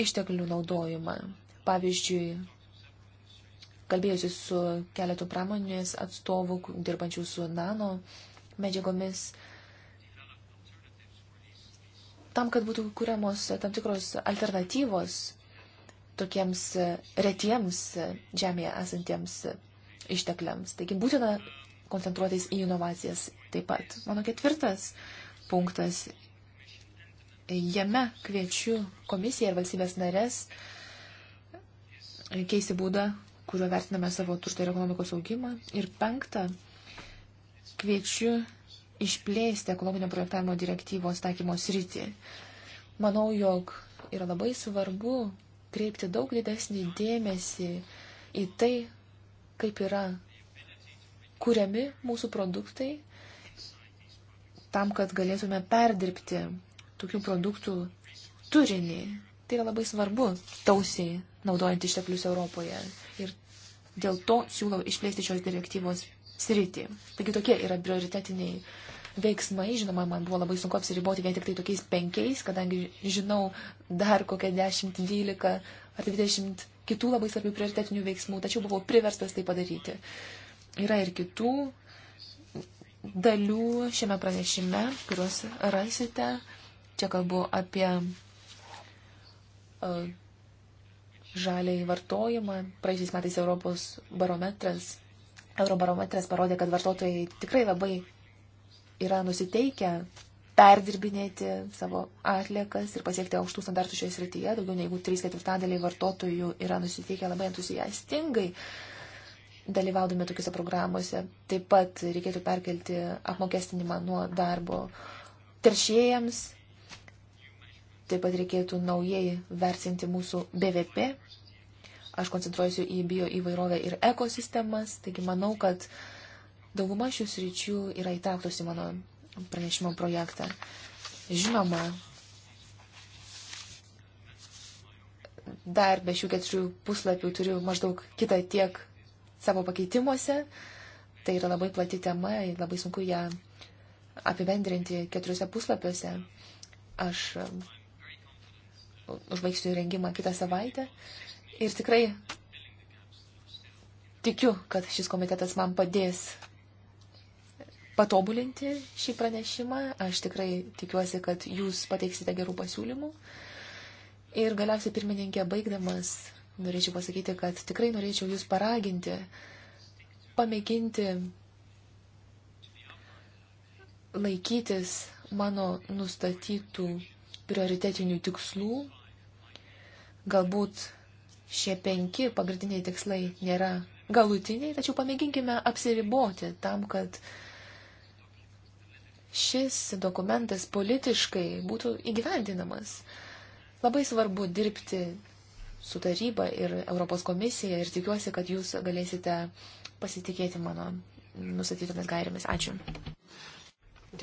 išteklių naudojimą. Pavyzdžiui, kalbėjusi su keletu pramonės atstovų, dirbančių su nano medžiagomis, tam, kad būtų kuriamos tam tikros alternatyvos tokiems retiems žemėje esantiems ištekliams. Taigi būtina koncentruotis į inovacijas taip pat. Mano ketvirtas punktas Jame kviečiu komisiją ir valstybės narės keisti būdą, kuriuo vertiname savo turtą ir ekonomikos augimą. Ir penktą, kviečiu išplėsti ekologinio projektavimo direktyvos taikymo sritį. Manau, jog yra labai svarbu kreipti daug didesnį dėmesį į tai, kaip yra kuriami mūsų produktai, tam, kad galėtume perdirbti tokių produktų turinį. Tai yra labai svarbu tausiai naudojant išteklius Europoje. Ir dėl to siūlau išplėsti šios direktyvos sritį. Taigi tokie yra prioritetiniai veiksmai. Žinoma, man buvo labai sunku apsiriboti vien tik tai tokiais penkiais, kadangi žinau dar kokią 10, 12 ar 20 kitų labai svarbių prioritetinių veiksmų, tačiau buvau priverstas tai padaryti. Yra ir kitų dalių šiame pranešime, kuriuos rasite Čia kalbu apie uh, žaliai vartojimą. Praėjusiais metais Europos barometras, Eurobarometras parodė, kad vartotojai tikrai labai yra nusiteikę perdirbinėti savo atliekas ir pasiekti aukštų standartų šioje srityje. Daugiau negu 3 ketvirtadaliai vartotojų yra nusiteikę labai entuziastingai dalyvaudami tokiuose programuose. Taip pat reikėtų perkelti apmokestinimą nuo darbo teršėjams Taip pat reikėtų naujai vertinti mūsų BVP. Aš koncentruosiu į bio įvairovę ir ekosistemas, taigi manau, kad dauguma šių sričių yra įtrauktos į mano pranešimo projektą. Žinoma, dar be šių keturių puslapių turiu maždaug kitą tiek savo pakeitimuose. Tai yra labai plati tema ir labai sunku ją apibendrinti keturiuose puslapiuose. Aš užvaigsiu įrengimą kitą savaitę. Ir tikrai tikiu, kad šis komitetas man padės patobulinti šį pranešimą. Aš tikrai tikiuosi, kad jūs pateiksite gerų pasiūlymų. Ir galiausiai, pirmininkė, baigdamas, norėčiau pasakyti, kad tikrai norėčiau jūs paraginti, pamėginti laikytis mano nustatytų prioritetinių tikslų Galbūt šie penki pagrindiniai tikslai nėra galutiniai, tačiau pamėginkime apsiriboti tam, kad šis dokumentas politiškai būtų įgyvendinamas. Labai svarbu dirbti su taryba ir Europos komisija ir tikiuosi, kad jūs galėsite pasitikėti mano nustatytomis gairėmis. Ačiū.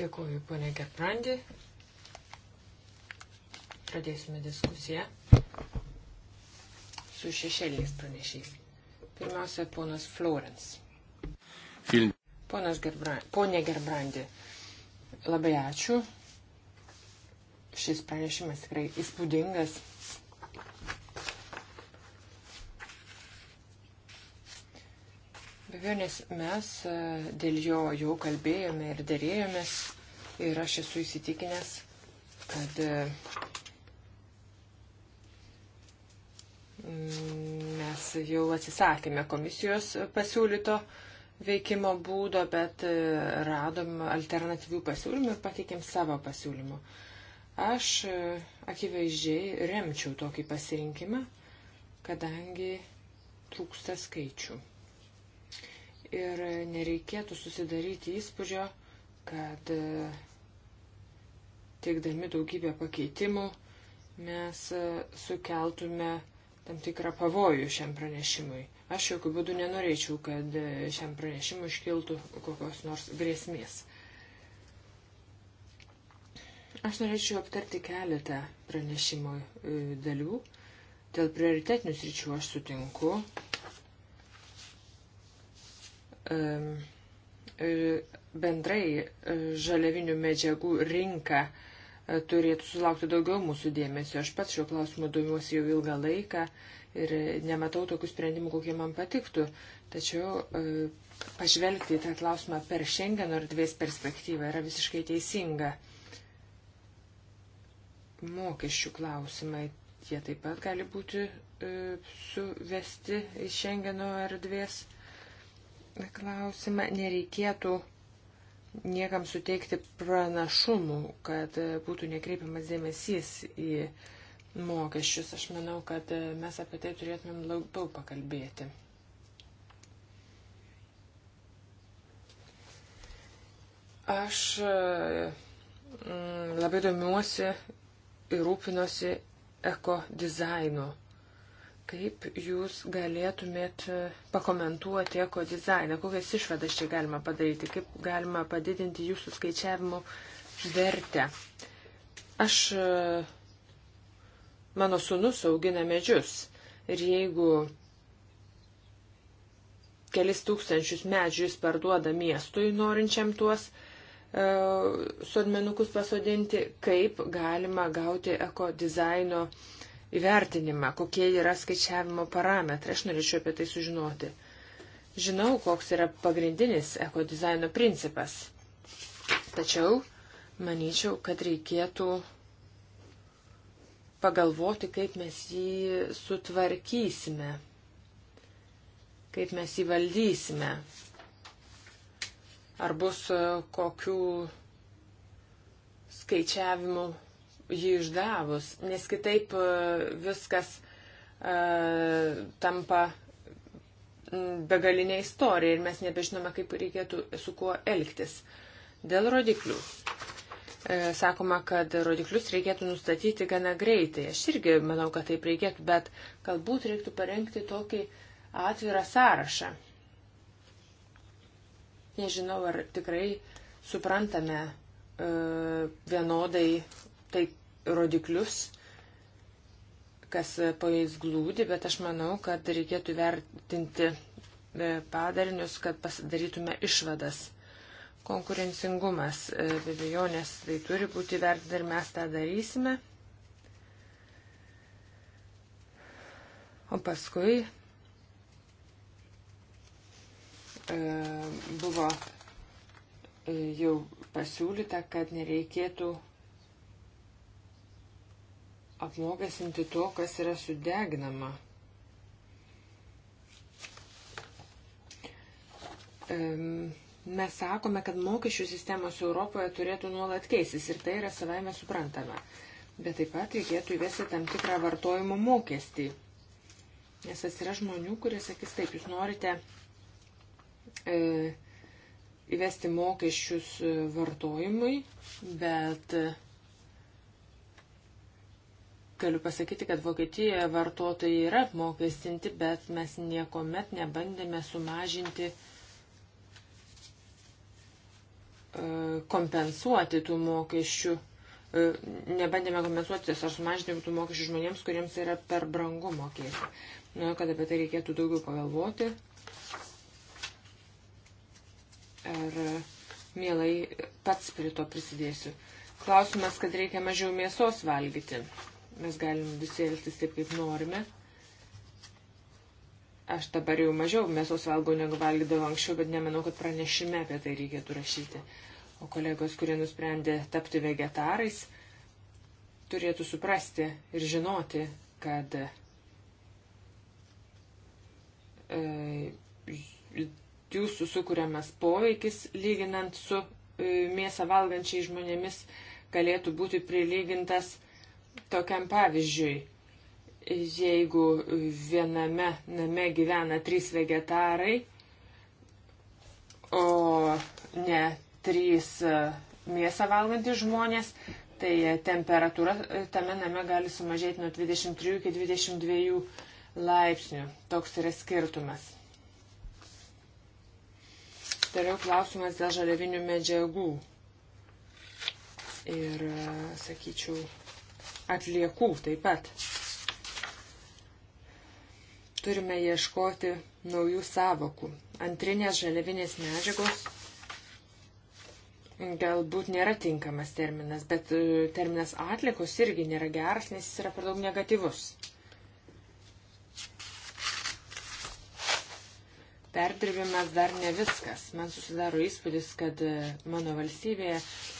Dėkuoju, ponė Gerbrandi. Pradėsime diskusiją su šešėliais pranešiais. Pirmiausia, ponas Florence. Film. Ponas Gerbrandi, ponė Gerbrandi, labai ačiū. Šis pranešimas tikrai įspūdingas. Be abejonės mes e, dėl jo jau kalbėjome ir dėrėjomės ir aš esu įsitikinęs, kad e, Mes jau atsisakėme komisijos pasiūlyto veikimo būdo, bet e, radom alternatyvių pasiūlymų ir pateikėm savo pasiūlymų. Aš e, akivaizdžiai remčiau tokį pasirinkimą, kadangi trūksta skaičių. Ir nereikėtų susidaryti įspūdžio, kad e, teikdami daugybę pakeitimų mes sukeltume tam tikrą pavojų šiam pranešimui. Aš jokių būdų nenorėčiau, kad e, šiam pranešimui iškiltų kokios nors grėsmės. Aš norėčiau aptarti keletą pranešimo e, dalių. Dėl prioritetinių sričių aš sutinku. E, bendrai žaliavinių medžiagų rinka turėtų sulaukti daugiau mūsų dėmesio. Aš pats šiuo klausimu domiuosi jau ilgą laiką ir nematau tokių sprendimų, kokie man patiktų. Tačiau e, pažvelgti į tą klausimą per šiandien ar dvies perspektyvą yra visiškai teisinga. Mokesčių klausimai, jie taip pat gali būti e, suvesti į Šengeno erdvės klausimą. Nereikėtų niekam suteikti pranašumų, kad būtų nekreipiamas dėmesys į mokesčius. Aš manau, kad mes apie tai turėtumėm labiau pakalbėti. Aš mm, labai domiuosi ir rūpinosi eko dizainu. Kaip jūs galėtumėt pakomentuoti eko dizainą? Kokias išvadas čia galima padaryti? Kaip galima padidinti jūsų skaičiavimų vertę? Aš, e, mano sunus augina medžius ir jeigu kelis tūkstančius medžių jis parduoda miestui norinčiam tuos e, sodmenukus pasodinti, kaip galima gauti eko dizaino e, įvertinimą, kokie yra skaičiavimo parametrai. Aš norėčiau apie tai sužinoti. Žinau, koks yra pagrindinis ekodizaino principas. Tačiau manyčiau, kad reikėtų pagalvoti, kaip mes jį sutvarkysime, kaip mes jį valdysime. Ar bus e, kokių skaičiavimų jį išdavus, nes kitaip e, viskas uh, tampa begalinė istorija ir mes nebežinome, kaip reikėtų su kuo elgtis. Dėl rodiklių. E, sakoma, kad rodiklius reikėtų nustatyti gana greitai. Aš irgi manau, kad taip reikėtų, bet galbūt reiktų parengti tokį atvirą sąrašą. Nežinau, ar tikrai suprantame e, vienodai tai, rodiklius, kas po jais glūdi, bet aš manau, kad reikėtų vertinti e, padarinius, kad pasidarytume išvadas. Konkurencingumas, e, be abejonės, tai turi būti vertinti ir mes tą darysime. O paskui e, buvo jau pasiūlyta, kad nereikėtų apmokestinti to, kas yra sudeginama. Mes sakome, kad mokesčių sistemos Europoje turėtų nuolat keistis ir tai yra savaime suprantama. Bet taip pat reikėtų įvesti tam tikrą vartojimo mokestį. Nes atsira žmonių, kurie sakys, taip, jūs norite e, įvesti mokesčius e, vartojimui, bet. E, Galiu pasakyti, kad Vokietijoje vartotojai yra apmokestinti, bet mes niekuomet nebandėme sumažinti e, kompensuoti tų mokesčių, e, nebandėme kompensuoti ar sumažinti tų mokesčių žmonėms, kuriems yra per brangu mokėti. Nu, kad apie tai reikėtų daugiau pagalvoti. Ir e, mielai pats prie to prisidėsiu. Klausimas, kad reikia mažiau mėsos valgyti. Mes galim visi elgtis taip, kaip norime. Aš dabar jau mažiau mėsos valgau, negu valgydavau anksčiau, bet nemanau, kad pranešime apie tai reikėtų rašyti. O kolegos, kurie nusprendė tapti vegetarais, turėtų suprasti ir žinoti, kad e, jūsų sukūriamas poveikis, lyginant su e, mėsą valgančiai žmonėmis, galėtų būti prilygintas e, tokiam pavyzdžiui, jeigu viename name gyvena trys vegetarai, o ne trys e, mėsą valgantys žmonės, tai temperatūra e, tame name gali sumažėti nuo 23 iki 22 laipsnių. Toks yra skirtumas. Toliau klausimas dėl žaliavinių medžiagų. Ir e, sakyčiau, atliekų taip pat. Turime ieškoti naujų savokų. Antrinės žaliavinės medžiagos galbūt nėra tinkamas terminas, bet e, terminas atlikos irgi nėra geras, nes jis yra per daug negatyvus. Perdirbimas dar ne viskas. Man susidaro įspūdis, kad e, mano valstybėje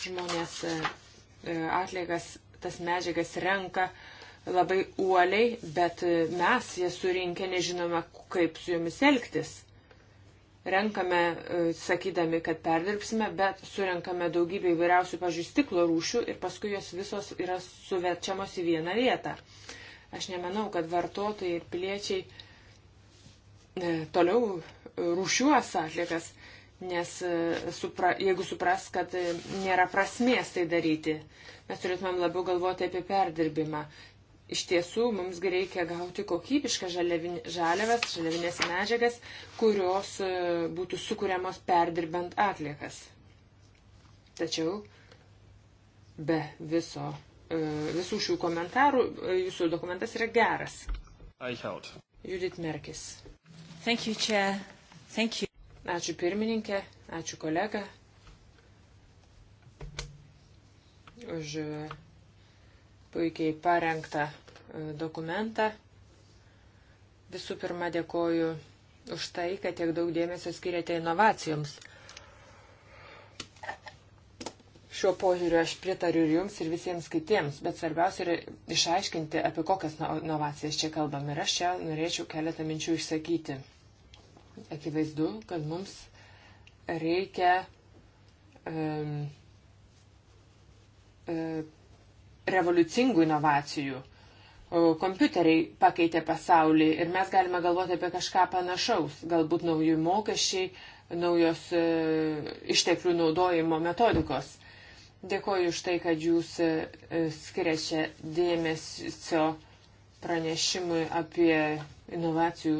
žmonės e, atliekas tas medžiagas renka labai uoliai, bet mes jas surinkę nežinome, kaip su jomis elgtis. Renkame, e, sakydami, kad perdirbsime, bet surinkame daugybę įvairiausių pažįstiklo rūšių ir paskui jos visos yra suverčiamos į vieną vietą. Aš nemanau, kad vartotojai ir piliečiai e, toliau e, rūšiuos atlikas nes e, supra, jeigu supras, kad e, nėra prasmės tai daryti, mes turėtumėm labiau galvoti apie perdirbimą. Iš tiesų, mums reikia gauti kokybišką žaliavas, žaliavinės medžiagas, kurios e, būtų sukūriamos perdirbant atliekas. Tačiau be viso, visų šių komentarų jūsų dokumentas yra geras. Eichhout. Judith Merkis. Thank you, Chair. Thank you. Ačiū pirmininkė, ačiū kolega už puikiai parengtą e, dokumentą. Visų pirma, dėkoju už tai, kad tiek daug dėmesio skiriate inovacijoms. Šiuo požiūriu aš pritariu ir jums, ir visiems kitiems, bet svarbiausia yra išaiškinti, apie kokias inovacijas čia kalbam. Ir aš čia norėčiau keletą minčių išsakyti akivaizdu, kad mums reikia um, um, revoliucingų inovacijų. Kompiuteriai pakeitė pasaulį ir mes galime galvoti apie kažką panašaus. Galbūt naujų mokesčiai, naujos uh, išteklių naudojimo metodikos. Dėkoju už tai, kad jūs uh, skiriate dėmesio pranešimui apie inovacijų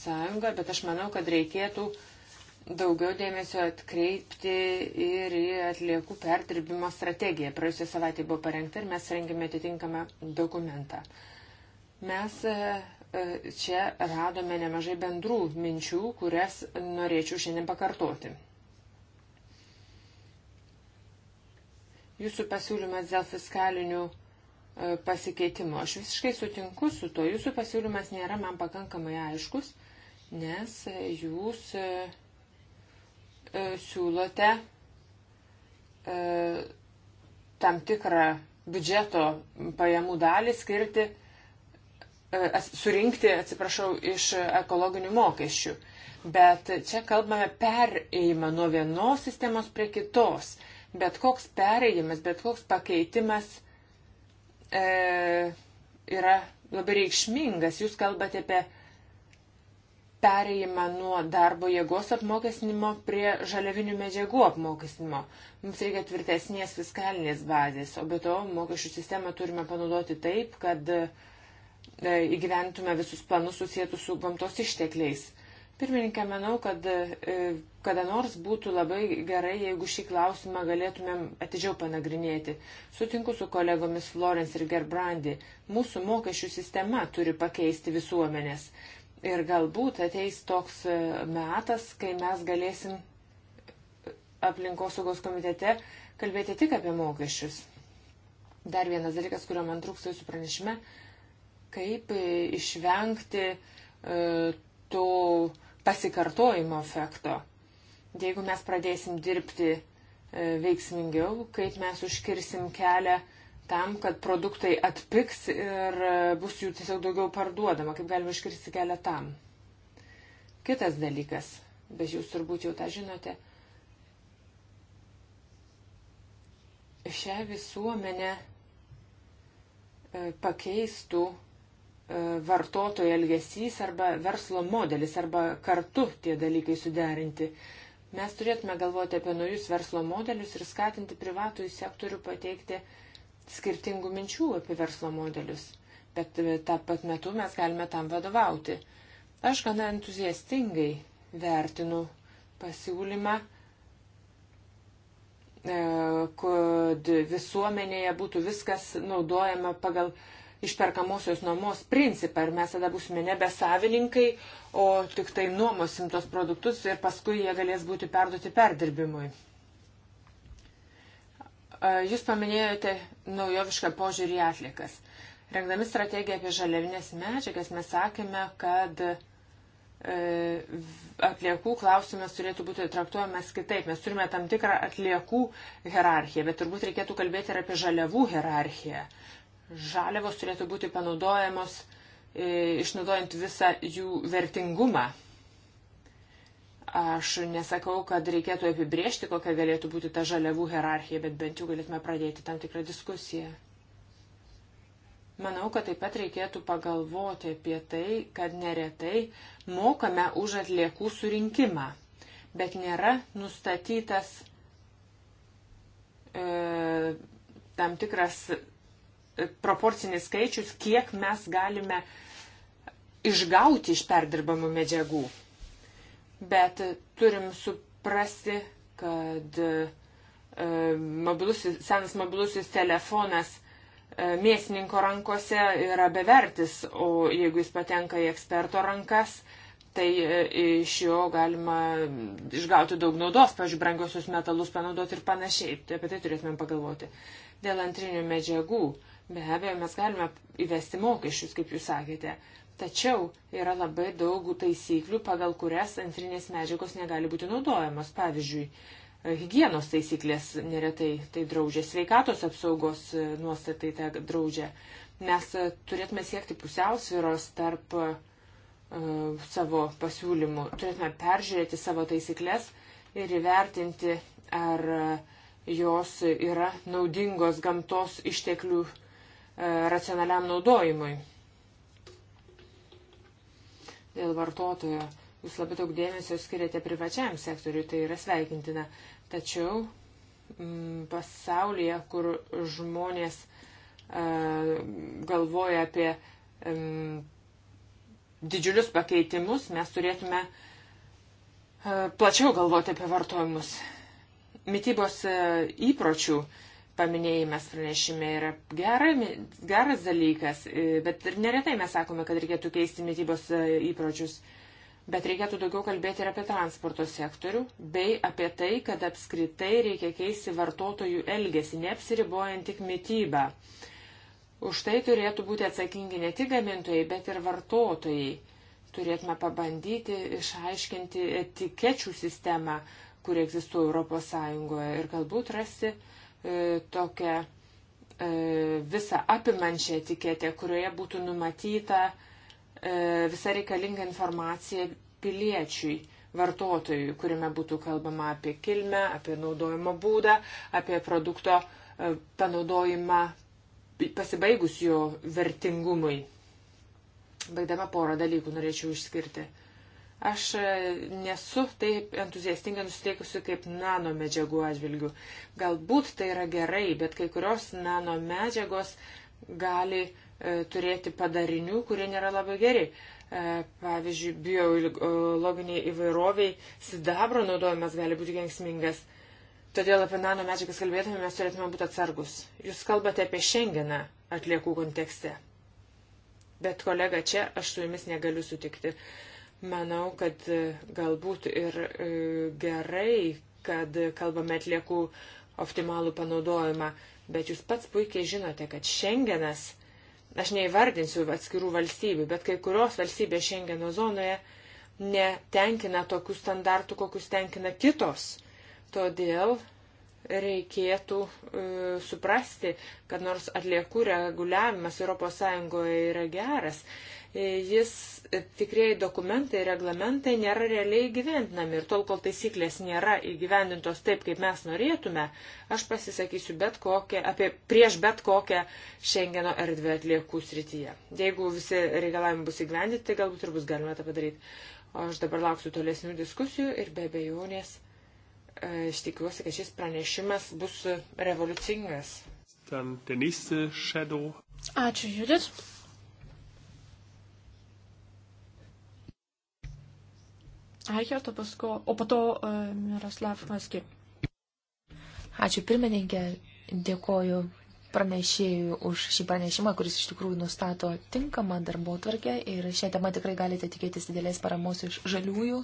sąjungą, bet aš manau, kad reikėtų daugiau dėmesio atkreipti ir į atliekų perdirbimo strategiją. Praėjusią savaitę buvo parengta ir mes rengėme atitinkamą dokumentą. Mes e, e, čia radome nemažai bendrų minčių, kurias norėčiau šiandien pakartoti. Jūsų pasiūlymas dėl fiskalinių e, pasikeitimų. Aš visiškai sutinku su to. Jūsų pasiūlymas nėra man pakankamai aiškus nes e, jūs e, e, siūlote tam tikrą biudžeto pajamų dalį skirti, surinkti, atsiprašau, iš ekologinių mokesčių. Bet čia kalbame perėjimą nuo vienos sistemos prie kitos. Bet koks perėjimas, bet koks pakeitimas e, yra labai reikšmingas. Jūs kalbate apie perėjimą nuo darbo jėgos apmokestinimo prie žaliavinių medžiagų apmokestinimo. Mums reikia tvirtesnės fiskalinės bazės, o be to mokesčių sistemą turime panaudoti taip, kad e, įgyventume visus planus susijętus su gamtos ištekliais. Pirmininkė, manau, kad e, kada nors būtų labai gerai, jeigu šį klausimą galėtumėm atidžiau panagrinėti. Sutinku su kolegomis Florence ir Gerbrandi. Mūsų mokesčių sistema turi pakeisti visuomenės. Ir galbūt ateis toks e, metas, kai mes galėsim aplinkosaugos komitete kalbėti tik apie mokesčius. Dar vienas dalykas, kurio man trūksta jūsų pranešime, kaip e, išvengti e, to pasikartojimo efekto. Jeigu mes pradėsim dirbti e, veiksmingiau, kaip mes užkirsim kelią e, tam, kad produktai atpiks ir e, bus jų tiesiog daugiau parduodama, kaip galima iškirsti kelią tam. Kitas dalykas, bet jūs turbūt jau tą žinote, šią visuomenę e, pakeistų e, vartotojo elgesys arba verslo modelis arba kartu tie dalykai suderinti. Mes turėtume galvoti apie naujus verslo modelius ir skatinti privatų sektorių pateikti uh, skirtingų minčių apie verslo modelius, bet e, tą pat metu mes galime tam vadovauti. Aš gana entuziastingai vertinu pasiūlymą, e, kad visuomenėje būtų viskas naudojama pagal išperkamosios nuomos principą ir mes tada būsime nebe savininkai, o tik tai nuomosim tos produktus ir paskui jie galės būti perduoti perdirbimui. Jūs paminėjote naujovišką požiūrį į atlikas. Rengdami strategiją apie žaliavinės medžiagas, mes sakėme, kad e, atliekų klausimas turėtų būti traktuojamas kitaip. Mes turime tam tikrą atliekų hierarchiją, bet turbūt reikėtų kalbėti ir apie žaliavų hierarchiją. Žaliavos turėtų būti panaudojamos e, išnaudojant visą jų vertingumą. Aš nesakau, kad reikėtų apibriežti, kokia galėtų būti ta žaliavų hierarchija, bet bent jau galėtume pradėti tam tikrą diskusiją. Manau, kad taip pat reikėtų pagalvoti apie tai, kad neretai mokame už atliekų surinkimą, bet nėra nustatytas e, tam tikras e, proporcinis skaičius, kiek mes galime išgauti iš perdirbamų medžiagų bet turim suprasti, kad e, mobilusis, senas mobilusis telefonas e, mėsininko rankose yra bevertis, o jeigu jis patenka į eksperto rankas, tai e, iš jo galima išgauti daug naudos, pažiūrėjau, brangiosius metalus panaudoti ir panašiai. Tai apie tai turėtumėm pagalvoti. Dėl antrinių medžiagų, be abejo, mes galime įvesti mokesčius, kaip jūs sakėte. Tačiau yra labai daug taisyklių, pagal kurias antrinės medžiagos negali būti naudojamos. Pavyzdžiui, hygienos taisyklės neretai tai draudžia, sveikatos apsaugos nuostatai tai draudžia. Mes turėtume siekti pusiausviros tarp uh, savo pasiūlymų, turėtume peržiūrėti savo taisyklės ir įvertinti, ar e, jos yra naudingos gamtos išteklių uh, racionaliam naudojimui dėl vartotojo. Jūs labai daug dėmesio skiriate privačiam sektoriui, tai yra sveikintina. Tačiau m, mm, pasaulyje, kur žmonės a, galvoja apie m, mm, didžiulius pakeitimus, mes turėtume a, plačiau galvoti apie vartojimus. Mytybos a, įpročių a, paminėjimas pranešime yra gera, geras dalykas, e, bet ir neretai mes sakome, kad reikėtų keisti mytybos e, įpročius. Bet reikėtų daugiau kalbėti ir apie transporto sektorių, bei apie tai, kad apskritai reikia keisti vartotojų elgesį, neapsiribojant tik mytybą. Už tai turėtų būti atsakingi ne tik gamintojai, bet ir vartotojai. Turėtume pabandyti išaiškinti etikečių sistemą, kuri egzistuoja Europos Sąjungoje ir galbūt rasti uh, E, tokią e, visą apimančią etiketę, kurioje būtų numatyta e, visa reikalinga informacija piliečiui, vartotojui, kuriame būtų kalbama apie kilmę, apie naudojimo būdą, apie produkto panaudojimą pasibaigus jo vertingumui. Baigdama porą dalykų norėčiau išskirti. Aš e, nesu taip entuziastingai nusiteikusi kaip nano medžiagų atžvilgių. Galbūt tai yra gerai, bet kai kurios nano medžiagos gali e, turėti padarinių, kurie nėra labai geri. E, pavyzdžiui, biologiniai įvairoviai sidabro naudojimas gali būti kengsmingas. Todėl apie nano medžiagas kalbėtume mes turėtume būti atsargus. Jūs kalbate apie šengeną atliekų kontekste. Bet kolega čia, aš su jumis negaliu sutikti. E, Manau, kad e, galbūt ir e, gerai, kad kalbame atliekų optimalų panaudojimą, bet jūs pats puikiai žinote, kad Šengenas, aš neįvardinsiu atskirų valstybių, bet kai kurios valstybės Šengeno zonoje netenkina tokių standartų, kokius tenkina kitos. Todėl reikėtų e, suprasti, kad nors atliekų reguliavimas ES yra geras, jis e, tikrieji dokumentai, reglamentai nėra realiai įgyvendinami ir tol, kol taisyklės nėra įgyvendintos taip, kaip mes norėtume, aš pasisakysiu bet kokią, apie, prieš bet kokią Šengeno erdvę atliekų srityje. Jeigu visi reikalavimai bus įgyvendinti, tai galbūt ir bus galima tą padaryti. O aš dabar lauksiu tolesnių diskusijų ir be abejonės e, aš tikiuosi, kad šis pranešimas bus revoliucingas. Ačiū, Judith. Eichert, o, pasko, o po to e, Miroslav Maski. Ačiū pirmininkė, dėkoju pranešėjų už šį pranešimą, kuris iš tikrųjų nustato tinkamą darbo tvarkę ir šią temą tikrai galite tikėtis didelės paramos iš žaliųjų,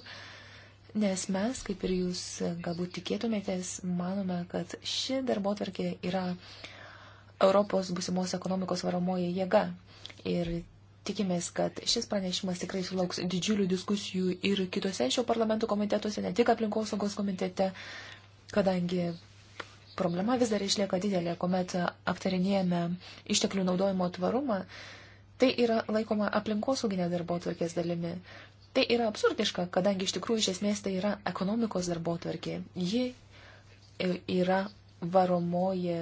nes mes, kaip ir jūs galbūt tikėtumėtės, manome, kad ši darbo tvarkė yra Europos busimos ekonomikos varomoji jėga ir Tikimės, kad šis pranešimas tikrai sulauks didžiulių diskusijų ir kitose šio parlamento komitetuose, ne tik aplinkosaugos komitete, kadangi problema vis dar išlieka didelė, kuomet aptarinėjame išteklių naudojimo tvarumą, tai yra laikoma aplinkosauginė darbo tvarkės dalimi. Tai yra absurdiška, kadangi iš tikrųjų iš esmės tai yra ekonomikos darbo tvarkė. Ji e, yra varomoji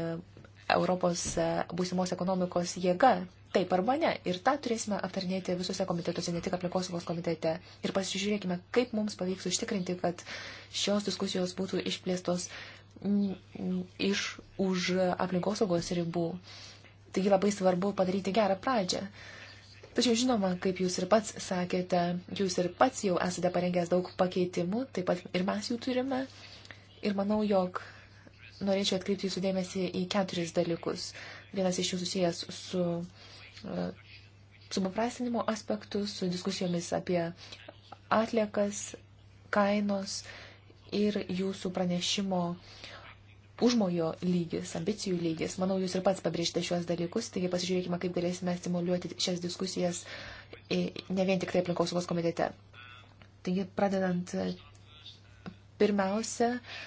Europos e, būsimos ekonomikos jėga taip arba ne. Ir tą turėsime aptarnėti visose komitetuose, ne tik aplinkosaugos komitete. Ir pasižiūrėkime, kaip mums pavyks užtikrinti, kad šios diskusijos būtų išplėstos iš už aplinkosaugos ribų. Taigi labai svarbu padaryti gerą pradžią. Tačiau žinoma, kaip jūs ir pats sakėte, jūs ir pats jau esate parengęs daug pakeitimų, taip pat ir mes jų turime. Ir manau, jog norėčiau atkreipti jūsų dėmesį į keturis dalykus. Vienas iš jų susijęs su supaprastinimo aspektus, su diskusijomis apie atliekas, kainos ir jūsų pranešimo užmojo lygis, ambicijų lygis. Manau, jūs ir pats pabrėžite šiuos dalykus, taigi pasižiūrėkime, kaip galėsime stimuliuoti šias diskusijas e, ne vien tik tai aplinkosaugos komitete. Taigi, pradedant pirmiausia, uh,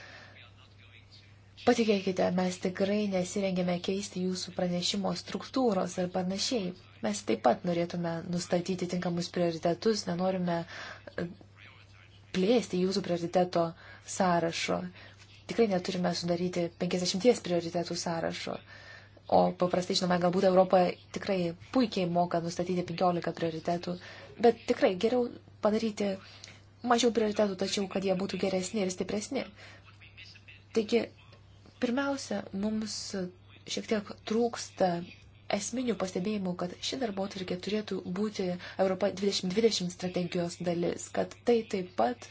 Patikėkite, mes tikrai nesirengėme keisti jūsų pranešimo struktūros ar panašiai. Mes taip pat norėtume nustatyti tinkamus prioritetus, nenorime e, plėsti jūsų prioriteto sąrašo. Tikrai neturime sudaryti 50 prioritetų sąrašo. O paprastai, žinoma, galbūt Europa tikrai puikiai moka nustatyti 15 prioritetų, bet tikrai geriau padaryti mažiau prioritetų, tačiau kad jie būtų geresni ir stipresni. Taigi Pirmiausia, mums šiek tiek trūksta esminių pastebėjimų, kad ši darbo atvarkė turėtų būti Europa 2020 strategijos dalis, kad tai taip pat,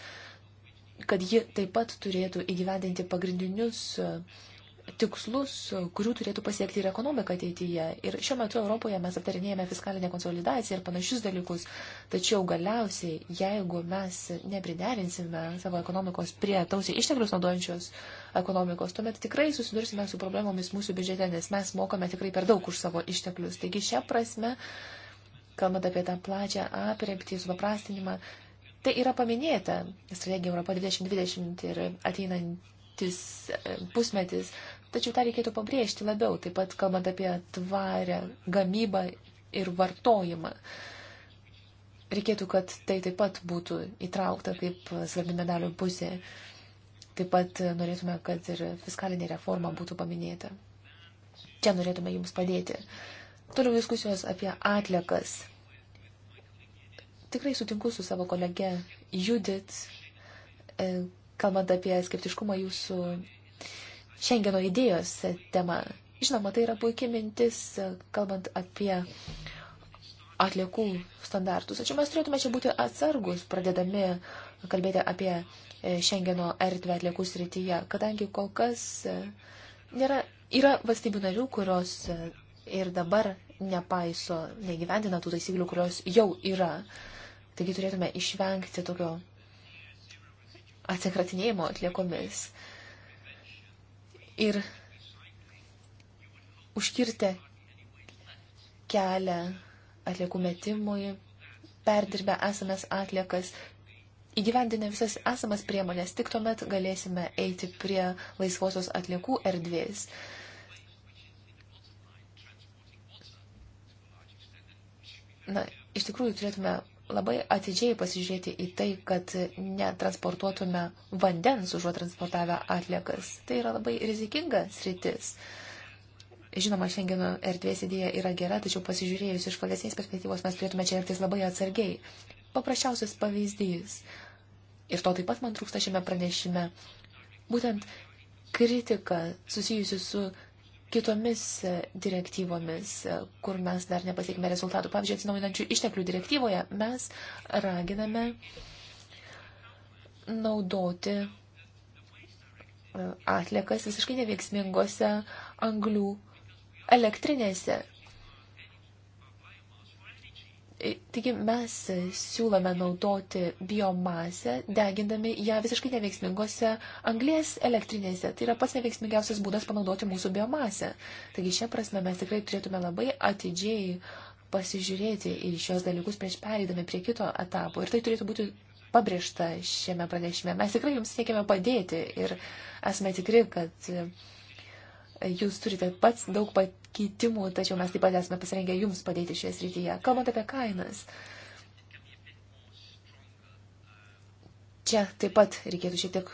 kad ji taip pat turėtų įgyvendinti pagrindinius uh, tikslus, kurių turėtų pasiekti ir ekonomika ateityje. Ir šiuo metu Europoje mes aptarinėjame fiskalinę konsolidaciją ir panašius dalykus. Tačiau galiausiai, jeigu mes nepriderinsime savo ekonomikos prie tausiai išteklius naudojančios ekonomikos, tuomet tikrai susidursime su problemomis mūsų biudžete, nes mes mokame tikrai per daug už savo išteklius. Taigi šią prasme, kalbant apie tą plačią apreptį, supaprastinimą, tai yra paminėta strategija Europa 2020 ir ateinantis e, pusmetis Tačiau tą reikėtų pabrėžti labiau, taip pat kalbant apie tvarę gamybą ir vartojimą. Reikėtų, kad tai taip pat būtų įtraukta kaip svarbi medalio pusė. Taip pat norėtume, kad ir fiskalinė reforma būtų paminėta. Čia norėtume jums padėti. Toliau diskusijos apie atlikas. Tikrai sutinku su savo kolege Judith, e, kalbant apie skeptiškumą jūsų Šengeno idėjos tema. Žinoma, tai yra puikia mintis, kalbant apie atliekų standartus. Tačiau mes turėtume čia būti atsargus, pradedami kalbėti apie e, Šengeno erdvę atliekų srityje, kadangi kol kas e, nėra, yra valstybių narių, kurios e, ir dabar nepaiso, negyvendina tų taisyklių, kurios jau yra. Taigi turėtume išvengti tokio atsikratinėjimo atliekomis. Uh, ir užkirtę kelią atliekų metimui, perdirbę esamas atliekas, įgyvendinę visas esamas priemonės, tik tuomet galėsime eiti prie laisvosios atliekų erdvės. Na, iš tikrųjų turėtume labai atidžiai pasižiūrėti į tai, kad netransportuotume vandens užuot transportavę atliekas. Tai yra labai rizikinga sritis. Žinoma, šiandieno erdvės idėja yra gera, tačiau pasižiūrėjus iš platesnės perspektyvos mes turėtume čia elgtis labai atsargiai. Paprasčiausias pavyzdys. Ir to taip pat man trūksta šiame pranešime. Būtent kritika susijusi su kitomis direktyvomis, kur mes dar nepasiekime rezultatų. Pavyzdžiui, atsinaujinančių išteklių direktyvoje mes raginame naudoti e, atliekas visiškai neveiksmingose anglių elektrinėse, E, taigi mes siūlome naudoti biomasę, degindami ją visiškai neveiksmingose anglės elektrinėse. Tai yra pats neveiksmingiausias būdas panaudoti mūsų biomasę. Taigi šią prasme mes tikrai turėtume labai atidžiai pasižiūrėti į šios dalykus prieš pereidami prie kito etapo. Ir tai turėtų būti pabrėžta šiame pranešime. Mes tikrai jums siekiame padėti ir esame tikri, kad Jūs turite pats daug pakeitimų, tačiau mes taip pat esame pasirengę jums padėti šioje srityje. Kalbant apie kainas, čia taip pat reikėtų šiek tiek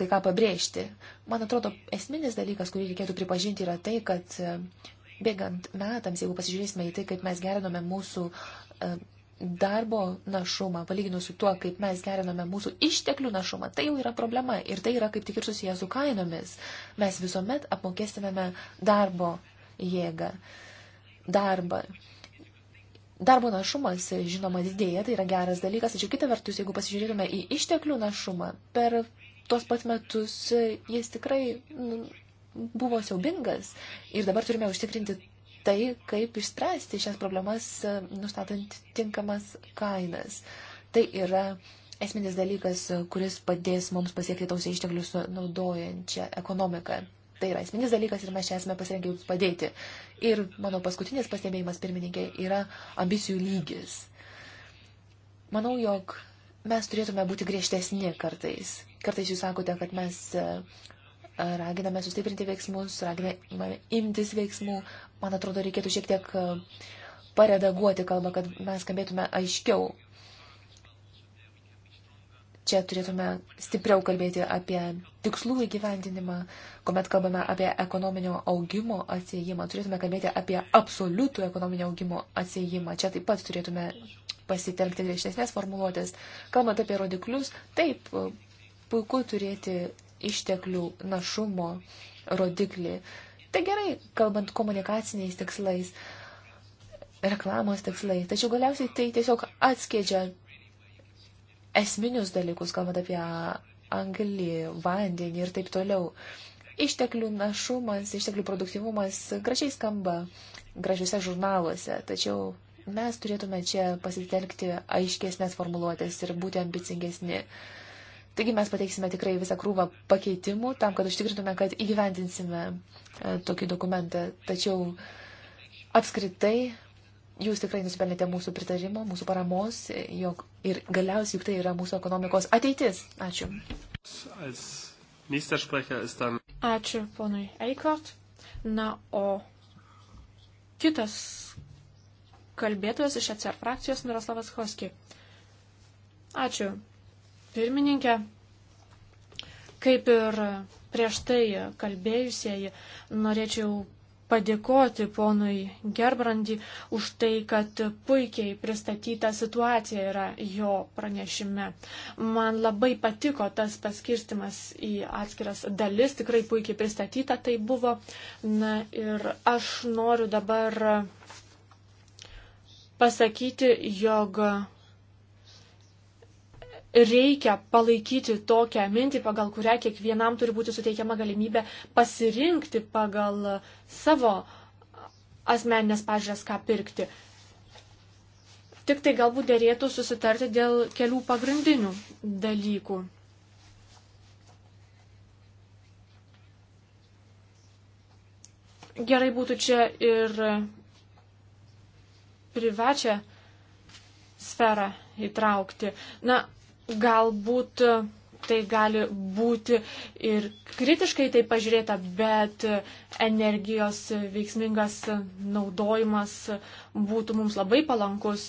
kai ką pabrėžti. Man atrodo, esminis dalykas, kurį reikėtų pripažinti, yra tai, kad e, bėgant metams, jeigu pasižiūrėsime į tai, kaip mes gerinome mūsų e, darbo našumą, palyginus su tuo, kaip mes geriname mūsų išteklių našumą, tai jau yra problema ir tai yra kaip tik ir susijęs su kainomis. Mes visuomet apmokestiname darbo jėgą, darbą. Darbo našumas, žinoma, didėja, tai yra geras dalykas, tačiau kita vertus, jeigu pasižiūrėtume į išteklių našumą, per tuos pat metus jis tikrai nu, buvo siaubingas ir dabar turime užtikrinti tai, kaip išspręsti šias problemas, e, nustatant tinkamas kainas. Tai yra esminis dalykas, kuris padės mums pasiekti tausiai išteklius naudojančią ekonomiką. Tai yra esminis dalykas ir mes čia esame pasirengę jums padėti. Ir mano paskutinis pastebėjimas, pirmininkė, yra ambicijų lygis. Manau, jog mes turėtume būti griežtesni kartais. Kartais jūs sakote, kad mes e, raginame sustiprinti veiksmus, raginame imtis veiksmų. Man atrodo, reikėtų šiek tiek e, paredaguoti kalbą, kad mes skambėtume aiškiau. Čia turėtume stipriau kalbėti apie tikslų įgyvendinimą, kuomet kalbame apie ekonominio augimo atsiejimą, turėtume kalbėti apie absoliutų ekonominio augimo atsiejimą. Čia taip pat turėtume pasitelkti griežtesnės formuluotės. Kalbant apie rodiklius, taip, e, puiku turėti išteklių našumo rodiklį. Tai gerai, kalbant komunikaciniais tikslais, reklamos tikslais, tačiau galiausiai tai tiesiog atskėdžia esminius dalykus, kalbant apie anglį, vandenį ir taip toliau. Išteklių našumas, išteklių produktivumas gražiai skamba gražiuose žurnaluose, tačiau mes turėtume čia pasitelkti aiškesnės formuluotės ir būti ambicingesni. Uh, Taigi mes pateiksime tikrai visą krūvą pakeitimų tam, kad užtikrintume, kad įgyvendinsime e, tokį dokumentą. Tačiau apskritai jūs tikrai nusipelnėte mūsų pritarimo, mūsų paramos jog, ir galiausiai juk tai yra mūsų ekonomikos ateitis. Ačiū. Ačiū ponui Eikot. Na, o kitas kalbėtojas iš ECR frakcijos Miroslavas Hoski. Ačiū, pirmininkė. Kaip ir prieš tai kalbėjusieji, norėčiau padėkoti ponui Gerbrandį už tai, kad puikiai pristatyta situacija yra jo pranešime. Man labai patiko tas paskirstimas į atskiras dalis, tikrai puikiai pristatyta tai buvo. Na ir aš noriu dabar pasakyti, jog reikia palaikyti tokią mintį, pagal kurią kiekvienam turi būti suteikiama galimybė pasirinkti pagal savo asmeninės pažiūrės, ką pirkti. Tik tai galbūt dėrėtų susitarti dėl kelių pagrindinių dalykų. Gerai būtų čia ir privačią sferą įtraukti. Na, galbūt e, tai gali būti ir kritiškai tai pažiūrėta, bet energijos veiksmingas naudojimas būtų mums labai palankus,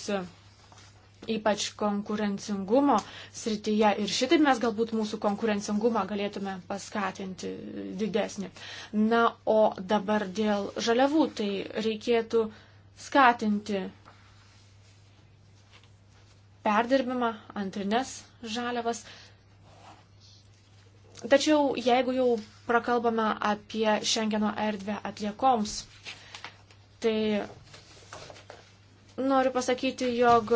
ypač konkurencingumo srityje. Ir šitaip mes galbūt mūsų konkurencingumą galėtume paskatinti didesnį. Na, o dabar dėl žaliavų tai reikėtų skatinti perdirbimą, antrines žaliavas. Tačiau jeigu jau prakalbame apie Šengeno erdvę atliekoms, tai noriu pasakyti, jog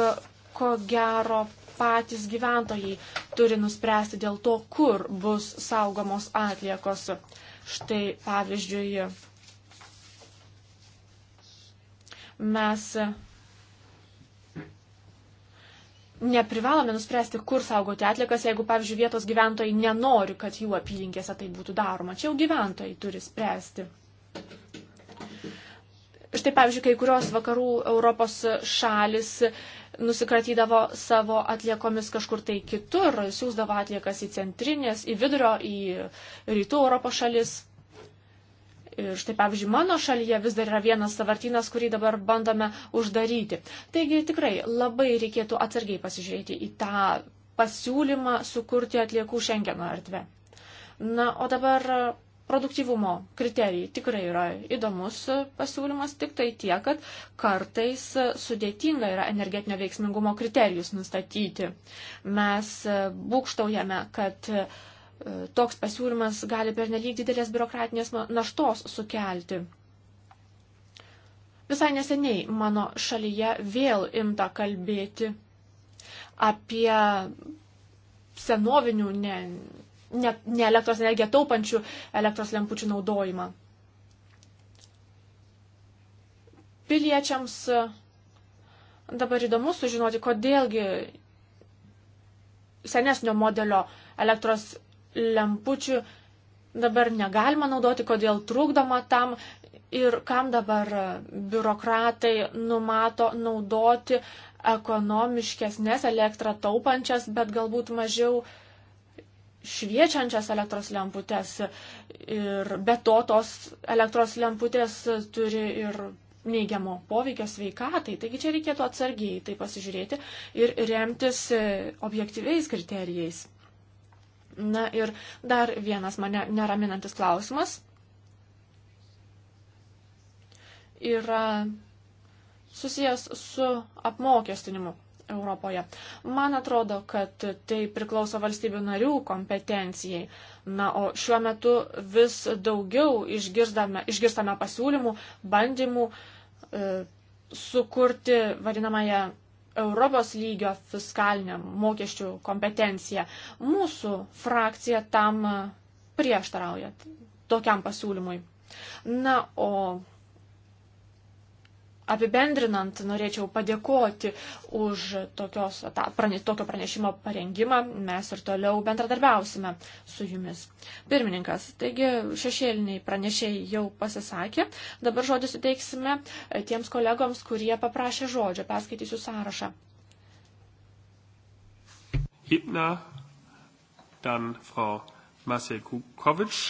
ko gero patys gyventojai turi nuspręsti dėl to, kur bus saugomos atliekos. Štai pavyzdžiui, mes neprivalome nuspręsti, kur saugoti atlikas, jeigu, pavyzdžiui, vietos gyventojai nenori, kad jų apylinkėse tai būtų daroma. Čia jau gyventojai turi spręsti. Štai, pavyzdžiui, kai kurios vakarų Europos šalis nusikratydavo savo atliekomis kažkur tai kitur, siūsdavo atliekas į centrinės, į vidurio, į rytų Europos šalis. Štai pavyzdžiui, mano šalyje vis dar yra vienas savartynas, kurį dabar bandome uždaryti. Taigi tikrai labai reikėtų atsargiai pasižiūrėti į tą pasiūlymą sukurti atliekų šengeno erdvę. Na, o dabar produktyvumo kriterijai tikrai yra įdomus pasiūlymas, tik tai tiek, kad kartais sudėtinga yra energetinio veiksmingumo kriterijus nustatyti. Mes būkštaujame, kad E, toks pasiūlymas gali pernelyg didelės biurokratinės naštos sukelti. Visai neseniai mano šalyje vėl imta kalbėti apie senovinių, ne, ne, ne elektros energiją taupančių elektros lempučių naudojimą. Piliečiams dabar įdomu sužinoti, kodėlgi senesnio modelio elektros lempučių dabar negalima naudoti, kodėl trukdoma tam ir kam dabar biurokratai numato naudoti ekonomiškesnės elektrą taupančias, bet galbūt mažiau šviečiančias elektros lemputės. Ir be to tos elektros lemputės turi ir neigiamo poveikio sveikatai. Taigi čia reikėtų atsargiai tai pasižiūrėti ir remtis objektyviais kriterijais. Na ir dar vienas mane neraminantis klausimas yra susijęs su apmokestinimu Europoje. Man atrodo, kad tai priklauso valstybių narių kompetencijai. Na, o šiuo metu vis daugiau išgirstame, išgirstame pasiūlymų, bandymų e, sukurti vadinamąją Europos lygio fiskalinę mokesčių kompetenciją. Mūsų frakcija tam prieštarauja tokiam pasiūlymui. Na, o apibendrinant, norėčiau padėkoti už tokios, ta, prane, tokio pranešimo parengimą. Mes ir toliau bendradarbiausime su jumis. Pirmininkas, taigi šešėliniai pranešėjai jau pasisakė. Dabar žodį suteiksime tiems kolegoms, kurie paprašė žodžio. Perskaitysiu sąrašą. Hipner, dann Frau Masekukovic,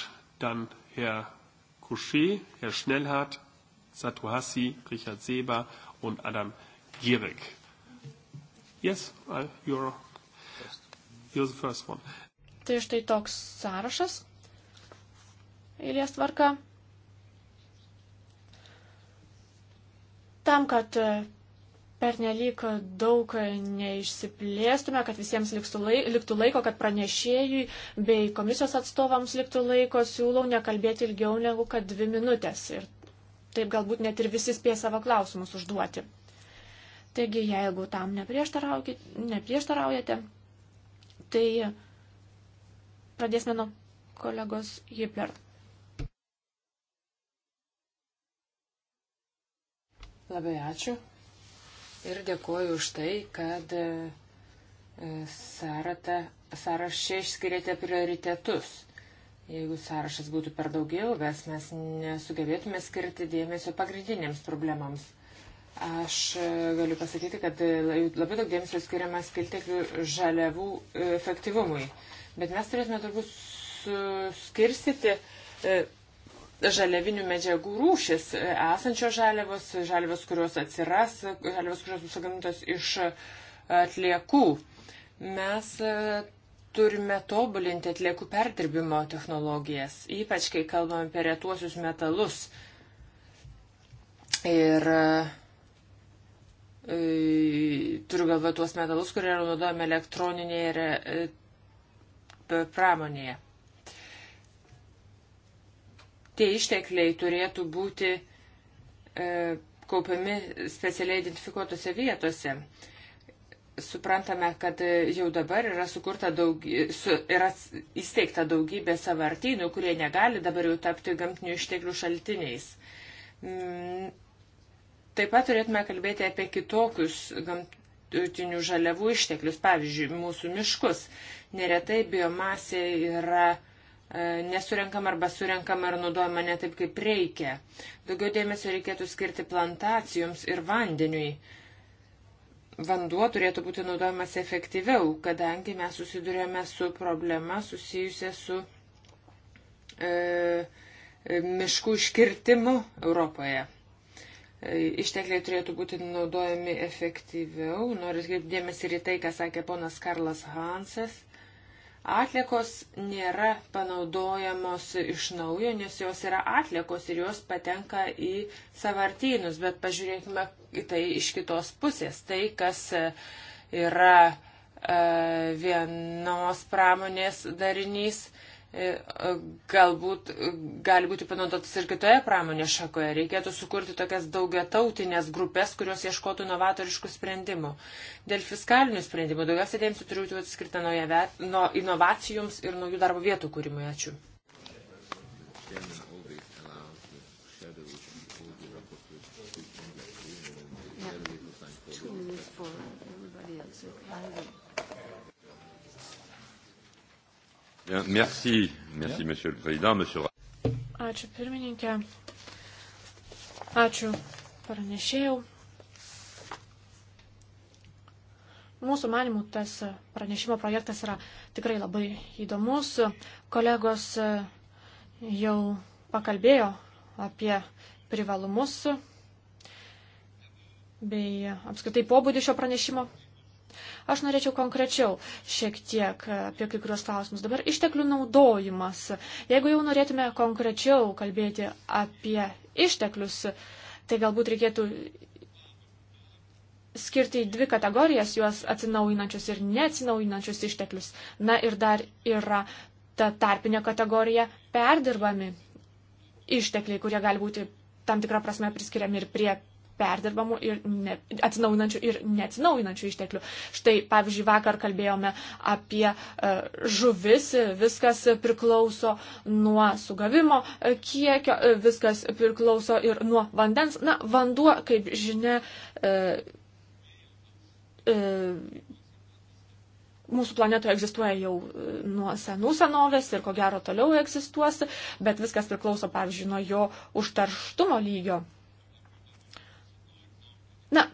dann Herr Couchet, Herr Schnellhardt, Satuhassi, Richard Seber und Adam Gierig. Yes, I, you're, you're the first one. Tai štai toks sąrašas. Eilės tvarka. Tam, kad e, pernelyg daug neišsiplėstume, kad visiems liktų laiko, kad pranešėjui bei komisijos atstovams liktų laiko, siūlau nekalbėti ilgiau negu kad dvi minutės. Ir Taip galbūt net ir visi spės savo klausimus užduoti. Taigi, jeigu tam neprieštaraujate, tai pradėsime nuo kolegos Hipler. Labai ačiū ir dėkoju už tai, kad e, Sarata, sąraše išskiriate prioritetus. Jeigu sąrašas būtų per daugiau, ves mes nesugebėtume skirti dėmesio pagrindinėms problemams. Aš e, galiu pasakyti, kad e, labai daug dėmesio skiriama skilteklių žaliavų e, efektyvumui. Bet mes turėtume turbūt skirstyti žaliavinių medžiagų rūšis, esančios žaliavos, žaliavos, kurios atsiras, žaliavos, kurios bus pagamintos iš atliekų. Mes turime tobulinti atliekų perdirbimo technologijas, ypač kai kalbame apie retuosius metalus. Ir e, turiu galvoje tuos metalus, kurie yra naudojami elektroninėje ir e, pramonėje. Tie ištekliai turėtų būti e, kaupiami specialiai identifikuotose vietose suprantame, kad jau dabar yra, daug, su, yra įsteigta daugybė savartynų, kurie negali dabar jau tapti gamtinių išteklių šaltiniais. Mm, taip pat turėtume kalbėti apie kitokius gamtinių žaliavų išteklius, pavyzdžiui, mūsų miškus. Neretai biomasė yra e, nesurenkama arba surenkama ir naudojama ne taip, kaip reikia. Daugiau dėmesio reikėtų skirti plantacijoms ir vandeniui vanduo turėtų būti naudojamas efektyviau, kadangi mes susidurėme su problema susijusia su e, e miškų iškirtimu Europoje. E, ištekliai turėtų būti naudojami efektyviau. Noriu atkreipdėmės ir į tai, ką sakė ponas Karlas Hansas. Atlikos nėra panaudojamos iš naujo, nes jos yra atlikos ir jos patenka į savartynus, bet pažiūrėkime, tai iš kitos pusės. Tai, kas e, yra e, vienos pramonės darinys, e, galbūt gali būti panaudotas ir kitoje pramonės šakoje. Reikėtų sukurti tokias daugia tautinės grupės, kurios ieškotų novatoriškų sprendimų. Dėl fiskalinių sprendimų daugiausia dėmesio turiu būti skirta nuo inovacijoms ir naujų darbo vietų kūrimui. Ačiū. arriver. Bien, merci, merci, Monsieur le Président, Monsieur. Ačiū pirmininkė, ačiū pranešėjau. Mūsų manimų tas pranešimo projektas yra tikrai labai įdomus. Kolegos jau pakalbėjo apie privalumus bei apskritai pobūdį šio pranešimo. Aš norėčiau konkrečiau šiek tiek apie kai kurios klausimus. Dabar išteklių naudojimas. Jeigu jau norėtume konkrečiau kalbėti apie išteklius, tai galbūt reikėtų skirti į dvi kategorijas juos atsinaujinančius ir neatsinaujinančius išteklius. Na ir dar yra ta tarpinė kategorija perdirbami ištekliai, kurie gali būti tam tikrą prasme priskiriami ir prie perdirbamų ir ne, atsinaujinančių ir neatsinaujinančių išteklių. Štai, pavyzdžiui, vakar kalbėjome apie e, žuvis, viskas priklauso nuo sugavimo e, kiekio, e, viskas priklauso ir nuo vandens. Na, vanduo, kaip žinia, mūsų planetoje egzistuoja jau nuo senų senovės ir ko gero toliau egzistuos, bet viskas priklauso, pavyzdžiui, nuo jo užtarštumo lygio. Na,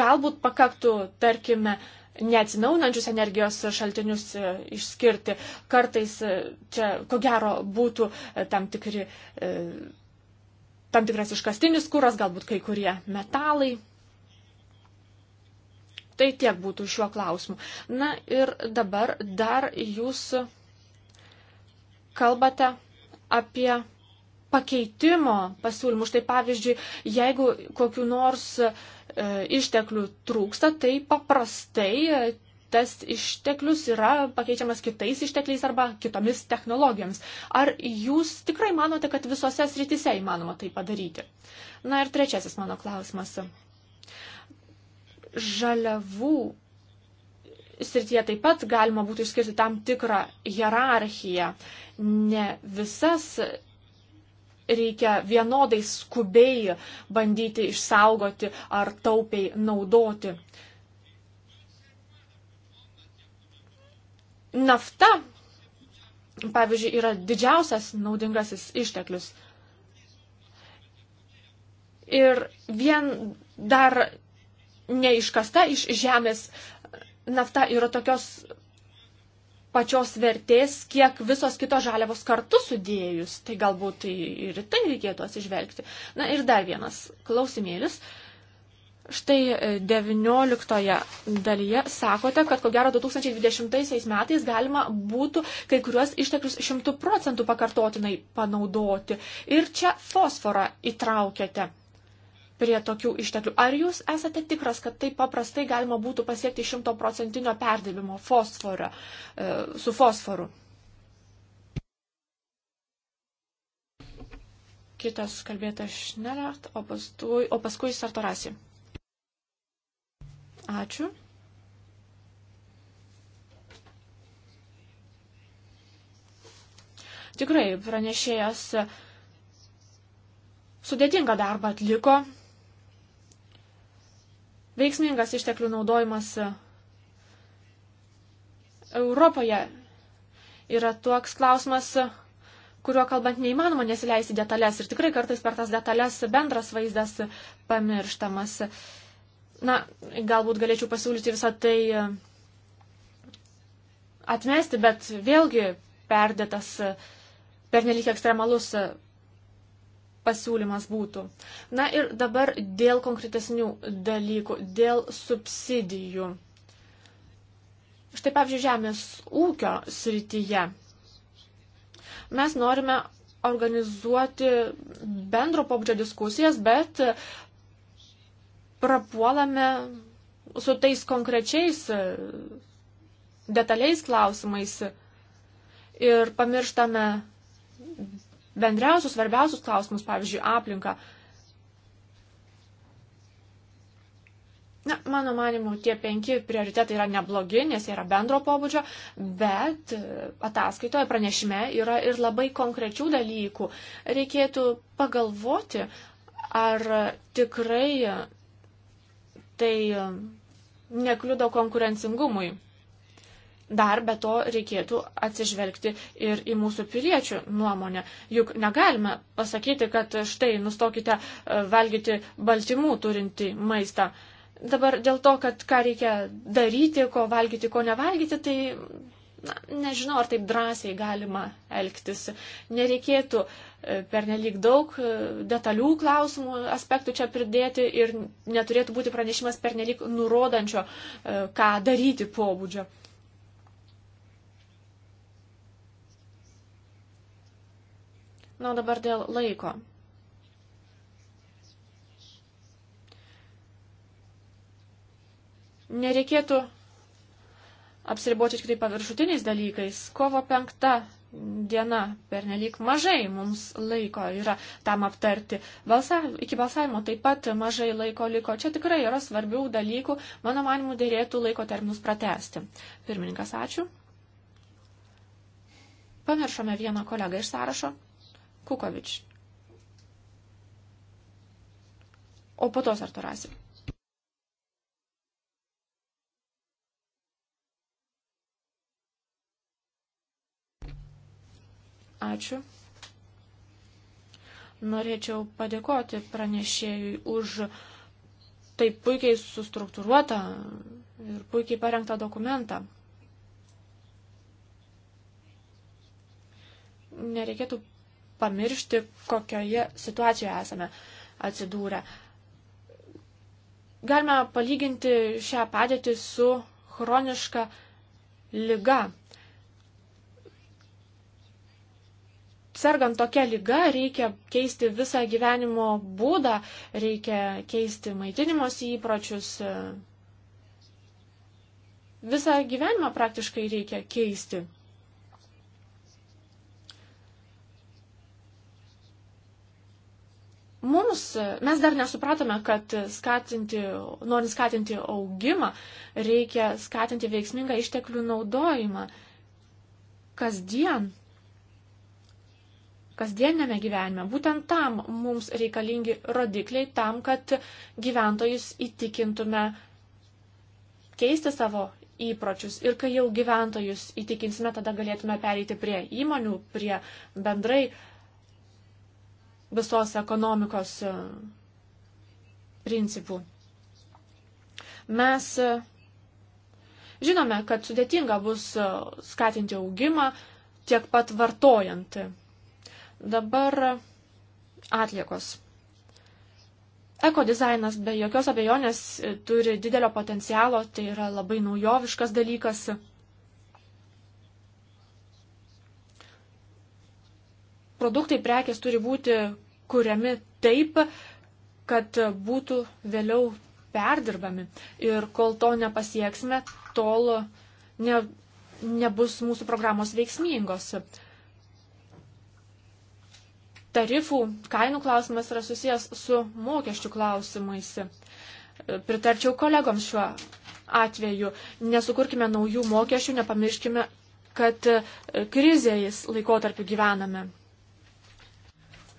galbūt pakaktų, tarkime, neatsinaunančius energijos šaltinius e, išskirti. Kartais e, čia, ko gero, būtų e, tam, tikri, tam tikras iškastinis kūras, galbūt kai kurie metalai. Tai tiek būtų šiuo klausimu. Na ir dabar dar jūs kalbate apie pakeitimo pasiūlymus. Štai pavyzdžiui, jeigu kokiu nors uh, E, išteklių trūksta, tai paprastai e, tas išteklius yra pakeičiamas kitais ištekliais arba kitomis technologijomis. Ar jūs tikrai manote, kad visose srityse įmanoma tai padaryti? Na ir trečiasis mano klausimas. Žaliavų srityje taip pat galima būtų išskirti tam tikrą hierarchiją. Ne visas reikia vienodai skubiai bandyti išsaugoti ar taupiai naudoti. Nafta, pavyzdžiui, yra didžiausias naudingasis išteklius. Ir vien dar neiškasta iš žemės nafta yra tokios pačios vertės, kiek visos kitos žaliavos kartu sudėjus. Tai galbūt tai ir tai reikėtų atsižvelgti. Na ir dar vienas klausimėlis. Štai 19 e, dalyje sakote, kad ko gero 2020 metais galima būtų kai kuriuos išteklius 100 procentų pakartotinai panaudoti. Ir čia fosforą įtraukėte prie tokių išteklių. Ar jūs esate tikras, kad taip paprastai galima būtų pasiekti 100 procentinio perdirbimo fosforą, e, su fosforu? Kitas kalbėtas Šnerart, o paskui, o paskui Sartorasi. Ačiū. Tikrai pranešėjas sudėtingą darbą atliko, Veiksmingas išteklių naudojimas e, Europoje yra toks klausimas, e, kuriuo kalbant neįmanoma nesileisti detalės ir tikrai kartais per tas detalės bendras vaizdas pamirštamas. Na, galbūt galėčiau pasiūlyti visą tai e, atmesti, bet vėlgi perdėtas pernelik ekstremalus pasiūlymas būtų. Na ir dabar dėl konkretesnių dalykų, dėl subsidijų. Štai pavyzdžiui, žemės ūkio srityje. Mes norime organizuoti bendro pobūdžio diskusijas, bet prapuolame su tais konkrečiais e, detaliais klausimais ir pamirštame bendriausius, svarbiausius klausimus, pavyzdžiui, aplinką. Na, mano manimu, tie penki prioritetai yra neblogi, nes jie yra bendro pobūdžio, bet e, ataskaitoje pranešime yra ir labai konkrečių dalykų. Reikėtų pagalvoti, ar tikrai tai e, nekliudo konkurencingumui dar be to reikėtų atsižvelgti ir į mūsų piliečių nuomonę. Juk negalime pasakyti, kad štai nustokite e, valgyti baltymų turinti maistą. Dabar dėl to, kad ką reikia daryti, ko valgyti, ko nevalgyti, tai na, nežinau, ar taip drąsiai galima elgtis. Nereikėtų e, pernelyg daug e, detalių klausimų, aspektų čia pridėti ir neturėtų būti pranešimas pernelyg nurodančio, ką daryti pobūdžio. Po Na, dabar dėl laiko. Nereikėtų apsiriboti tik tai paviršutiniais dalykais. Kovo penkta diena per nelik mažai mums laiko yra tam aptarti. Balsa, iki balsavimo taip pat mažai laiko liko. Čia tikrai yra svarbių dalykų. Mano manimu, dėrėtų laiko terminus pratesti. Pirmininkas, ačiū. Pamiršome vieną kolegą iš sąrašo. Kukovič. O po to Sartorasi. Ačiū. Norėčiau padėkoti pranešėjui už taip puikiai sustruktūruotą ir puikiai parengtą dokumentą. Nereikėtų pamiršti, kokioje situacijoje esame atsidūrę. Galime palyginti šią padėtį su chroniška lyga. Sergant tokia lyga reikia keisti visą gyvenimo būdą, reikia keisti maitinimosi įpročius, visą gyvenimą praktiškai reikia keisti. Mums, mes dar nesupratome, kad skatinti, norint skatinti augimą, reikia skatinti veiksmingą išteklių naudojimą kasdien, kasdienėme gyvenime. Būtent tam mums reikalingi rodikliai, tam, kad gyventojus įtikintume keisti savo įpročius. Ir kai jau gyventojus įtikinsime, tada galėtume pereiti prie įmonių, prie bendrai visos ekonomikos e, principų. Mes e, žinome, kad sudėtinga bus e, skatinti augimą tiek pat vartojant. Dabar atliekos. Ekodizainas be jokios abejonės turi didelio potencialo, tai yra labai naujoviškas dalykas. produktai prekės turi būti kuriami taip, kad būtų vėliau perdirbami. Ir kol to nepasieksime, tol ne, nebus mūsų programos veiksmingos. Tarifų kainų klausimas yra susijęs su mokesčių klausimais. Pritarčiau kolegoms šiuo atveju. Nesukurkime naujų mokesčių, nepamirškime, kad krizėjais laikotarpiu gyvename.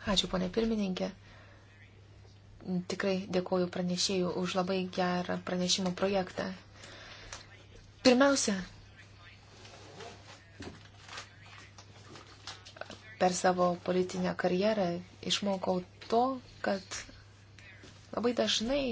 Ačiū, ponė pirmininkė. Tikrai dėkoju pranešėjų už labai gerą pranešimo projektą. Pirmiausia, per savo politinę karjerą išmokau to, kad labai dažnai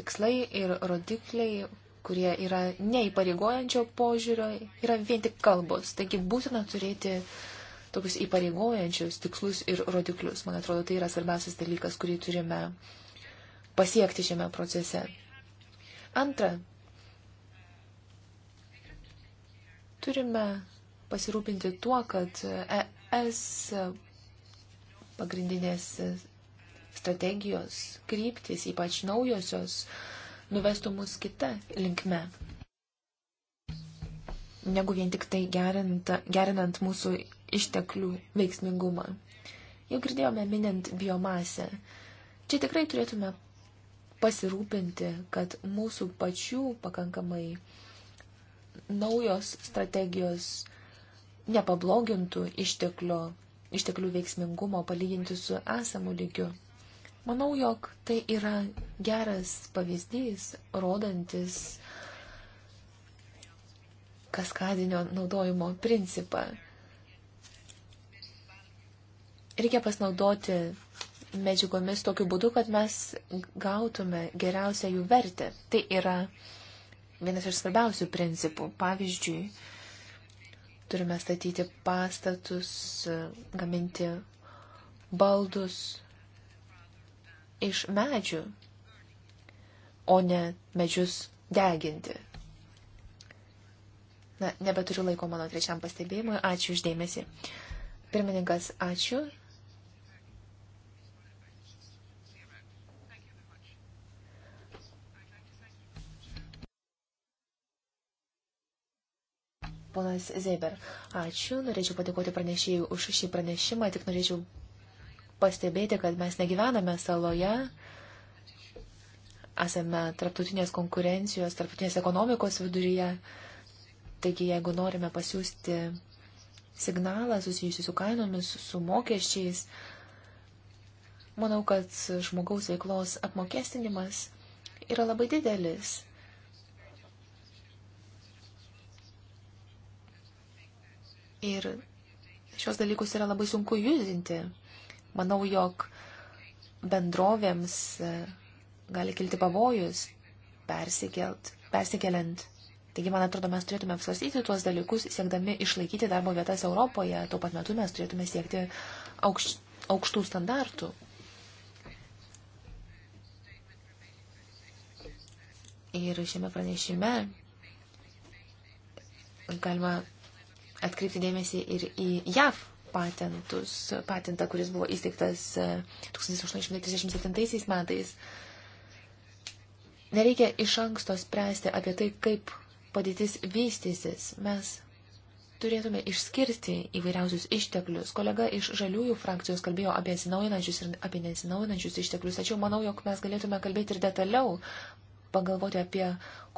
tikslai ir rodikliai kurie yra neįpareigojančio požiūrio, yra vien tik kalbos. Taigi būtina turėti tokius įpareigojančius tikslus ir rodiklius. Man atrodo, tai yra svarbiausias dalykas, kurį turime pasiekti šiame procese. Antra, turime pasirūpinti tuo, kad ES pagrindinės strategijos kryptis, ypač naujosios, uh, nuvestų mus kitą linkme, negu vien tik tai gerint, gerinant mūsų išteklių veiksmingumą. Jau girdėjome minint biomasę. Čia tikrai turėtume pasirūpinti, kad mūsų pačių pakankamai naujos strategijos nepablogintų išteklių, išteklių veiksmingumo palyginti su esamu lygiu. Manau, jog tai yra geras pavyzdys, rodantis kaskadinio naudojimo principą. Reikia pasinaudoti medžiagomis tokiu būdu, kad mes gautume geriausią jų vertę. Tai yra vienas iš svarbiausių principų. Pavyzdžiui, turime statyti pastatus, gaminti baldus, iš medžių, o ne medžius deginti. Na, nebeturiu laiko mano trečiam pastebėjimui. Ačiū uždėmesi. Pirmininkas, ačiū. Ponas Zeber, ačiū. Norėčiau padėkoti pranešėjui už šį pranešimą. Tik norėčiau pastebėti, kad mes negyvename saloje, esame tarptautinės konkurencijos, tarptautinės ekonomikos viduryje. Taigi, jeigu norime pasiūsti signalą susijusiu su kainomis, su mokesčiais, manau, kad žmogaus veiklos apmokestinimas yra labai didelis. Ir šios dalykus yra labai sunku judinti. Manau, jog bendrovėms e, gali kilti pavojus persikelt, persikeliant. Taigi, man atrodo, mes turėtume apsvarstyti tuos dalykus, siekdami išlaikyti darbo vietas Europoje. Tuo pat metu mes turėtume siekti aukš, aukštų standartų. Ir šiame pranešime galima atkreipti dėmesį ir į JAV patentus, patentą, kuris buvo įsteigtas 1837 e, metais. Nereikia iš anksto spręsti apie tai, kaip padėtis vystysis. Mes turėtume išskirti įvairiausius išteklius. Kolega iš žaliųjų frakcijos kalbėjo apie atsinaujinančius ir apie nesinaujinančius išteklius, tačiau manau, jog mes galėtume kalbėti ir detaliau, pagalvoti apie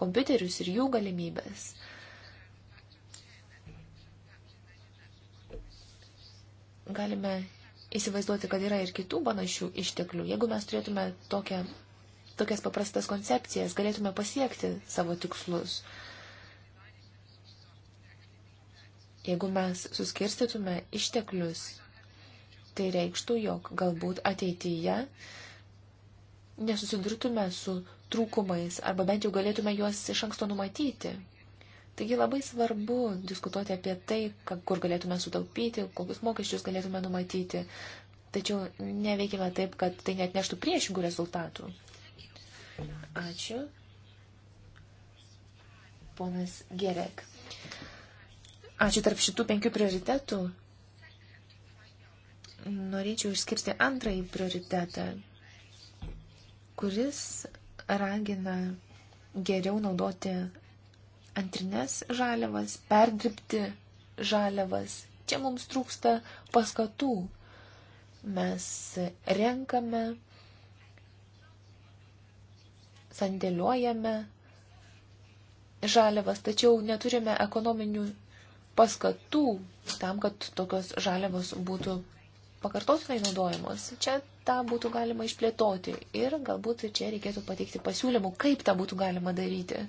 kompiuterius ir jų galimybės. galime įsivaizduoti, kad yra ir kitų panašių išteklių. Jeigu mes turėtume tokią, tokias paprastas koncepcijas, galėtume pasiekti savo tikslus. Jeigu mes suskirstytume išteklius, tai reikštų, jog galbūt ateityje nesusidurtume su trūkumais arba bent jau galėtume juos iš anksto numatyti. Taigi labai svarbu diskutuoti apie tai, kur galėtume sutaupyti, kokius mokesčius galėtume numatyti, tačiau neveikime taip, kad tai net neštų priešingų rezultatų. Ačiū. Ponas Gerek. Ačiū tarp šitų penkių prioritetų. Norėčiau išskirti antrąjį prioritetą, kuris ragina geriau naudoti antrinės žaliavas, perdirbti žaliavas. Čia mums trūksta paskatų. Mes renkame, sandėliuojame žaliavas, tačiau neturime ekonominių paskatų tam, kad tokios žaliavos būtų pakartotinai naudojamos. Čia tą būtų galima išplėtoti ir galbūt čia reikėtų pateikti pasiūlymų, kaip tą būtų galima daryti.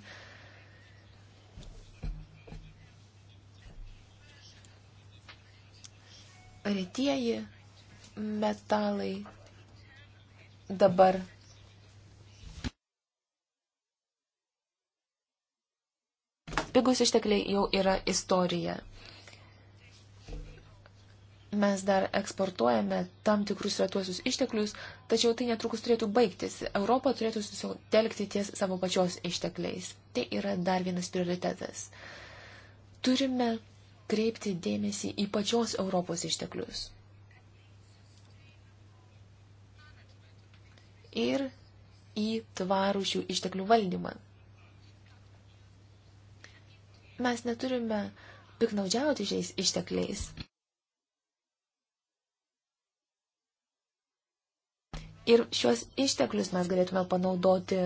retieji metalai dabar pigus ištekliai jau yra istorija. Mes dar eksportuojame tam tikrus retuosius išteklius, tačiau tai netrukus turėtų baigtis. Europa turėtų susitelkti ties savo pačios ištekliais. Tai yra dar vienas prioritetas. Turime atkreipti dėmesį į pačios Europos išteklius. Ir į tvarų šių išteklių valdymą. Mes neturime piknaudžiauti šiais ištekliais. Ir šios išteklius mes galėtume panaudoti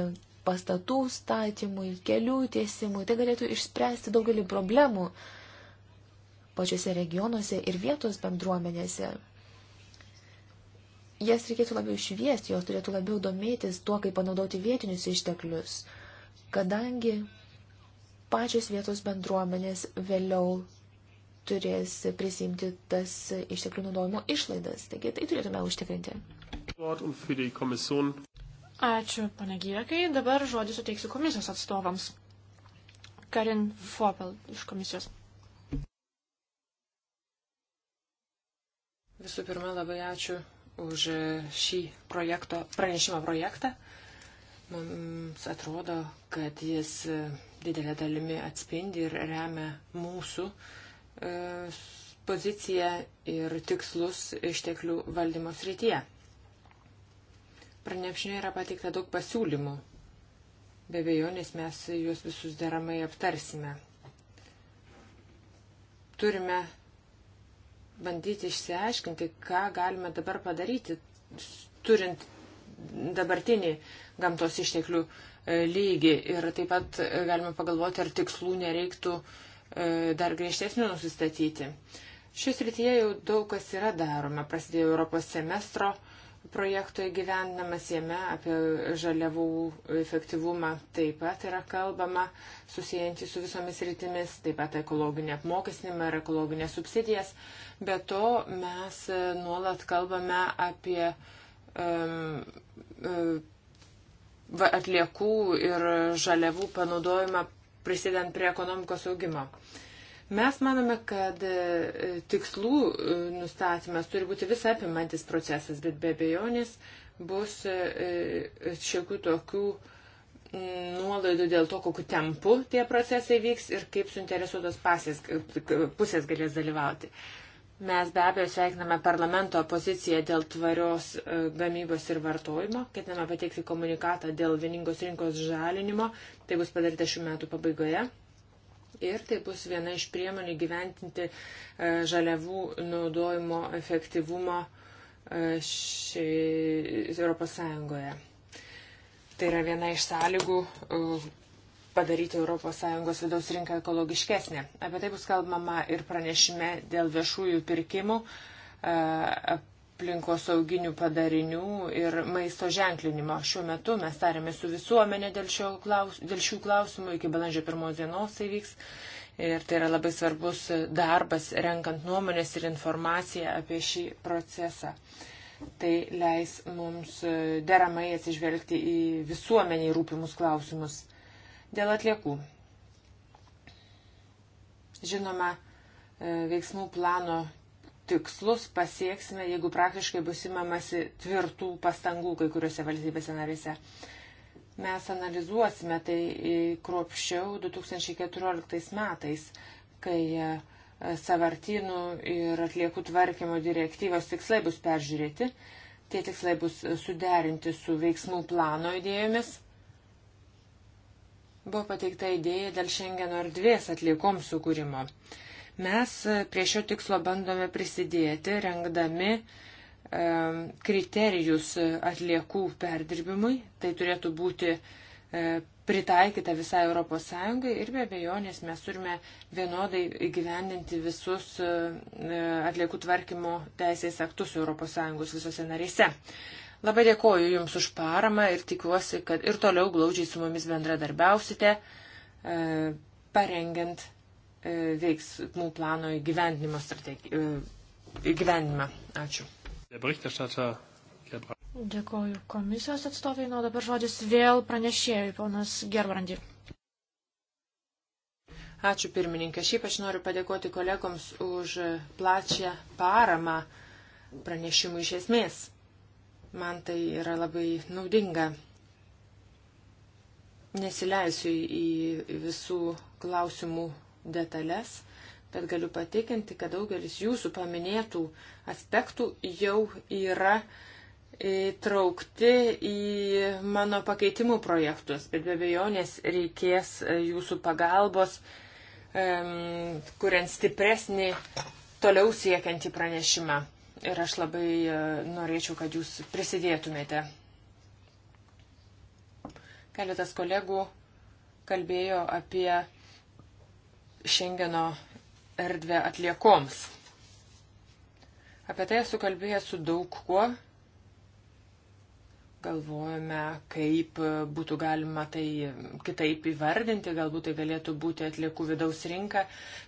pastatų statymui, kelių tiesimui. Tai galėtų išspręsti daugelį problemų, pačiuose regionuose ir vietos bendruomenėse. Jas reikėtų labiau šviesti, jos turėtų labiau domėtis tuo, kaip panaudoti vietinius išteklius, kadangi pačios vietos bendruomenės vėliau turės prisimti tas išteklių naudojimo išlaidas. Taigi tai turėtume užtikrinti. Ačiū, pane Gyrekai. Dabar žodį suteiksiu komisijos atstovams. Karin Fopel iš komisijos. Visų pirma, labai ačiū už šį projekto, pranešimo projektą. Mums atrodo, kad jis didelė dalimi atspindi ir remia mūsų e, poziciją ir tikslus išteklių valdymo srityje. Pranešinė yra pateikta daug pasiūlymų. Be abejonės mes juos visus deramai aptarsime. Turime bandyti išsiaiškinti, ką galime dabar padaryti, turint dabartinį gamtos išteklių e, lygį. Ir taip pat e, galime pagalvoti, ar tikslų nereiktų e, dar griežtesnių nusistatyti. Šis rytyje jau daug kas yra daroma. Prasidėjo Europos semestro projekto įgyvendinamas jame, apie žaliavų efektyvumą taip pat yra kalbama, susijęjantį su visomis rytimis, taip pat ekologinį apmokestinimą ir ekologinę subsidijas. Be to mes e, nuolat kalbame apie um, um, atliekų ir žaliavų panaudojimą prisidant prie ekonomikos augimo. Uh, Mes manome, kad e, tikslų e, nustatymas turi būti visą apimantis procesas, bet be abejonės bus e, šiokių tokių mm, nuolaidų dėl to, kokiu tempu tie procesai vyks ir kaip suinteresuotos pasės, pusės galės dalyvauti. Mes be abejo sveikiname parlamento poziciją dėl tvarios gamybos ir vartojimo, ketiname pateikti komunikatą dėl vieningos rinkos žalinimo, tai bus padaryta šių metų pabaigoje ir tai bus viena iš priemonių gyventinti e, žaliavų naudojimo efektyvumo e, Europos Sąjungoje. Tai yra viena iš sąlygų e, padaryti ES vidaus rinką ekologiškesnė. Apie tai bus kalbama ir pranešime dėl viešųjų pirkimų aplinkosauginių padarinių ir maisto ženklinimo. Šiuo metu mes tarėme su visuomenė dėl, klaus, dėl šių klausimų, iki balandžio pirmos dienos tai vyks. Ir tai yra labai svarbus darbas, renkant nuomonės ir informaciją apie šį procesą. Tai leis mums deramai atsižvelgti į visuomeniai rūpimus klausimus dėl atliekų. Žinoma, e, veiksmų plano tikslus pasieksime, jeigu praktiškai bus įmamasi tvirtų pastangų kai kuriuose valstybėse narėse. Mes analizuosime tai kruopščiau 2014 metais, kai e, savartynų ir atliekų tvarkymo direktyvos tikslai bus peržiūrėti. Tie tikslai bus suderinti su veiksmų plano idėjomis. Buvo pateikta idėja dėl Šengeno erdvės atliekoms sukūrimo. Mes e, prie šio tikslo bandome prisidėti, rengdami e, kriterijus atliekų perdirbimui. Tai turėtų būti e, pritaikyta visai Europos Sąjungai ir be abejonės mes turime vienodai įgyvendinti visus atliekų tvarkymo teisės aktus Europos Sąjungos visose narėse. Labai dėkoju Jums už paramą ir tikiuosi, kad ir toliau glaudžiai su mumis bendradarbiausite, parengiant E, veiksmų plano įgyvendinimo e, įgyvendinimą. Ačiū. Dėkoju komisijos atstoviai, nuo dabar žodis vėl pranešėjui, ponas Gerbrandi. Ačiū pirmininkė. Šiaip aš noriu padėkoti kolegoms už plačią paramą pranešimų iš esmės. Man tai yra labai naudinga. Nesileisiu į visų klausimų detalės, bet galiu patikinti, kad daugelis jūsų paminėtų aspektų jau yra įtraukti į mano pakeitimų projektus, bet be abejonės reikės e, jūsų pagalbos, kuriant stipresnį, toliau siekiantį pranešimą. Ir aš labai e, norėčiau, kad jūs prisidėtumėte. Keletas kolegų kalbėjo apie Šengeno erdvę atliekoms. Apie tai esu kalbėjęs su daug kuo. Galvojame, kaip būtų galima tai kitaip įvardinti, galbūt tai galėtų būti atliekų vidaus rinka,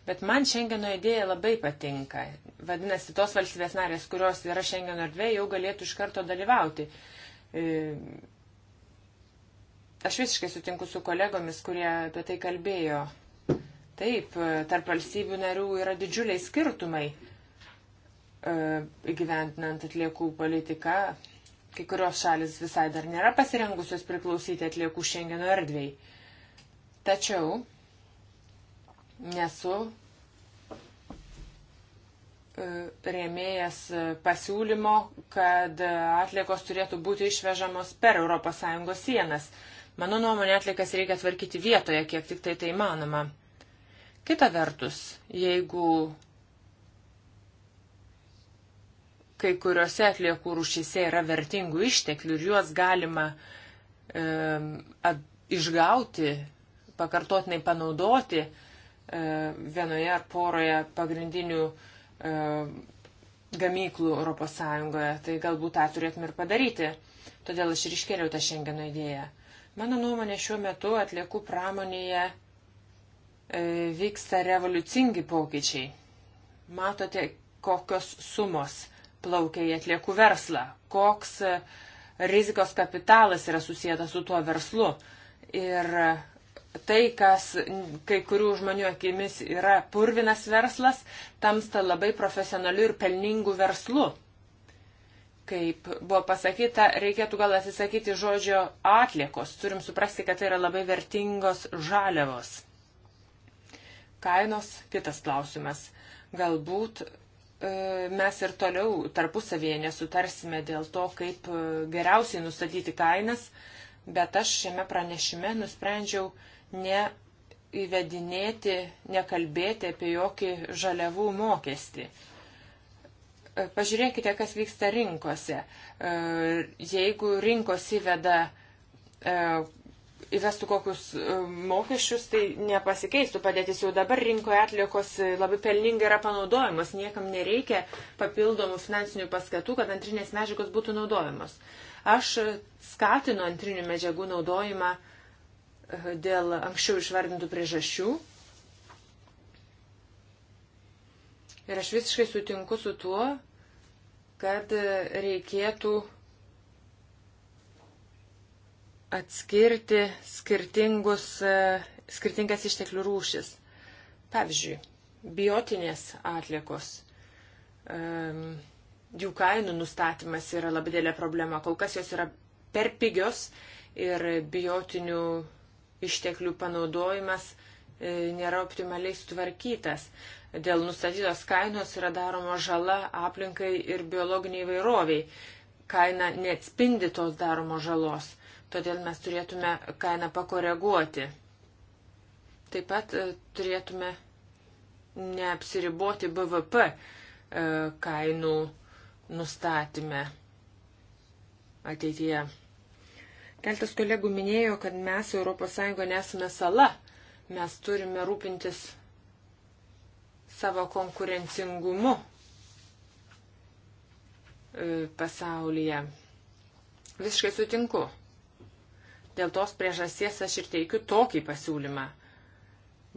bet man Šengeno idėja labai patinka. Vadinasi, tos valstybės narės, kurios yra Šengeno erdvė, jau galėtų iš karto dalyvauti. E, aš visiškai sutinku su kolegomis, kurie apie tai kalbėjo. Taip, e, tarp valstybių narių yra didžiuliai skirtumai e, įgyventinant atliekų politiką. Kai kurios šalis visai dar nėra pasirengusios priklausyti atliekų Schengeno erdvėjai. Tačiau nesu e, rėmėjas pasiūlymo, kad atliekos turėtų būti išvežamos per ES sienas. Mano nuomonė, atlikas reikia tvarkyti vietoje, kiek tik tai tai manoma. Kita vertus, jeigu kai kuriuose atliekų rūšyse yra vertingų išteklių ir juos galima e, at, išgauti, pakartotinai panaudoti e, vienoje ar poroje pagrindinių e, gamyklų ES, tai galbūt tą turėtume ir padaryti. Todėl aš ir iškėliau tą šiandieno idėją. Mano nuomonė šiuo metu atliekų pramonėje E, vyksta revoliucingi pokyčiai. Matote, kokios sumos plaukia į atliekų verslą, koks e, rizikos kapitalas yra susijęs su tuo verslu. Ir e, tai, kas kai kurių žmonių akimis yra purvinas verslas, tamsta labai profesionaliu ir pelningu verslu. Kaip buvo pasakyta, reikėtų gal atsisakyti žodžio atliekos. Turim suprasti, kad tai yra labai vertingos žaliavos. Kainos kitas klausimas. Galbūt e, mes ir toliau tarpusavėje nesutarsime dėl to, kaip e, geriausiai nustatyti kainas, bet aš šiame pranešime nusprendžiau ne įvedinėti, nekalbėti apie jokį žaliavų mokestį. E, pažiūrėkite, kas vyksta rinkose. Jeigu rinkos įveda įvestų kokius e, mokesčius, tai nepasikeistų padėtis. Jau dabar rinkoje atliekos e, labai pelningai yra panaudojamos, niekam nereikia papildomų finansinių paskatų, kad antrinės medžiagos būtų naudojamos. Aš skatinu antrinių medžiagų naudojimą e, dėl anksčiau išvardintų priežasčių. Ir aš visiškai sutinku su tuo, kad reikėtų atskirti e, skirtingas išteklių rūšis. Pavyzdžiui, biotinės atlikos. Um, jų kainų nustatymas yra labai dėlė problema. Kol kas jos yra per pigios ir biotinių išteklių panaudojimas e, nėra optimaliai sutvarkytas. Dėl nustatytos kainos yra daroma žala aplinkai ir biologiniai vairoviai. Kaina neatspindi tos daromos žalos. Todėl mes turėtume kainą pakoreguoti. Taip pat e, turėtume neapsiriboti BVP e, kainų nustatyme ateityje. Keltas kolegų minėjo, kad mes ES nesame sala. Mes turime rūpintis savo konkurencingumu e, pasaulyje. Visiškai sutinku. Dėl tos priežasties aš ir teikiu tokį pasiūlymą.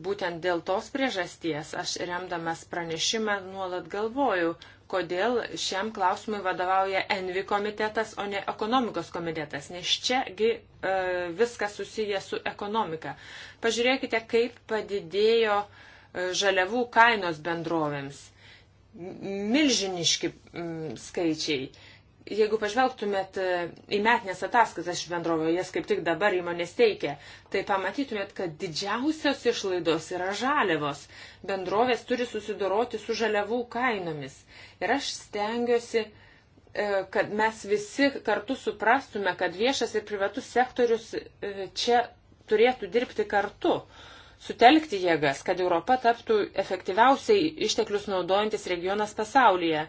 Būtent dėl tos priežasties aš remdamas pranešimą nuolat galvoju, kodėl šiam klausimui vadovauja Envi komitetas, o ne ekonomikos komitetas, nes čiagi e, viskas susiję su ekonomika. Pažiūrėkite, kaip padidėjo e, žaliavų kainos bendrovėms. Milžiniški m, skaičiai. E, Jeigu pažvelgtumėt e, į metinės ataskaitas iš bendrovio, jas kaip tik dabar įmonės teikia, tai pamatytumėt, kad didžiausios išlaidos yra žaliavos. Bendrovės turi susidoroti su žaliavų kainomis. Ir aš stengiuosi e, kad mes visi kartu suprastume, kad viešas ir privatus sektorius e, čia turėtų dirbti kartu, sutelkti jėgas, kad Europa taptų efektyviausiai išteklius naudojantis regionas pasaulyje.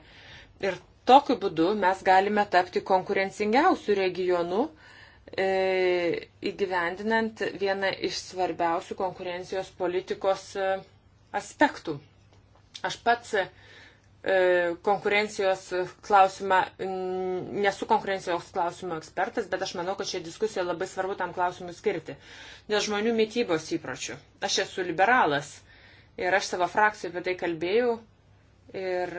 Ir Tokiu būdu mes galime tapti konkurencingiausių regionų e, įgyvendinant vieną iš svarbiausių konkurencijos politikos e, aspektų. Aš pats e, konkurencijos klausimą, nesu konkurencijos klausimo ekspertas, bet aš manau, kad šią diskusiją labai svarbu tam klausimui skirti. Dėl žmonių mytybos įpročių. Aš esu liberalas ir aš savo frakcijoje apie tai kalbėjau ir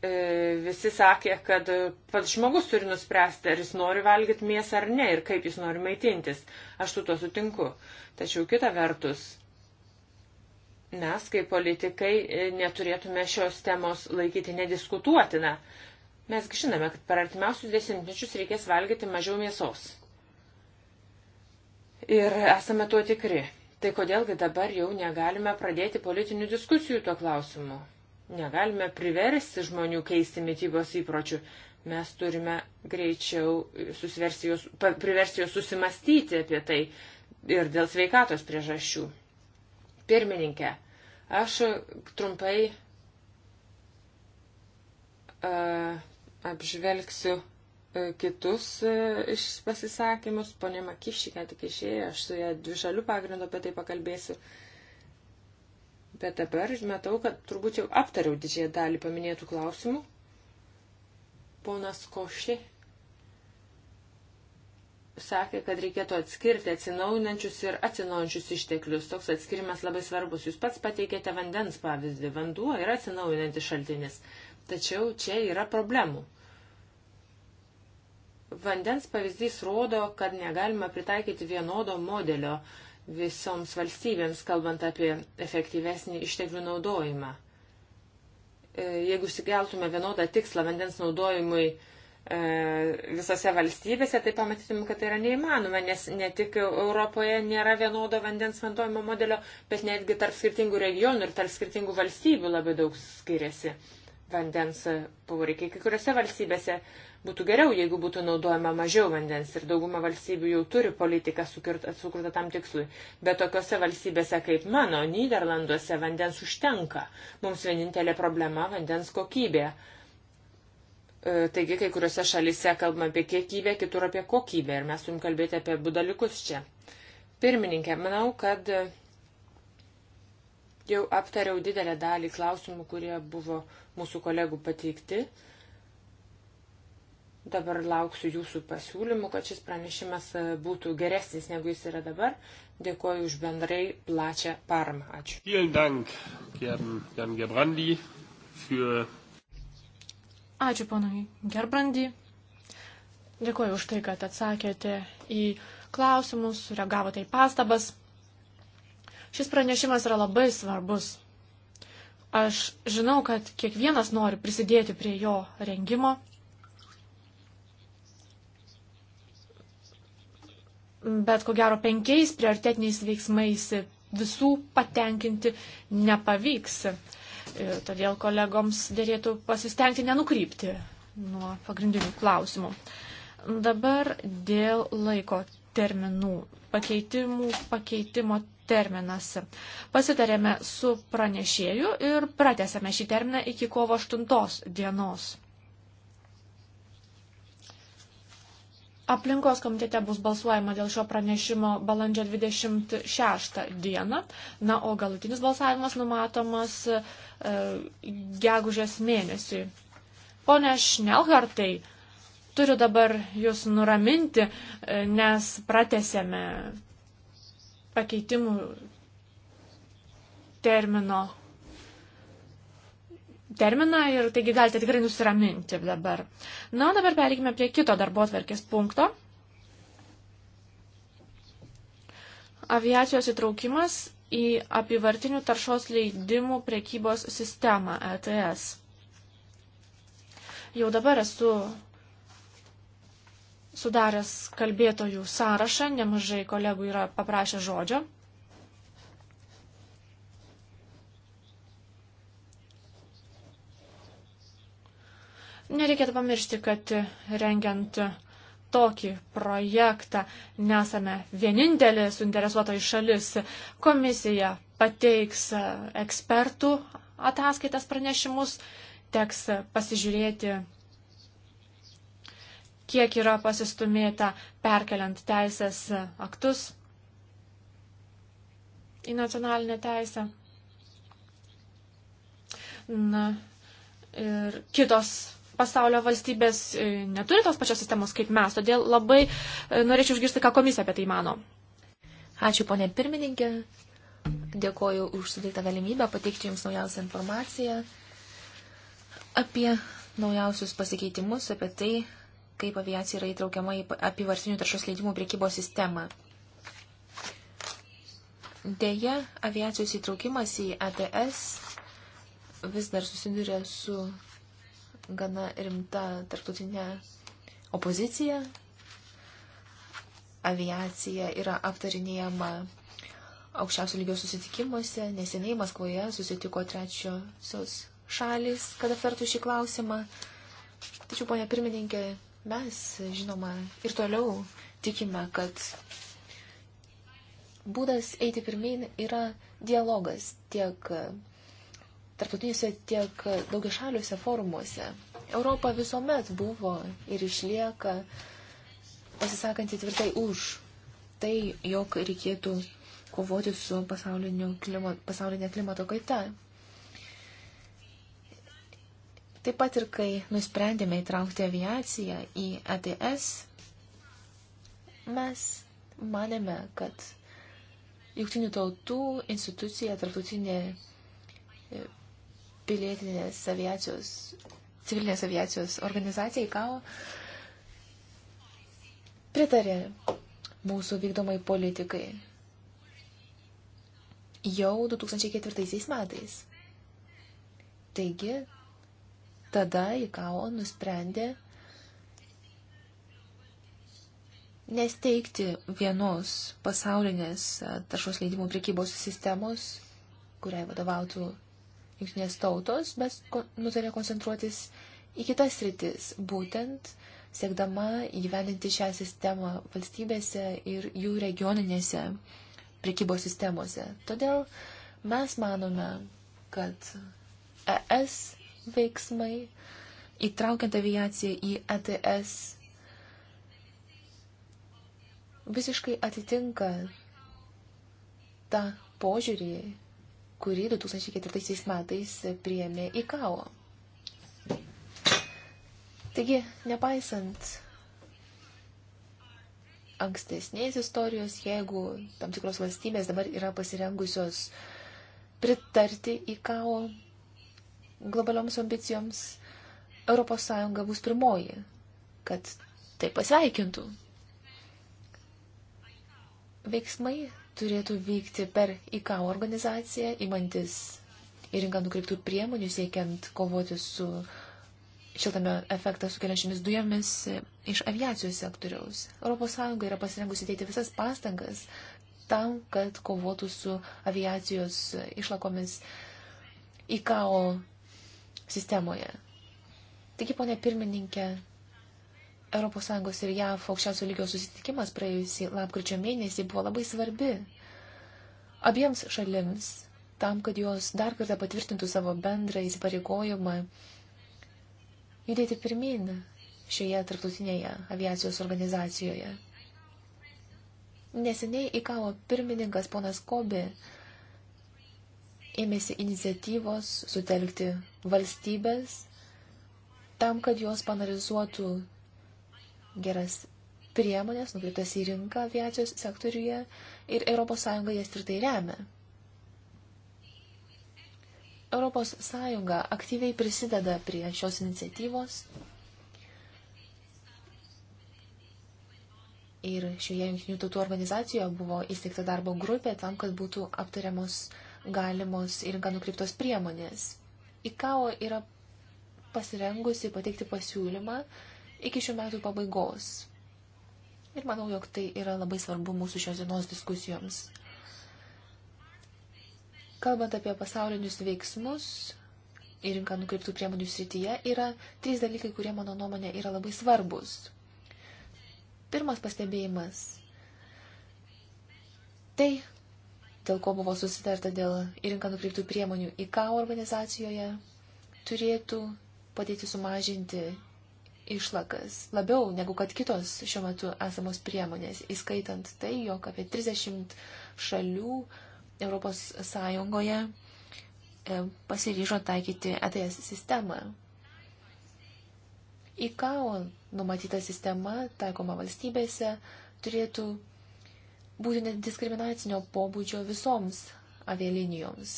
E, visi sakė, kad pats žmogus turi nuspręsti, ar jis nori valgyti mėsą ar ne ir kaip jis nori maitintis. Aš su tuo sutinku. Tačiau kita vertus, mes kaip politikai e, neturėtume šios temos laikyti nediskutuotina. Mesgi žinome, kad per artimiausius dešimtmečius reikės valgyti mažiau mėsos. Ir esame tuo tikri. Tai kodėlgi dabar jau negalime pradėti politinių diskusijų tuo klausimu? Negalime priversti žmonių keisti mytybos įpročių. Mes turime greičiau jos, priversti juos susimastyti apie tai ir dėl sveikatos priežasčių. Pirmininkė, aš trumpai uh, apžvelgsiu kitus pasisakymus. Pone Makišė, ką tik išėjo, aš su ją dvi šalių pagrindu apie tai pakalbėsiu. Uh, Bet dabar matau, kad turbūt jau aptariau didžiąją dalį paminėtų klausimų. Ponas Koši sakė, kad reikėtų atskirti atsinaujinančius ir atsinaujančius išteklius. Toks atskirimas labai svarbus. Jūs pats pateikėte vandens pavyzdį. Vanduo yra atsinaujinantis šaltinis. Tačiau čia yra problemų. Vandens pavyzdys rodo, kad negalima pritaikyti vienodo modelio uh, visoms valstybėms, kalbant apie efektyvesnį išteklių naudojimą. E, jeigu išsikeltume vienodą tikslą vandens naudojimui e, visose valstybėse, tai pamatytum, kad tai yra neįmanoma, nes ne tik Europoje nėra vienodo vandens naudojimo modelio, bet netgi tarp skirtingų regionų ir tarp skirtingų valstybių labai daug skiriasi vandens poreikiai. Kai kuriuose valstybėse būtų geriau, jeigu būtų naudojama mažiau vandens ir dauguma valstybių jau turi politiką sukurtą tam tikslui. Bet tokiuose valstybėse kaip mano, Niderlanduose vandens užtenka. Mums vienintelė problema - vandens kokybė. E, taigi, kai kuriuose šalise kalbame apie kiekybę, kitur apie kokybę ir mes turim kalbėti apie budalikus čia. Pirmininkė, manau, kad Jau aptariau didelę dalį klausimų, kurie buvo mūsų kolegų pateikti. Dabar lauksiu jūsų pasiūlymų, kad šis pranešimas e, būtų geresnis negu jis yra dabar. Dėkuoju už bendrai plačią paramą. Ačiū. Dank, Germ, Germ Gebrandi, für... Ačiū ponui Gerbrandy. Dėkuoju už tai, kad atsakėte į klausimus, reagavote į pastabas. Šis pranešimas yra labai svarbus. Aš žinau, kad kiekvienas nori prisidėti prie jo rengimo. Bet ko gero penkiais prioritetiniais veiksmais visų patenkinti nepavyks. Ir todėl kolegoms dėlėtų pasistengti nenukrypti nuo pagrindinių klausimų. Dabar dėl laiko terminų pakeitimų, pakeitimo terminas. Pasitarėme su pranešėju ir pratesėme šį terminą iki kovo 8 dienos. Aplinkos komitete bus balsuojama dėl šio pranešimo balandžio 26 dieną, na, o galutinis balsavimas numatomas e, gegužės mėnesiui. Pone Šnelhartai, turiu dabar jūs nuraminti, e, nes pratesėme pakeitimų termino terminą ir taigi galite tikrai nusiraminti dabar. Na, o dabar pereikime prie kito darbo atverkės punkto. Aviacijos įtraukimas į apivartinių taršos leidimų prekybos sistemą ETS. Jau dabar esu sudaręs kalbėtojų sąrašą, nemažai kolegų yra paprašę žodžio. Nereikėtų pamiršti, kad rengiant tokį projektą nesame vienintelė suinteresuotoji šalis. Komisija pateiks ekspertų ataskaitas pranešimus, teks pasižiūrėti kiek yra pasistumėta perkeliant teisės aktus į nacionalinę teisę. Na, ir kitos pasaulio valstybės e, neturi tos pačios sistemos kaip mes, todėl labai e, norėčiau išgirsti, ką komisija apie tai mano. Ačiū, ponė pirmininkė. Dėkoju už sudėtą galimybę pateikti Jums naujausią informaciją apie naujausius pasikeitimus, apie tai, kaip aviacija yra įtraukiama į apivarsinių taršos leidimų priekybos sistemą. Deja, aviacijos įtraukimas į ATS vis dar susiduria su gana rimta tarptautinė opozicija. Aviacija yra aptarinėjama aukščiausių lygio susitikimuose. Neseniai Maskvoje susitiko trečiosios šalis, kad aptartų šį klausimą. Tačiau, ponia pirmininkė, Mes, žinoma, ir toliau tikime, kad būdas eiti pirmin yra dialogas tiek tarptautiniuose, tiek daugiašaliuose forumuose. Europa visuomet buvo ir išlieka pasisakanti tvirtai už tai, jog reikėtų kovoti su klimato, pasaulinė klimato kaita. Taip pat ir kai nusprendėme įtraukti aviaciją į ATS, mes manėme, kad jungtinių tautų institucija, tarptautinė e, pilietinės aviacijos, civilinės aviacijos organizacija ICAO pritarė mūsų vykdomai politikai jau 2004 metais. Taigi, Tada IKAO nusprendė nesteigti vienos pasaulinės taršos leidimų prekybos sistemos, kuriai vadovautų jungtinės tautos, bet nutarė koncentruotis į kitas rytis, būtent siekdama įgyvendinti šią sistemą valstybėse ir jų regioninėse prekybos sistemose. Todėl mes manome, kad ES veiksmai, įtraukiant aviaciją į ETS, visiškai atitinka tą požiūrį, kurį 2004 metais priėmė į KAO. Taigi, nepaisant ankstesnės istorijos, jeigu tam tikros valstybės dabar yra pasirengusios pritarti į KAO globalioms ambicijoms, ES bus pirmoji, kad tai pasveikintų. Veiksmai turėtų vykti per IKAO organizaciją, imantis į rinką nukreiptų priemonių, siekiant kovoti su šiltame efektą sukeliančiomis dujomis iš aviacijos sektoriaus. ES yra pasirengusi dėti visas pastangas tam, kad kovotų su aviacijos išlakomis IKAO sistemoje. Taigi, ponė pirmininkė, ES ir JAV aukščiausio lygio susitikimas praėjusį lapkričio mėnesį buvo labai svarbi abiems šalims tam, kad jos dar kartą patvirtintų savo bendrą įsipareigojimą judėti pirmin šioje tarptautinėje aviacijos organizacijoje. Neseniai įkavo pirmininkas ponas Kobi ėmėsi iniciatyvos sutelkti valstybės tam, kad jos panalizuotų geras priemonės nukreiptas į rinką aviacijos sektoriuje ir ES jas ir tai remia. ES aktyviai prisideda prie šios iniciatyvos ir šioje jungtinių tautų organizacijoje buvo įsteigta darbo grupė tam, kad būtų aptariamos galimos į rinką nukreiptos priemonės. ICAO yra pasirengusi pateikti pasiūlymą iki šių metų pabaigos. Ir manau, jog tai yra labai svarbu mūsų šios dienos diskusijoms. Kalbant apie pasaulinius veiksmus į rinką nukreiptų priemonių srityje, yra trys dalykai, kurie mano nuomonė yra labai svarbus. Pirmas pastebėjimas. Tai, dėl ko buvo susitarta dėl į rinką nukreiptų priemonių IK organizacijoje, turėtų padėti sumažinti išlakas labiau negu kad kitos šiuo metu esamos priemonės, įskaitant tai, jog apie 30 šalių ES e, pasiryžo taikyti ETS sistemą. ICAO numatyta sistema taikoma valstybėse turėtų būti nediskriminacinio pobūdžio visoms avialinijoms.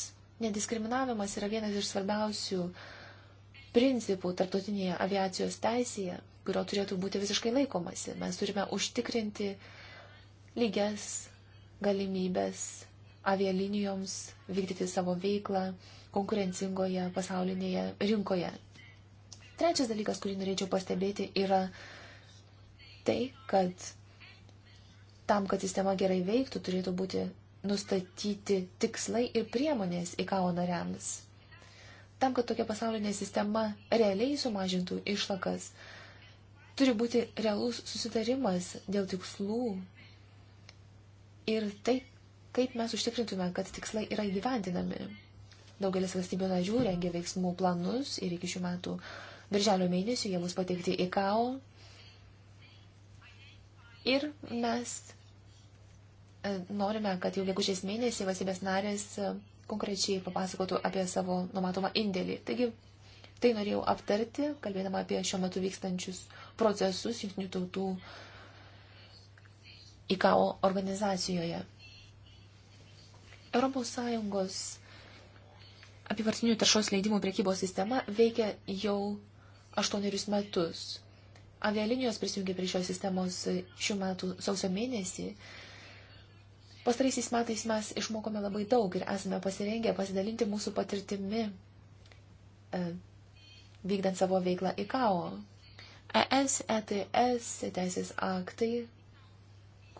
Nediskriminavimas yra vienas iš svarbiausių principų tarptautinėje aviacijos teisėje, kurio turėtų būti visiškai laikomasi. Mes turime užtikrinti lygias galimybės avialinijoms vykdyti savo veiklą konkurencingoje pasaulinėje rinkoje. Trečias dalykas, kurį norėčiau pastebėti, yra tai, kad tam, kad sistema gerai veiktų, turėtų būti nustatyti tikslai ir priemonės IKO nariams. Tam, kad tokia pasaulinė sistema realiai sumažintų išlakas, turi būti realus susitarimas dėl tikslų ir tai, kaip mes užtikrintume, kad tikslai yra įgyvendinami. Daugelis valstybių narių rengia veiksmų planus ir iki šių metų birželio mėnesio jie bus pateikti IKO Ir mes e, norime, kad jau gegužės mėnesį valstybės narės e, konkrečiai papasakotų apie savo numatomą indėlį. Taigi, tai norėjau aptarti, kalbėdama apie šiuo metu vykstančius procesus jungtinių tautų IKO organizacijoje. Europos Sąjungos apivartinių taršos leidimų priekybos sistema veikia jau aštuonerius metus. Avialinijos prisijungė prie šios sistemos šių metų sausio mėnesį. Pastaraisiais metais mes išmokome labai daug ir esame pasirengę pasidalinti mūsų patirtimi e, vykdant savo veiklą ICAO. ES, ETS, teisės aktai,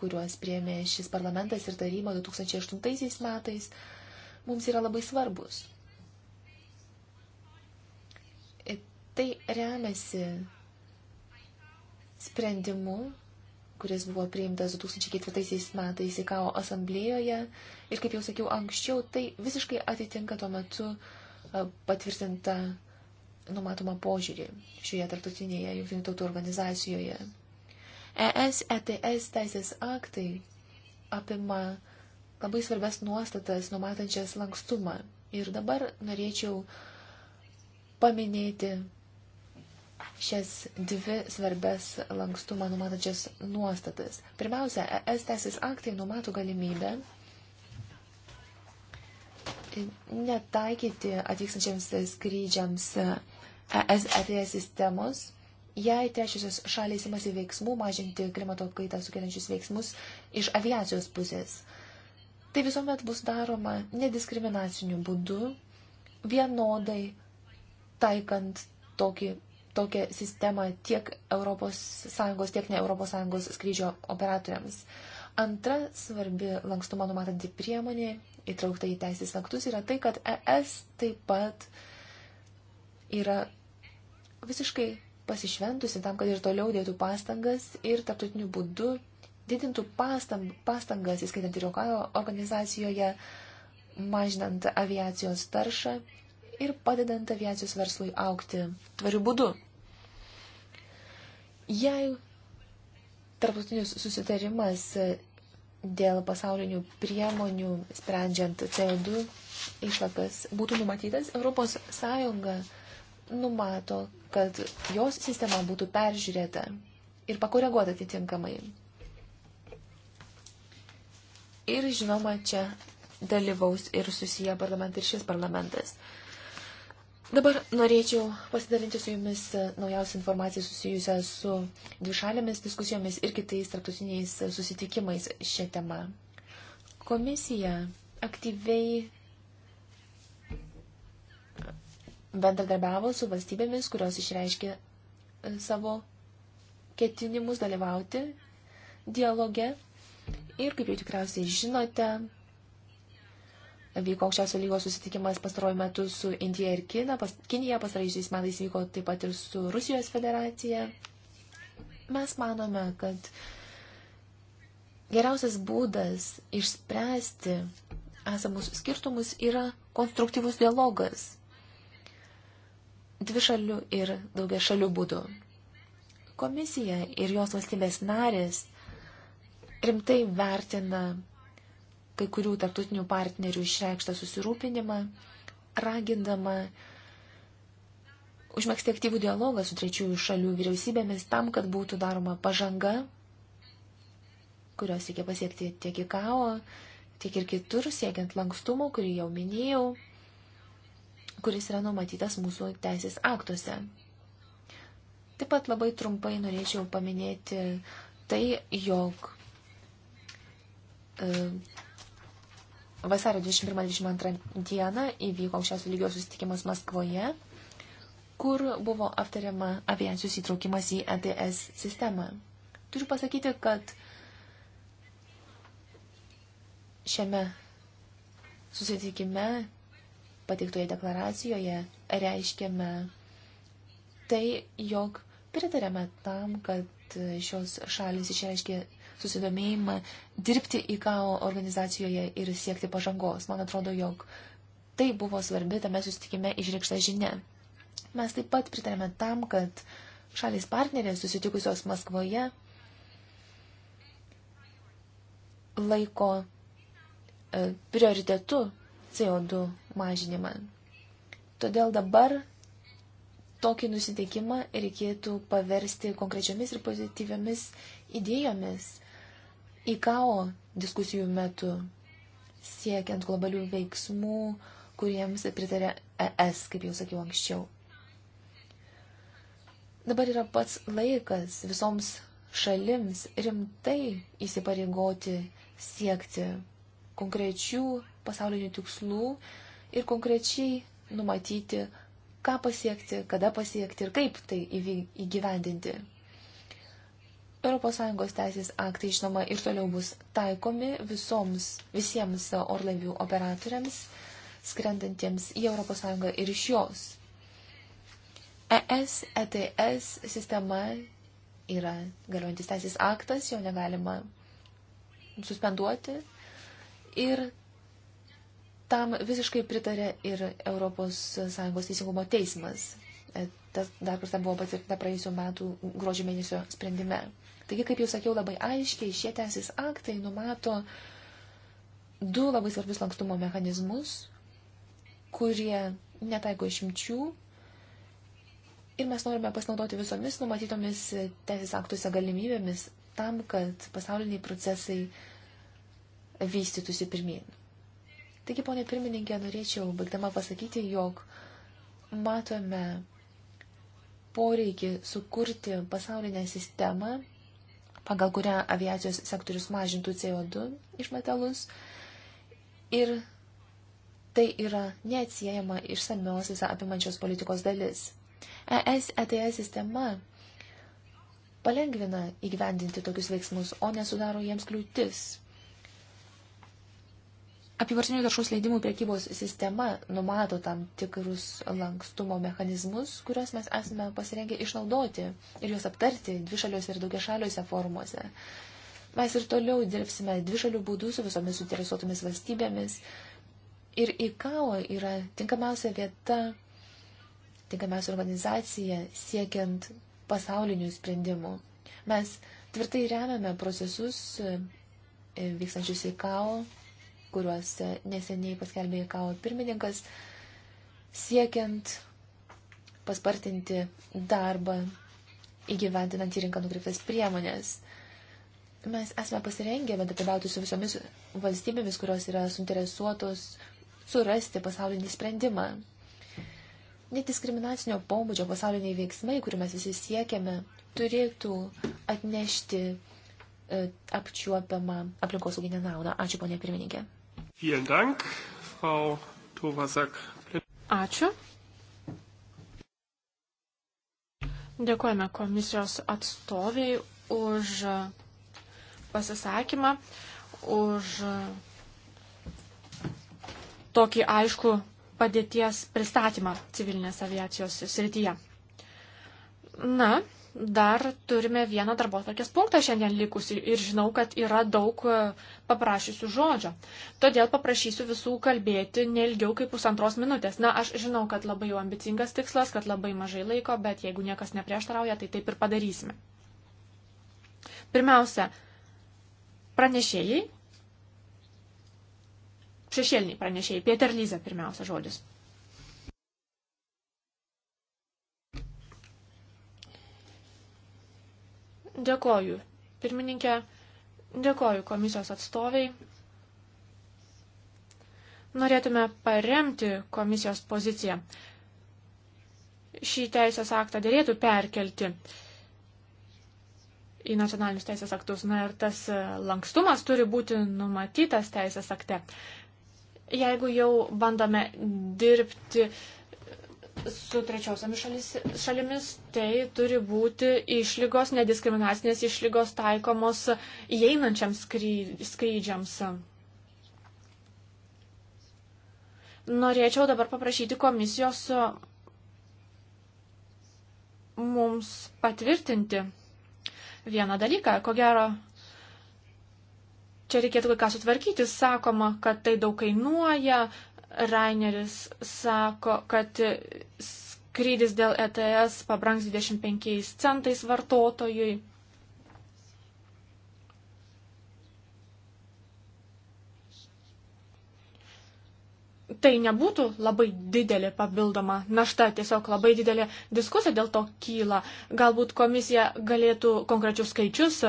kuriuos priemė šis parlamentas ir taryba 2008 metais, mums yra labai svarbus. Tai remiasi sprendimu, kuris buvo priimtas 2004 metais IKAO asamblėjoje. Ir kaip jau sakiau anksčiau, tai visiškai atitinka tuo metu patvirtintą numatomą požiūrį šioje tarptautinėje jungtinių tautų organizacijoje. ES ETS teisės aktai apima labai svarbias nuostatas, numatančias lankstumą. Ir dabar norėčiau paminėti šias dvi svarbes lankstumą numatančias nuostatas. Pirmiausia, ES teisės aktai numato galimybę netaikyti atvykstančiams skrydžiams ES ETS sistemos, jei trečiosios šaliais imasi veiksmų mažinti klimato kaitą sukeliančius veiksmus iš aviacijos pusės. Tai visuomet bus daroma nediskriminaciniu būdu, vienodai taikant tokį tokią sistemą tiek ES, tiek ne ES skrydžio operatoriams. Antra svarbi lankstumą numatanti priemonė įtraukta į teisės aktus yra tai, kad ES taip pat yra visiškai pasišventusi tam, kad ir toliau dėtų pastangas ir tarptautiniu būdu didintų pastangas, įskaitant ir Jokao organizacijoje, mažinant aviacijos taršą ir padedant aviacijos verslui aukti tvariu būdu. Jei tarptautinis susitarimas dėl pasaulinių priemonių sprendžiant CO2 išlakas būtų numatytas, ES numato, kad jos sistema būtų peržiūrėta ir pakoreguota atitinkamai. Ir žinoma, čia dalyvaus ir susiję parlamentai ir šis parlamentas. Dabar norėčiau pasidalinti su jumis e, naujausią informaciją susijusią su dvišalėmis diskusijomis ir kitais tarptautiniais e, susitikimais šią temą. Komisija aktyviai bendradarbiavo su valstybėmis, kurios išreiškė e, savo ketinimus dalyvauti dialoge. Ir kaip jau tikriausiai žinote, Vyko aukščiausio lygos susitikimas pastaruoju metu su Indija ir Kina. Pas, Kinija pastaraisiais metais vyko taip pat ir su Rusijos federacija. Mes manome, kad geriausias būdas išspręsti esamus skirtumus yra konstruktyvus dialogas dvišalių ir daugia šalių būdų. Komisija ir jos valstybės narės rimtai vertina kai kurių tarptautinių partnerių išreikštą susirūpinimą, ragindama užmėgsti aktyvų dialogą su trečiųjų šalių vyriausybėmis tam, kad būtų daroma pažanga, kurios reikia pasiekti tiek į KAO, tiek ir kitur, siekiant lankstumo, kurį jau minėjau, kuris yra numatytas mūsų teisės aktuose. Taip pat labai trumpai norėčiau paminėti tai, jog e, Vasario 21-22 dieną įvyko aukščiausio lygio susitikimas Maskvoje, kur buvo aptariama aviacijos įtraukimas į ETS sistemą. Turiu pasakyti, kad šiame susitikime pateiktoje deklaracijoje reiškėme tai, jog pritarėme tam, kad šios šalis išreiškė susidomėjimą dirbti IKAO organizacijoje ir siekti pažangos. Man atrodo, jog tai buvo svarbi tame susitikime išreikšta žinia. Mes taip pat pritarėme tam, kad šalis partnerės susitikusios Maskvoje laiko e, prioritetu CO2 mažinimą. Todėl dabar tokį nusiteikimą reikėtų paversti konkrečiomis ir pozityviomis idėjomis, IKAO diskusijų metu siekiant globalių veiksmų, kuriems pritarė ES, kaip jau sakiau anksčiau. Dabar yra pats laikas visoms šalims rimtai įsipareigoti siekti konkrečių pasaulinių tikslų ir konkrečiai numatyti, ką pasiekti, kada pasiekti ir kaip tai įgyvendinti. ES teisės aktai, žinoma, ir toliau bus taikomi visoms, visiems orlaivių operatoriams, skrendantiems į ES ir iš jos. ES, ETS sistema yra galiojantis teisės aktas, jo negalima suspenduoti. Ir tam visiškai pritarė ir ES teisingumo teismas. E, tas dar kartą buvo patvirtinta praėjusiu metu gruodžio mėnesio sprendime. Taigi, kaip jau sakiau, labai aiškiai šie teisės aktai numato du labai svarbius lankstumo mechanizmus, kurie netaiko išimčių ir mes norime pasinaudoti visomis numatytomis teisės aktuose galimybėmis tam, kad pasauliniai procesai vystytųsi pirmin. Taigi, ponė pirmininkė, norėčiau baigdama pasakyti, jog matome poreikį sukurti pasaulinę sistemą, pagal kurią aviacijos sektorius mažintų CO2 išmetalus. Ir tai yra neatsiejama išsamios visą apimančios politikos dalis. ES ETS sistema palengvina įgyvendinti tokius veiksmus, o nesudaro jiems kliūtis. Apivartinių taršos leidimų priekybos sistema numato tam tikrus lankstumo mechanizmus, kuriuos mes esame pasirengę išnaudoti ir juos aptarti dvišaliuose ir daugiašaliuose formuose. Mes ir toliau dirbsime dvišalių būdų su visomis suinteresuotomis valstybėmis. Ir ICAO yra tinkamiausia vieta, tinkamiausia organizacija siekiant pasaulinių sprendimų. Mes tvirtai remiame procesus e, vykstančius ICAO kuriuos neseniai paskelbė IKAO pirmininkas, siekiant paspartinti darbą įgyventinant į rinką nukreiptas priemonės. Mes esame pasirengę bendradarbiauti su visomis valstybėmis, kurios yra suinteresuotos surasti pasaulinį sprendimą. Nediskriminacinio pobūdžio pasauliniai veiksmai, kurių mes visi siekiame, turėtų atnešti e, apčiuopiamą aplinkosauginę naudą. Ačiū, ponė pirmininkė. Vielen Dank, Frau Tovasak. Ačiū. Dėkojame komisijos atstoviai už pasisakymą, už tokį aišku padėties pristatymą civilinės aviacijos srityje. Na, dar turime vieną darbo atvarkės punktą šiandien likusi ir žinau, kad yra daug e, paprašysiu žodžio. Todėl paprašysiu visų kalbėti neilgiau kaip pusantros minutės. Na, aš žinau, kad labai jau ambicingas tikslas, kad labai mažai laiko, bet jeigu niekas neprieštarauja, tai taip ir padarysime. Pirmiausia, pranešėjai, šešėliniai pranešėjai, Pieter Lyza pirmiausia žodis. Dėkoju, pirmininkė, dėkoju komisijos atstoviai. Norėtume paremti komisijos poziciją. Šį teisės aktą dėlėtų perkelti į nacionalinius teisės aktus. Na ir tas e, lankstumas turi būti numatytas teisės akte. Jeigu jau bandome dirbti su trečiosiamis šalis, šalimis, tai turi būti išlygos, nediskriminacinės išlygos taikomos įeinančiams skrydžiams. Norėčiau dabar paprašyti komisijos mums patvirtinti vieną dalyką. Ko gero, čia reikėtų kai ką sutvarkyti. Sakoma, kad tai daug kainuoja, Raineris sako, kad skrydis dėl ETS pabrangs 25 centais vartotojui. Tai nebūtų labai didelė papildoma našta, tiesiog labai didelė diskusija dėl to kyla. Galbūt komisija galėtų konkrečius skaičius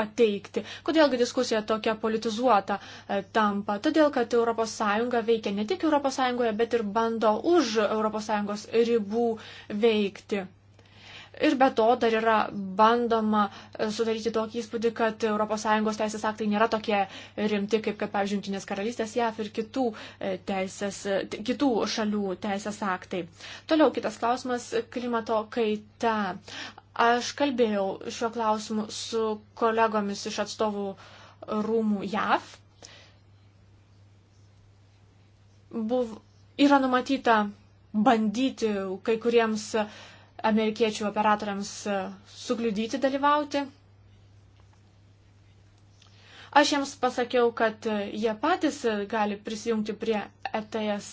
pateikti. Kodėlgi diskusija tokia politizuota e, tampa? Todėl, kad ES veikia ne tik ES, bet ir bando už ES ribų veikti. Ir be to dar yra bandoma e, sudaryti tokį įspūdį, kad ES teisės aktai nėra tokie rimti, kaip, kad, pavyzdžiui, Junktinės karalystės, JAF ir kitų, e, teisės, kitų šalių teisės aktai. Toliau kitas klausimas - klimato kaita. Aš kalbėjau šiuo klausimu su kolegomis iš atstovų rūmų JAV. Buv, yra numatyta bandyti kai kuriems amerikiečių operatoriams sukliudyti dalyvauti. Aš jiems pasakiau, kad jie patys gali prisijungti prie ETS.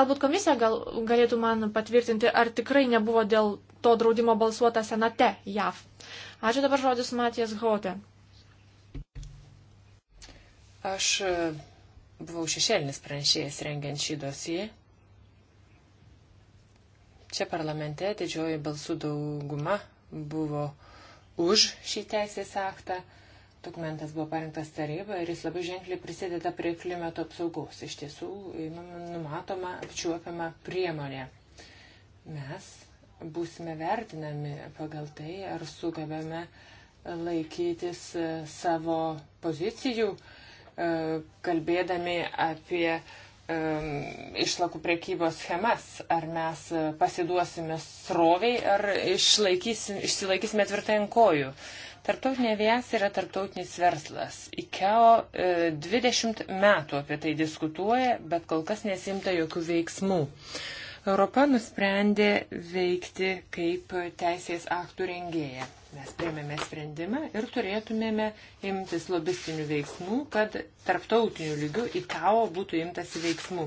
Galbūt komisija gal, galėtų man patvirtinti, ar tikrai nebuvo dėl to draudimo balsuota senate JAV. Ačiū dabar žodis Matijas Gautė. Aš e, buvau šešėlinis pranešėjas rengiant šį dosiją. Čia parlamente didžioji balsų dauguma buvo už šį teisės aktą. Dokumentas buvo parengtas taryba ir jis labai ženkliai prisideda prie klimato apsaugos. Iš tiesų, numatoma apčiuopiama priemonė. Mes būsime vertinami pagal tai, ar sugebame laikytis e, savo pozicijų, e, kalbėdami apie e, išlakų priekybos schemas, ar mes pasiduosime sroviai, ar išsilaikysime tvirtai ant kojų. Tartautinė aviacija yra tartautinis verslas. IKEO 20 metų apie tai diskutuoja, bet kol kas nesimta jokių veiksmų. Uh, Europa nusprendė veikti kaip teisės aktų rengėja. Mes priemėme sprendimą ir turėtumėme imtis lobistinių veiksmų, kad tarptautiniu lygiu į KAO būtų imtasi veiksmų.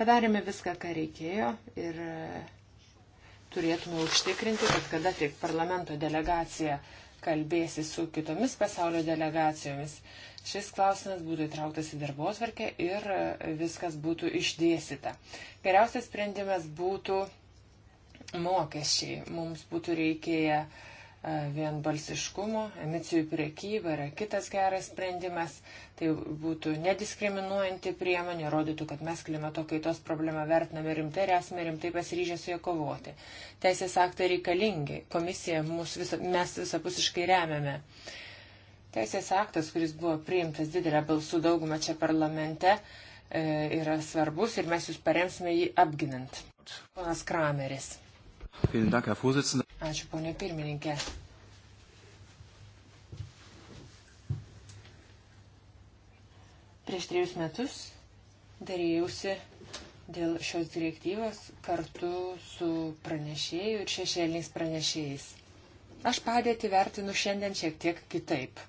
Padarėme viską, ką reikėjo ir e, turėtume užtikrinti, kad kada tik parlamento delegacija kalbėsi su kitomis pasaulio delegacijomis, šis klausimas būtų įtrauktas į darbo atvarkę ir e, viskas būtų išdėsita. Geriausias sprendimas būtų mokesčiai. Mums būtų reikėję e, vienbalsiškumo, emisijų priekyba yra kitas geras sprendimas, tai būtų nediskriminuojanti priemonė, rodytų, kad mes klimato kaitos problemą vertiname rimtai ir esame rimtai pasiryžę su ja kovoti. Teisės aktai reikalingi, komisija vis, mes visapusiškai remiame. Uh, Teisės aktas, kuris buvo priimtas didelę balsų daugumą čia parlamente, e, yra svarbus ir mes jūs paremsime jį apginant. Ponas Krameris. Ačiū, ponė pirmininkė. Prieš trejus metus darėjausi dėl šios direktyvos kartu su pranešėju ir šešėliniais pranešėjais. Aš padėtį vertinu šiandien šiek tiek kitaip.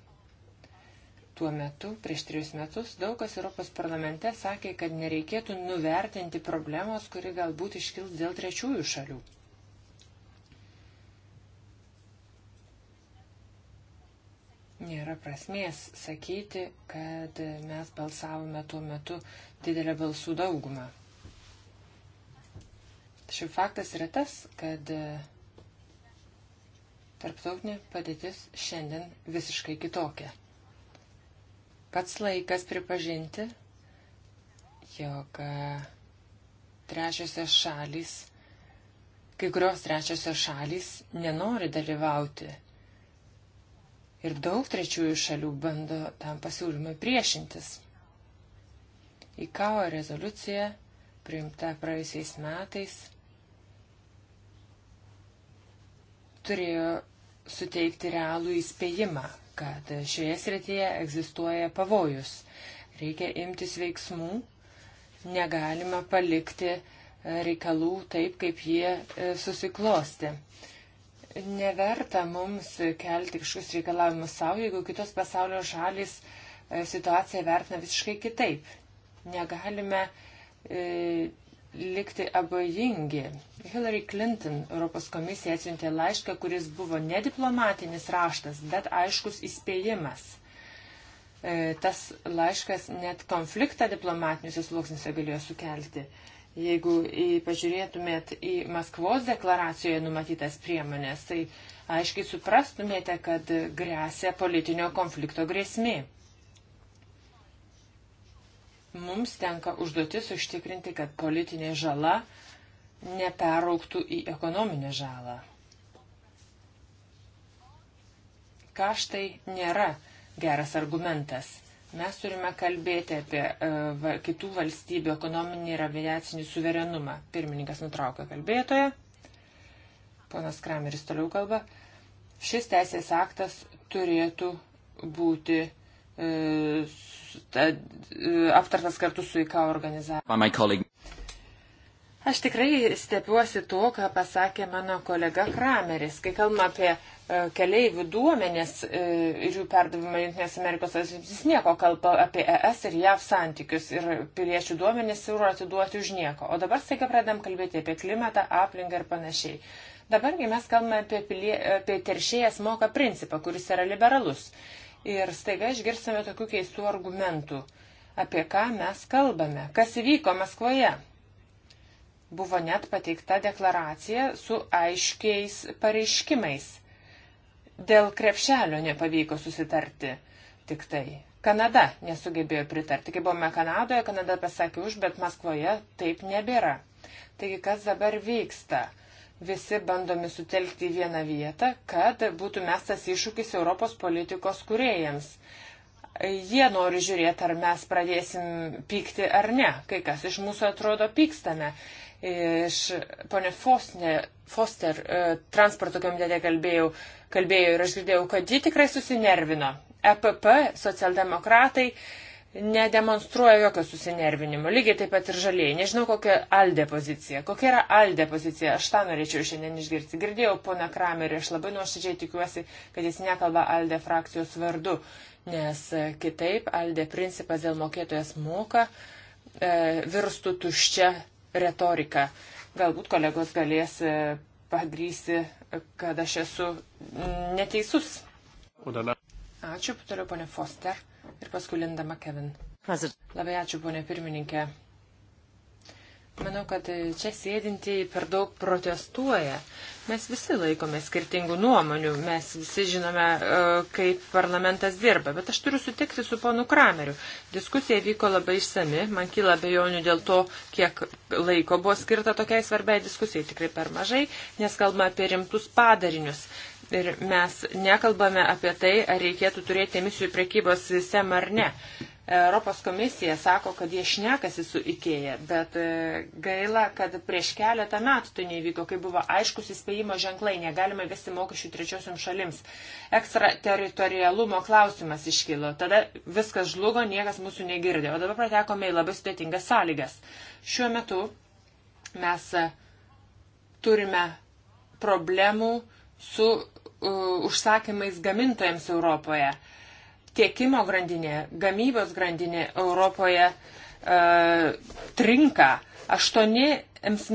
Tuo metu, prieš trijus metus, daug kas Europos parlamente sakė, kad nereikėtų nuvertinti problemos, kuri galbūt iškils dėl trečiųjų šalių. Nėra prasmės sakyti, kad mes balsavome tuo metu didelę balsų daugumą. Šiaip faktas yra tas, kad e, tarptautinė padėtis šiandien visiškai kitokia pats laikas pripažinti, jog e, trečiosios šalis, kai kurios trečiosios šalis nenori dalyvauti. Ir daug trečiųjų šalių bando tam pasiūlymui priešintis. IKAO rezoliucija, priimta praėjusiais metais, turėjo suteikti realų įspėjimą kad šioje srityje egzistuoja pavojus. Reikia imtis veiksmų, negalima palikti e, reikalų taip, kaip jie e, susiklosti. Neverta mums kelti kažkokius reikalavimus savo, jeigu kitos pasaulio šalis e, situaciją vertina visiškai kitaip. Negalime likti abejingi. Hillary Clinton Europos komisija atsiuntė laišką, kuris buvo ne diplomatinis raštas, bet aiškus įspėjimas. E, tas laiškas net konfliktą diplomatiniuose sluoksniuose galėjo sukelti. Jeigu pažiūrėtumėt į Maskvos deklaracijoje numatytas priemonės, tai aiškiai suprastumėte, kad grėsia politinio konflikto grėsmė. Mums tenka užduotis užtikrinti, kad politinė žala neperauktų į ekonominę žalą. Kaštai nėra geras argumentas. Mes turime kalbėti apie uh, kitų valstybių ekonominį ir aviacinį suverenumą. Pirmininkas nutraukė kalbėtoją. Ponas Krameris toliau kalba. Šis teisės aktas turėtų būti uh, tad, e, aptartas kartu su IKA organizacija. Aš tikrai stebiuosi tuo, ką pasakė mano kolega Krameris, kai kalbame apie e, keleivių duomenės e, ir jų perdavimą Junktinės Amerikos valstybės. Jis nieko kalba apie ES ir JAV santykius ir piliečių duomenės siūlo atiduoti už nieko. O dabar staiga pradam kalbėti apie klimatą, aplinką ir panašiai. Dabargi mes kalbame apie, pilie, apie teršėjas moka principą, kuris yra liberalus ir staiga išgirsime tokių keistų argumentų, apie ką mes kalbame, kas įvyko Maskvoje. Buvo net pateikta deklaracija su aiškiais pareiškimais. Dėl krepšelio nepavyko susitarti tik tai. Kanada nesugebėjo pritarti. Kai buvome Kanadoje, Kanada pasakė už, bet Maskvoje taip nebėra. Taigi, kas dabar vyksta? visi bandomi sutelkti į vieną vietą, kad būtų mestas iššūkis Europos politikos kuriejams. Jie nori žiūrėti, ar mes pradėsim pykti ar ne. Kai kas iš mūsų atrodo pykstame. Iš ponė Foster, Foster transporto komitete kalbėjau, kalbėjau ir aš girdėjau, kad ji tikrai susinervino. EPP, socialdemokratai, uh, nedemonstruoja jokio susinervinimo. Lygiai taip pat ir žalieji. Nežinau, kokia Aldė pozicija. Kokia yra Aldė pozicija? Aš tą norėčiau šiandien išgirsti. Girdėjau poną Kramerį, aš labai nuoširdžiai tikiuosi, kad jis nekalba Aldė frakcijos vardu, nes e, kitaip Aldė principas dėl mokėtojas moka e, virstų tuščia retorika. Galbūt kolegos galės e, pagrysi, kad aš esu neteisus. Ačiū, toliau ponė Foster ir paskui Linda McKevin. Labai ačiū, ponė pirmininkė. Manau, kad čia sėdintieji per daug protestuoja. Mes visi laikome skirtingų nuomonių, mes visi žinome, e, kaip parlamentas dirba, bet aš turiu sutikti su ponu Krameriu. Diskusija vyko labai išsami, man kyla bejonių dėl to, kiek laiko buvo skirta tokiai svarbiai diskusijai, tikrai per mažai, nes kalbame apie rimtus padarinius. Ir mes nekalbame apie tai, ar reikėtų turėti emisijų priekybos sistemą ar ne. Europos komisija sako, kad jie šnekasi su IKEA, bet e, gaila, kad prieš keletą metų tai nevyko, kai buvo aiškus įspėjimo ženklai, negalima vesti mokesčių trečiosiam šalims. Ekstrateritorialumo klausimas iškilo, tada viskas žlugo, niekas mūsų negirdė, o dabar pratekome į labai sudėtingas sąlygas. Šiuo metu mes e, turime problemų su užsakymais gamintojams Europoje. Tiekimo grandinė, gamybos grandinė Europoje e, trinka. 8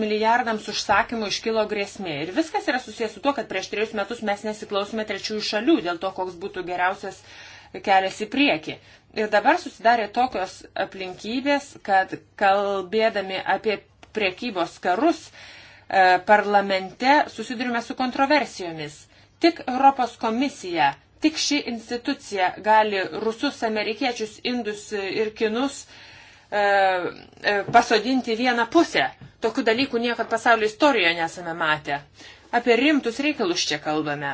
milijardams užsakymų iškilo grėsmė. Ir viskas yra susijęs su tuo, kad prieš trejus metus mes nesiklausome trečiųjų šalių dėl to, koks būtų geriausias kelias į priekį. Ir dabar susidarė tokios aplinkybės, kad kalbėdami apie priekybos karus, e, parlamente susidurime su kontroversijomis. Tik Europos komisija, tik ši institucija gali rusus, amerikiečius, indus ir kinus e, e, pasodinti vieną pusę. Tokių dalykų niekad pasaulio istorijoje nesame matę. Apie rimtus reikalus čia kalbame.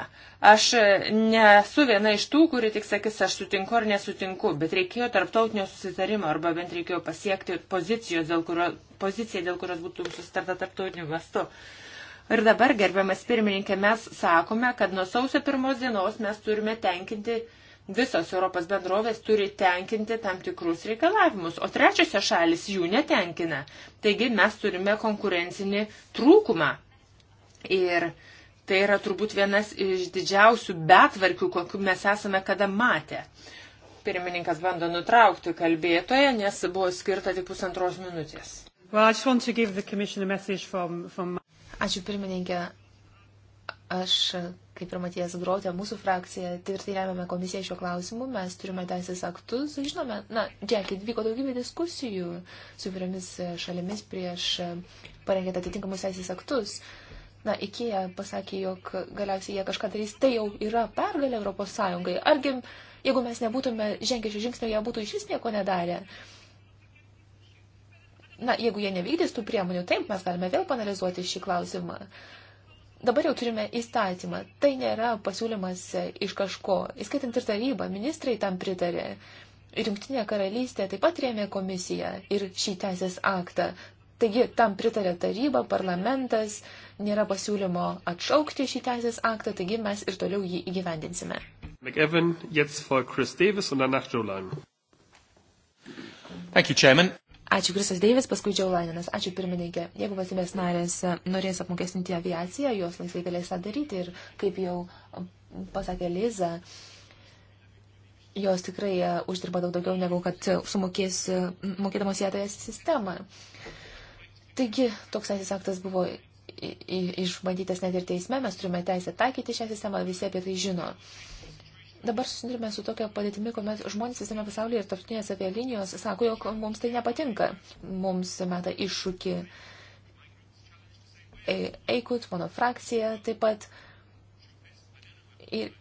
Aš e, nesu viena iš tų, kuri tik sakys, aš sutinku ar nesutinku, bet reikėjo tarptautinio susitarimo arba bent reikėjo pasiekti pozicijos, dėl kurio, poziciją, dėl kurios būtų susitarta tarptautiniu mastu. Uh, Ir dabar, gerbiamas pirmininkė, mes sakome, kad nuo sausio pirmos dienos mes turime tenkinti, visos Europos bendrovės turi tenkinti tam tikrus reikalavimus, o trečiosios šalis jų netenkina. Taigi mes turime konkurencinį trūkumą. Ir tai yra turbūt vienas iš didžiausių betvarkių, kokiu mes esame kada matę. Pirmininkas bando nutraukti kalbėtoją, nes buvo skirta tik pusantros minutės. Well, I just want to give the Commission a message from, from Ačiū pirmininkė. Aš, kaip ir Matijas Grotė, mūsų frakcija tvirtai remiame komisiją šiuo klausimu, mes turime teisės aktus, žinome, na, Džekit, vyko daugybė diskusijų su įvairiomis šalimis prieš parengėt atitinkamus teisės aktus. Na, IKEA pasakė, jog galiausiai jie kažką darys, tai jau yra pergalė Europos Sąjungai. Argi, jeigu mes nebūtume žengę šį žingsnį, jie būtų iš vis nieko nedarę. Uh, Na, jeigu jie nevykdys tų priemonių, taip mes galime vėl panalizuoti šį klausimą. Dabar jau turime įstatymą. Tai nėra pasiūlymas e, iš kažko. Įskaitant ir tarybą, ministrai tam pritarė. Ir Junktinė karalystė taip pat rėmė komisiją ir šį teisės aktą. Taigi tam pritarė taryba, parlamentas, nėra pasiūlymo atšaukti šį teisės aktą, taigi mes ir toliau jį įgyvendinsime. McEvan, jetzt vor Chris Davis und danach Joe Lyon. Thank you, Chairman. Ačiū Krisas Deivis, paskui Džiaulaninas. Ačiū pirmininkė. Jeigu valstybės narės norės apmokestinti aviaciją, jos laisvai galės tą daryti ir kaip jau pasakė Liza, jos tikrai e, uždirba daug daugiau negu kad sumokės e, mokėdamos į tą sistemą. Taigi, toks teisės aktas buvo išbandytas net ir teisme, mes turime teisę taikyti šią sistemą, visi apie tai žino. Uh, dabar susidurime su tokia padėtimi, kuomet žmonės visame pasaulyje ir tarptautinės avialinijos sako, jog mums tai nepatinka, mums meta iššūkį. E, Eikut, mano frakcija taip pat. Ir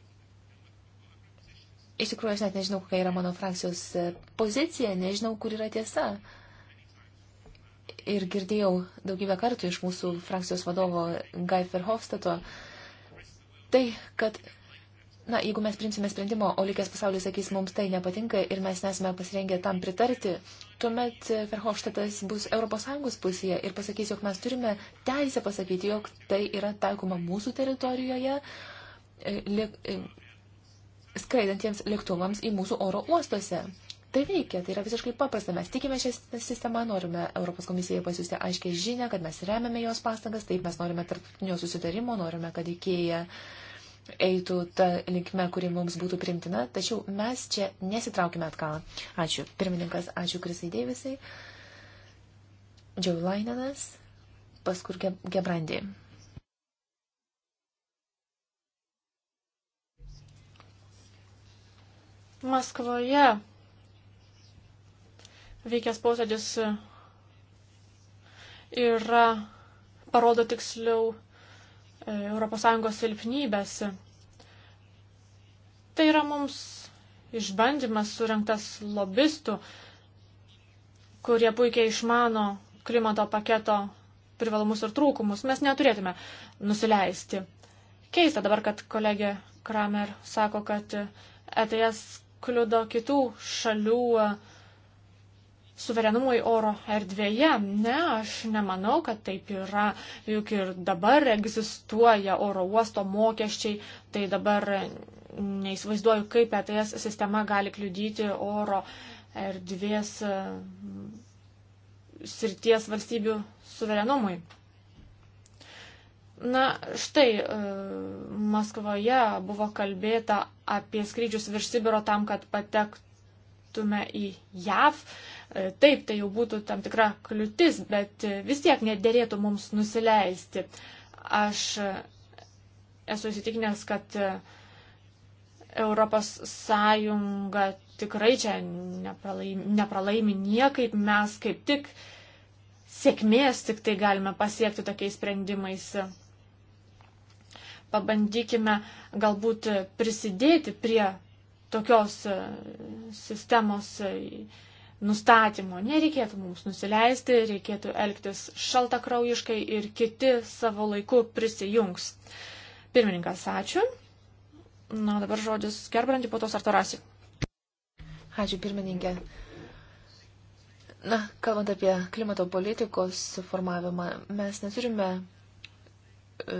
iš tikrųjų aš net nežinau, kokia yra mano frakcijos e, pozicija, nežinau, kur yra tiesa. Ir girdėjau daugybę kartų iš mūsų frakcijos vadovo Guy Verhofstato, tai, kad Na, jeigu mes primsime sprendimą, o likęs pasaulis sakys, mums tai nepatinka ir mes nesame pasirengę tam pritarti, tuomet e, Verhofštatas bus ES pusėje ir pasakys, jog mes turime teisę pasakyti, jog tai yra taikoma mūsų teritorijoje e, li, e, skraidantiems lėktuvams į mūsų oro uostuose. Tai veikia, tai yra visiškai paprasta. Mes tikime šią sistemą, norime Europos komisijai pasiūsti aiškiai žinę, kad mes remiame jos pastangas, taip mes norime tarptautinio susitarimo, norime, kad ikėja. IKEA eitų tą linkme, kuri mums būtų primtina, tačiau mes čia nesitraukime atgal. Ačiū. Pirmininkas, ačiū Krisai Deivisai, Džiau Lainanas, paskur Gebrandė. Maskvoje vykęs posėdis yra, parodo tiksliau, ES silpnybės. Tai yra mums išbandymas surinktas lobistų, kurie puikiai išmano klimato paketo privalumus ir trūkumus. Mes neturėtume nusileisti. Keista dabar, kad kolegė Kramer sako, kad ETS kliudo kitų šalių uh, suverenumui oro erdvėje. Ne, aš nemanau, kad taip yra. Juk ir dabar egzistuoja oro uosto mokesčiai, tai dabar neįsivaizduoju, kaip ETS sistema gali kliudyti oro erdvės e, srities valstybių suverenumui. Na, štai e, Maskvoje buvo kalbėta apie skrydžius virš Sibiro tam, kad patektų pažvelgtume į JAV, e, taip, tai jau būtų tam tikra kliūtis, bet e, vis tiek nedėrėtų mums nusileisti. Aš e, esu įsitikinęs, kad Europos Sąjunga tikrai čia nepralaimi, nepralaimi niekaip, mes kaip tik sėkmės tik tai galime pasiekti tokiais sprendimais. Pabandykime galbūt prisidėti prie tokios e, sistemos e, nustatymo. Nereikėtų mums nusileisti, reikėtų elgtis šaltakraujiškai ir kiti savo laiku prisijungs. Pirmininkas, ačiū. Na, dabar žodis Gerbrandi, po tos Artorasi. Ačiū, pirmininkė. Na, kalbant apie klimato politikos formavimą, mes neturime e,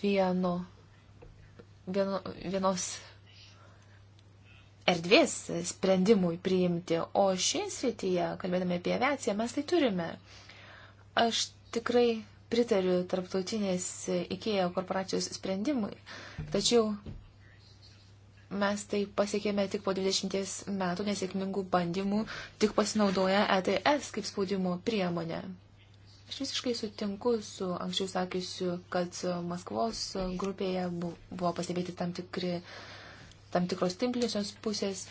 vieno, vieno, vienos erdvės sprendimui priimti, o šioje srityje, kalbėdami apie aviaciją, mes tai turime. Aš tikrai pritariu tarptautinės IKEA korporacijos sprendimui, tačiau mes tai pasiekėme tik po 20 metų nesėkmingų bandymų, tik pasinaudoja ETS kaip spaudimo priemonė. Aš visiškai sutinku su anksčiau sakysiu, kad Maskvos grupėje buvo pastebėti tam tikri uh, tam tikros timpliosios pusės.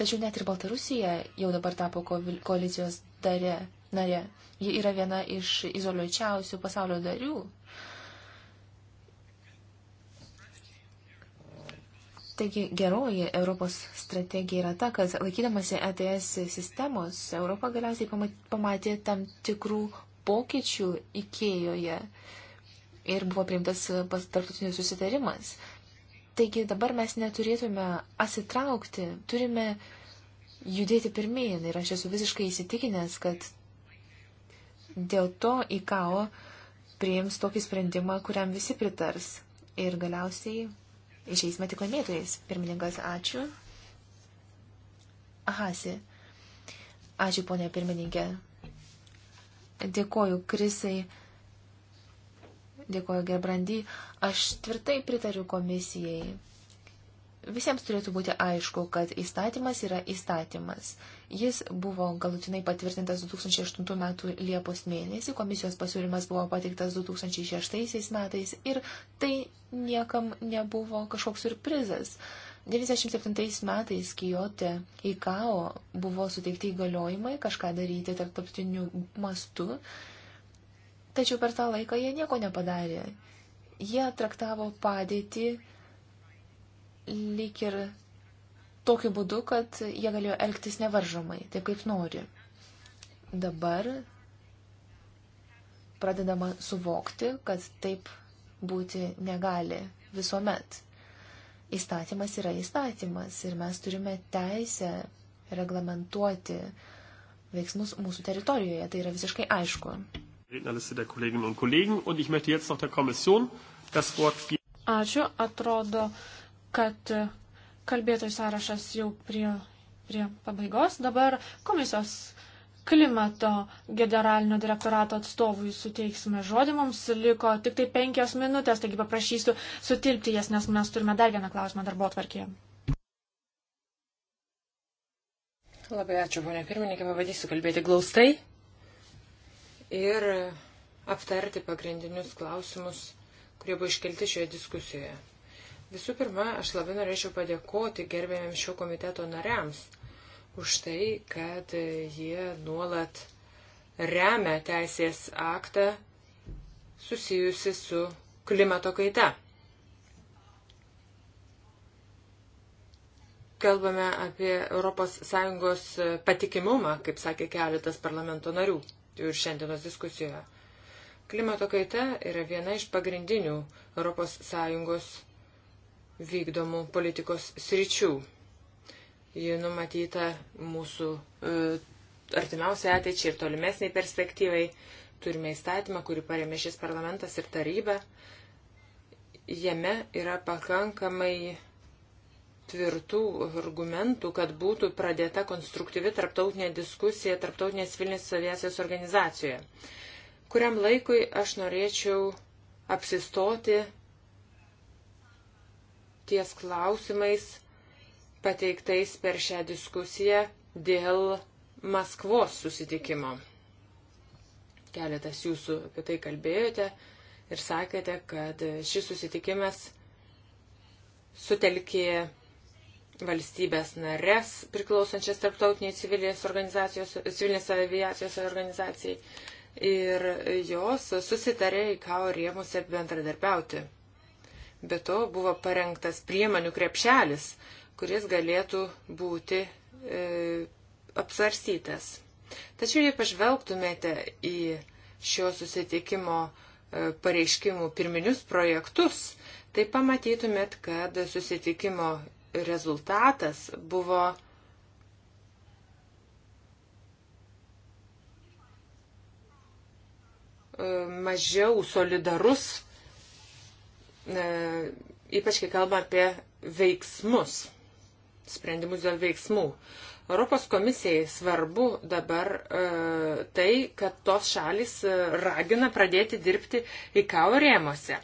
Tačiau net ir Baltarusija jau dabar tapo koalicijos darė, narė. Ji yra viena iš izoliuočiausių pasaulio darių. Taigi geroji Europos strategija yra ta, kad laikydamasi ETS sistemos, Europa galiausiai pamatė tam tikrų pokyčių Ikėjoje ir buvo priimtas tarptautinis susitarimas. Taigi dabar mes neturėtume asitraukti, turime judėti pirmyn ir aš esu visiškai įsitikinęs, kad dėl to IKAO priims tokį sprendimą, kuriam visi pritars ir galiausiai išeisime tik laimėtojais. Pirmininkas, ačiū. Ahasi. Ačiū, ponė pirmininkė. Dėkoju Krisai Dėkoju, Gerbrandy. Aš tvirtai pritariu komisijai. Visiems turėtų būti aišku, kad įstatymas yra įstatymas. Jis buvo galutinai patvirtintas 2008 m. Liepos mėnesį, komisijos pasiūlymas buvo pateiktas 2006 metais ir tai niekam nebuvo kažkoks surprizas. 1997 metais Kijote į KAO buvo suteikti įgaliojimai kažką daryti tarptautiniu mastu Tačiau per tą laiką jie nieko nepadarė. Jie traktavo padėtį lyg ir tokiu būdu, kad jie galėjo elgtis nevaržomai, taip kaip nori. Dabar pradedama suvokti, kad taip būti negali visuomet. Įstatymas yra įstatymas ir mes turime teisę reglamentuoti veiksmus mūsų teritorijoje. Tai yra visiškai aišku. Rednerliste der Kolleginnen und Kollegen. Und ich möchte jetzt noch der Kommission das Wort geben. Ačiū. Atrodo, kad kalbėtojų sąrašas jau prie, prie pabaigos. Dabar komisijos klimato generalinio direktorato atstovui suteiksime žodį. Mums liko tik tai penkios minutės, taigi paprašysiu sutilpti jas, nes mes turime dar vieną klausimą darbo atvarkėje. Labai ačiū, ponia pirmininkė, pabandysiu kalbėti glaustai ir aptarti pagrindinius klausimus, kurie buvo iškelti šioje diskusijoje. Visų pirma, aš labai norėčiau padėkoti gerbėjams šio komiteto nariams už tai, kad jie nuolat remia teisės aktą susijusi su klimato kaita. Kalbame apie ES patikimumą, kaip sakė keletas parlamento narių šiandienos diskusijoje. Klimato kaita yra viena iš pagrindinių ES vykdomų politikos sričių. Ji numatyta mūsų e, artimiausiai ateičiai ir tolimesniai perspektyvai. Turime įstatymą, kurį paremė šis parlamentas ir taryba. Jame yra pakankamai tvirtų argumentų, kad būtų pradėta konstruktyvi tarptautinė diskusija tarptautinės Vilnės aviacijos organizacijoje. Kuriam laikui aš norėčiau apsistoti ties klausimais pateiktais per šią diskusiją dėl Maskvos susitikimo. Keletas jūsų apie tai kalbėjote ir sakėte, kad šis susitikimas sutelkė valstybės nares priklausančias tarptautiniai civilinės, civilinės aviacijos organizacijai ir jos susitarė į KAO rėmuose bendradarbiauti. Be to buvo parengtas priemonių krepšelis, kuris galėtų būti e, apsvarstytas. Tačiau jei pažvelgtumėte į šio susitikimo e, pareiškimų pirminius projektus, tai pamatytumėt, kad susitikimo rezultatas buvo e, mažiau solidarus, e, ypač kai kalba apie veiksmus, sprendimus dėl veiksmų. Europos komisijai svarbu dabar e, tai, kad tos šalis e, ragina pradėti dirbti į kau rėmose.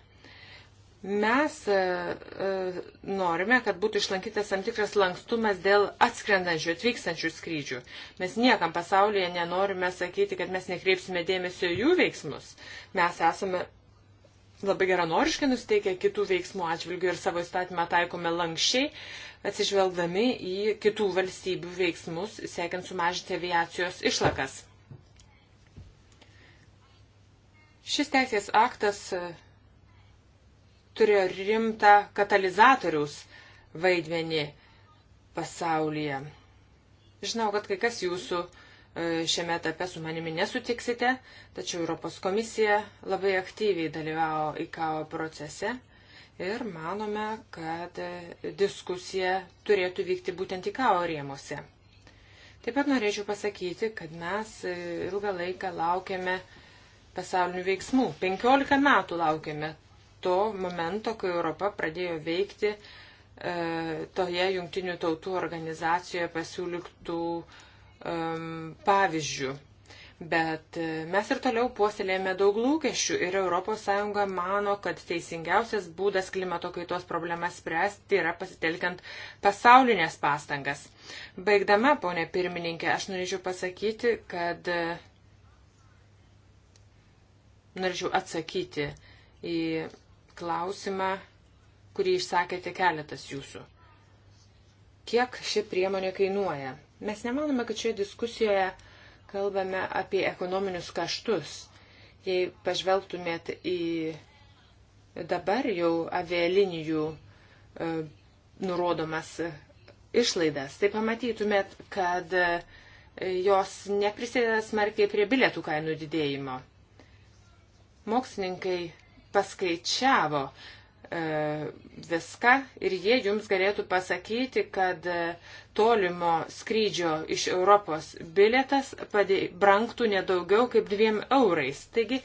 Mes e, e, norime, kad būtų išlankytas tam tikras lankstumas dėl atskrendančių, atvykstančių skrydžių. Mes niekam pasaulyje nenorime sakyti, kad mes nekreipsime dėmesio jų veiksmus. Mes esame labai geranoriškai nusteikę kitų veiksmų atžvilgių ir savo įstatymą taikome lankščiai, atsižvelgdami į kitų valstybių veiksmus, siekiant sumažinti aviacijos išlakas. Šis teisės aktas turėjo rimtą katalizatoriaus vaidmenį pasaulyje. Žinau, kad kai kas jūsų e, šiame etape su manimi nesutiksite, tačiau Europos komisija labai aktyviai dalyvavo IKAO procese ir manome, kad e, diskusija turėtų vykti būtent IKAO rėmose. Taip pat norėčiau pasakyti, kad mes e, ilgą laiką laukiame pasaulinių veiksmų. 15 metų laukiame to momento, kai Europa pradėjo veikti e, toje jungtinių tautų organizacijoje pasiūlytų e, pavyzdžių. Bet e, mes ir toliau puoselėjame daug lūkesčių ir ES mano, kad teisingiausias būdas klimato kaitos problemas spręsti yra pasitelkiant pasaulinės pastangas. Baigdama, ponė pirmininkė, aš norėčiau pasakyti, kad e, norėčiau atsakyti į klausimą, kurį išsakėte keletas jūsų. Kiek ši priemonė kainuoja? Mes nemanome, kad šioje diskusijoje kalbame apie ekonominius kaštus. Jei pažvelgtumėt į dabar jau avialinijų e, nurodomas išlaidas, tai pamatytumėt, kad e, jos neprisideda smarkiai prie bilietų kainų didėjimo. Mokslininkai paskaičiavo e, viską ir jie jums galėtų pasakyti, kad e, tolimo skrydžio iš Europos bilietas padė, brangtų nedaugiau kaip dviem eurais. Taigi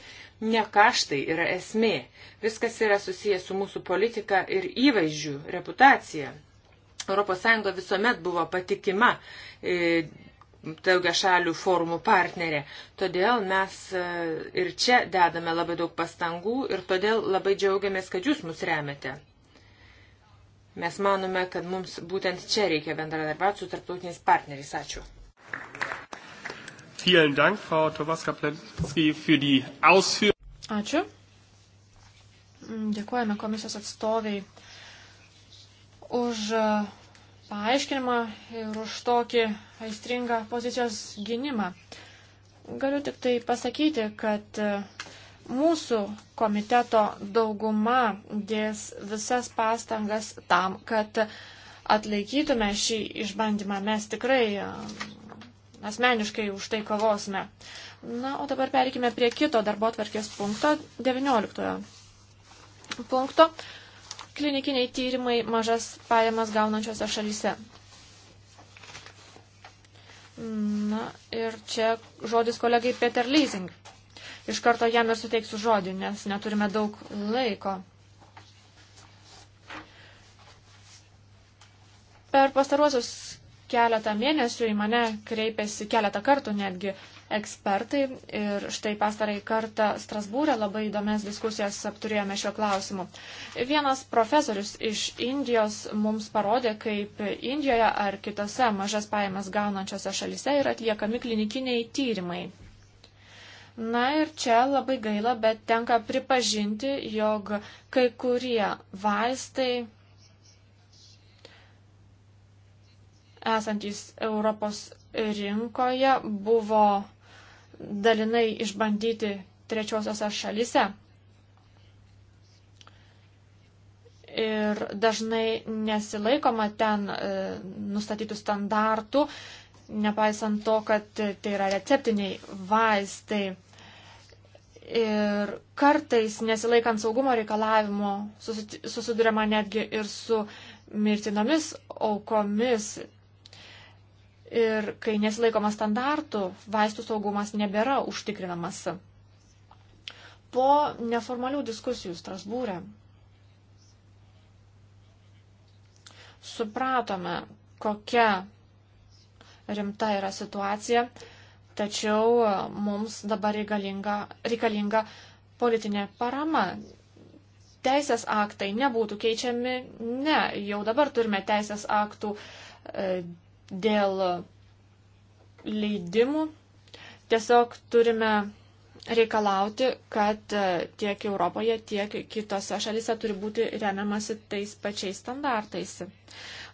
ne kaštai yra esmė. Viskas yra susijęs su mūsų politika ir įvaizdžių reputacija. ES visuomet buvo patikima e, daugia šalių formų partnerė. Todėl mes e, ir čia dedame labai daug pastangų ir todėl labai džiaugiamės, kad jūs mus remiate. Mes manome, kad mums būtent čia reikia bendradarbiauti su tarptautiniais partneriais. Ačiū. Vielen Dank, Frau Towaska-Plenski, für die Ausführungen. Ačiū. Dėkojame komisijos atstoviai už uh, paaiškinimą ir už tokį aistringą pozicijos gynimą. Galiu tik tai pasakyti, kad e, mūsų komiteto dauguma dės visas pastangas tam, kad atlaikytume šį išbandymą. Mes tikrai e, asmeniškai už tai kovosime. Na, o dabar perikime prie kito darbo tvarkės punkto, 19 punkto klinikiniai tyrimai mažas pajamas gaunančiose šalyse. Na ir čia žodis kolegai Peter Leasing. Iš karto jam ir suteiksiu žodį, nes neturime daug laiko. Per pastaruosius keletą mėnesių į mane kreipėsi keletą kartų netgi ekspertai. Ir štai pastarai kartą Strasbūrė labai įdomias diskusijas apturėjome šio klausimu. Vienas profesorius iš Indijos mums parodė, kaip Indijoje ar kitose mažas pajamas gaunančiose šalise yra atliekami klinikiniai tyrimai. Na ir čia labai gaila, bet tenka pripažinti, jog kai kurie vaistai esantys Europos rinkoje buvo dalinai išbandyti trečiosiose šalise. Ir dažnai nesilaikoma ten e, nustatytų standartų, nepaisant to, kad tai yra receptiniai vaistai. Ir kartais nesilaikant saugumo reikalavimo susidurima netgi ir su mirtinomis aukomis ir kai nesilaikoma standartų, vaistų saugumas nebėra užtikrinamas. Po neformalių diskusijų Strasbūrė supratome, kokia rimta yra situacija, tačiau mums dabar reikalinga, reikalinga politinė parama. Teisės aktai nebūtų keičiami, ne, jau dabar turime teisės aktų e, dėl leidimų tiesiog turime reikalauti, kad e, tiek Europoje, tiek kitose šalise turi būti remiamasi tais pačiais standartais.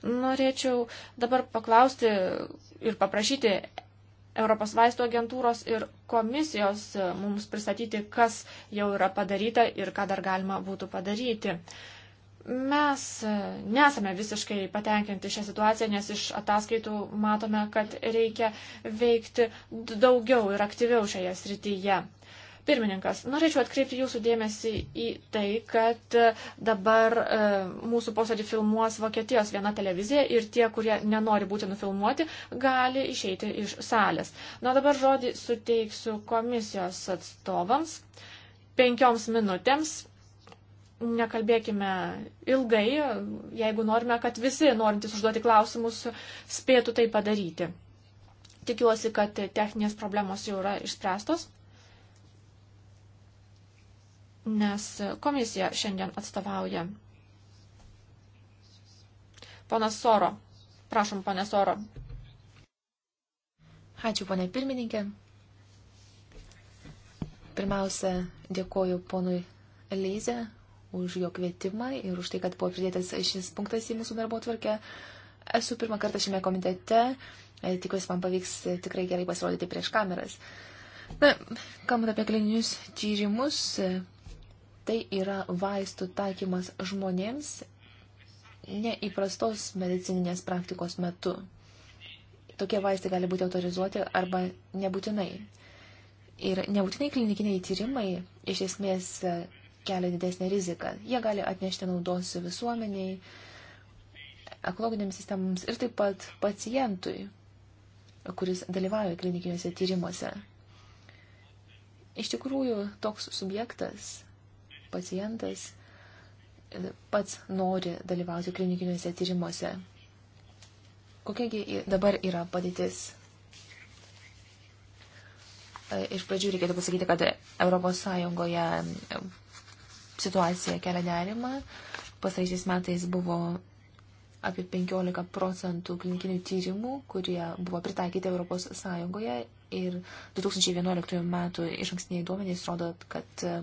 Norėčiau dabar paklausti ir paprašyti Europos vaistų agentūros ir komisijos e, mums pristatyti, kas jau yra padaryta ir ką dar galima būtų padaryti. Uh, Mes e, nesame visiškai patenkinti šią situaciją, nes iš ataskaitų matome, kad reikia veikti daugiau ir aktyviau šioje srityje. Pirmininkas, norėčiau atkreipti jūsų dėmesį į tai, kad dabar e, mūsų posėdį filmuos Vokietijos viena televizija ir tie, kurie nenori būti nufilmuoti, gali išeiti iš salės. Na dabar žodį suteiksiu komisijos atstovams penkioms minutėms nekalbėkime ilgai, jeigu norime, kad visi norintys užduoti klausimus spėtų tai padaryti. Tikiuosi, kad techninės problemos jau yra išspręstos, nes komisija šiandien atstovauja. Ponas Soro, prašom, ponė Soro. Ačiū, ponė pirmininkė. Pirmiausia, dėkoju ponui Leizė už jo kvietimą ir už tai, kad buvo pridėtas šis punktas į mūsų darbo tvarkę. Esu pirmą kartą šiame komitete, e, tikiuosi, man pavyks tikrai gerai pasirodyti prieš kameras. Na, kalbant apie klininius tyrimus, e, tai yra vaistų taikymas žmonėms neįprastos medicininės praktikos metu. Tokie vaistai gali būti autorizuoti arba nebūtinai. Ir nebūtinai klinikiniai tyrimai iš esmės e, kelia didesnę riziką. Jie gali atnešti naudos visuomeniai, ekologiniams sistemams ir taip pat pacientui, kuris dalyvauja klinikiniuose tyrimuose. Iš tikrųjų, toks subjektas, pacientas, pats nori dalyvauti klinikiniuose tyrimuose. Kokiagi dabar yra padėtis? Iš pradžių reikėtų pasakyti, kad Europos Sąjungoje situacija kelia nerimą. Pasaisiais metais buvo apie 15 procentų klinikinių tyrimų, kurie buvo pritaikyti Europos Sąjungoje ir 2011 metų iš ankstiniai duomenys rodo, kad e,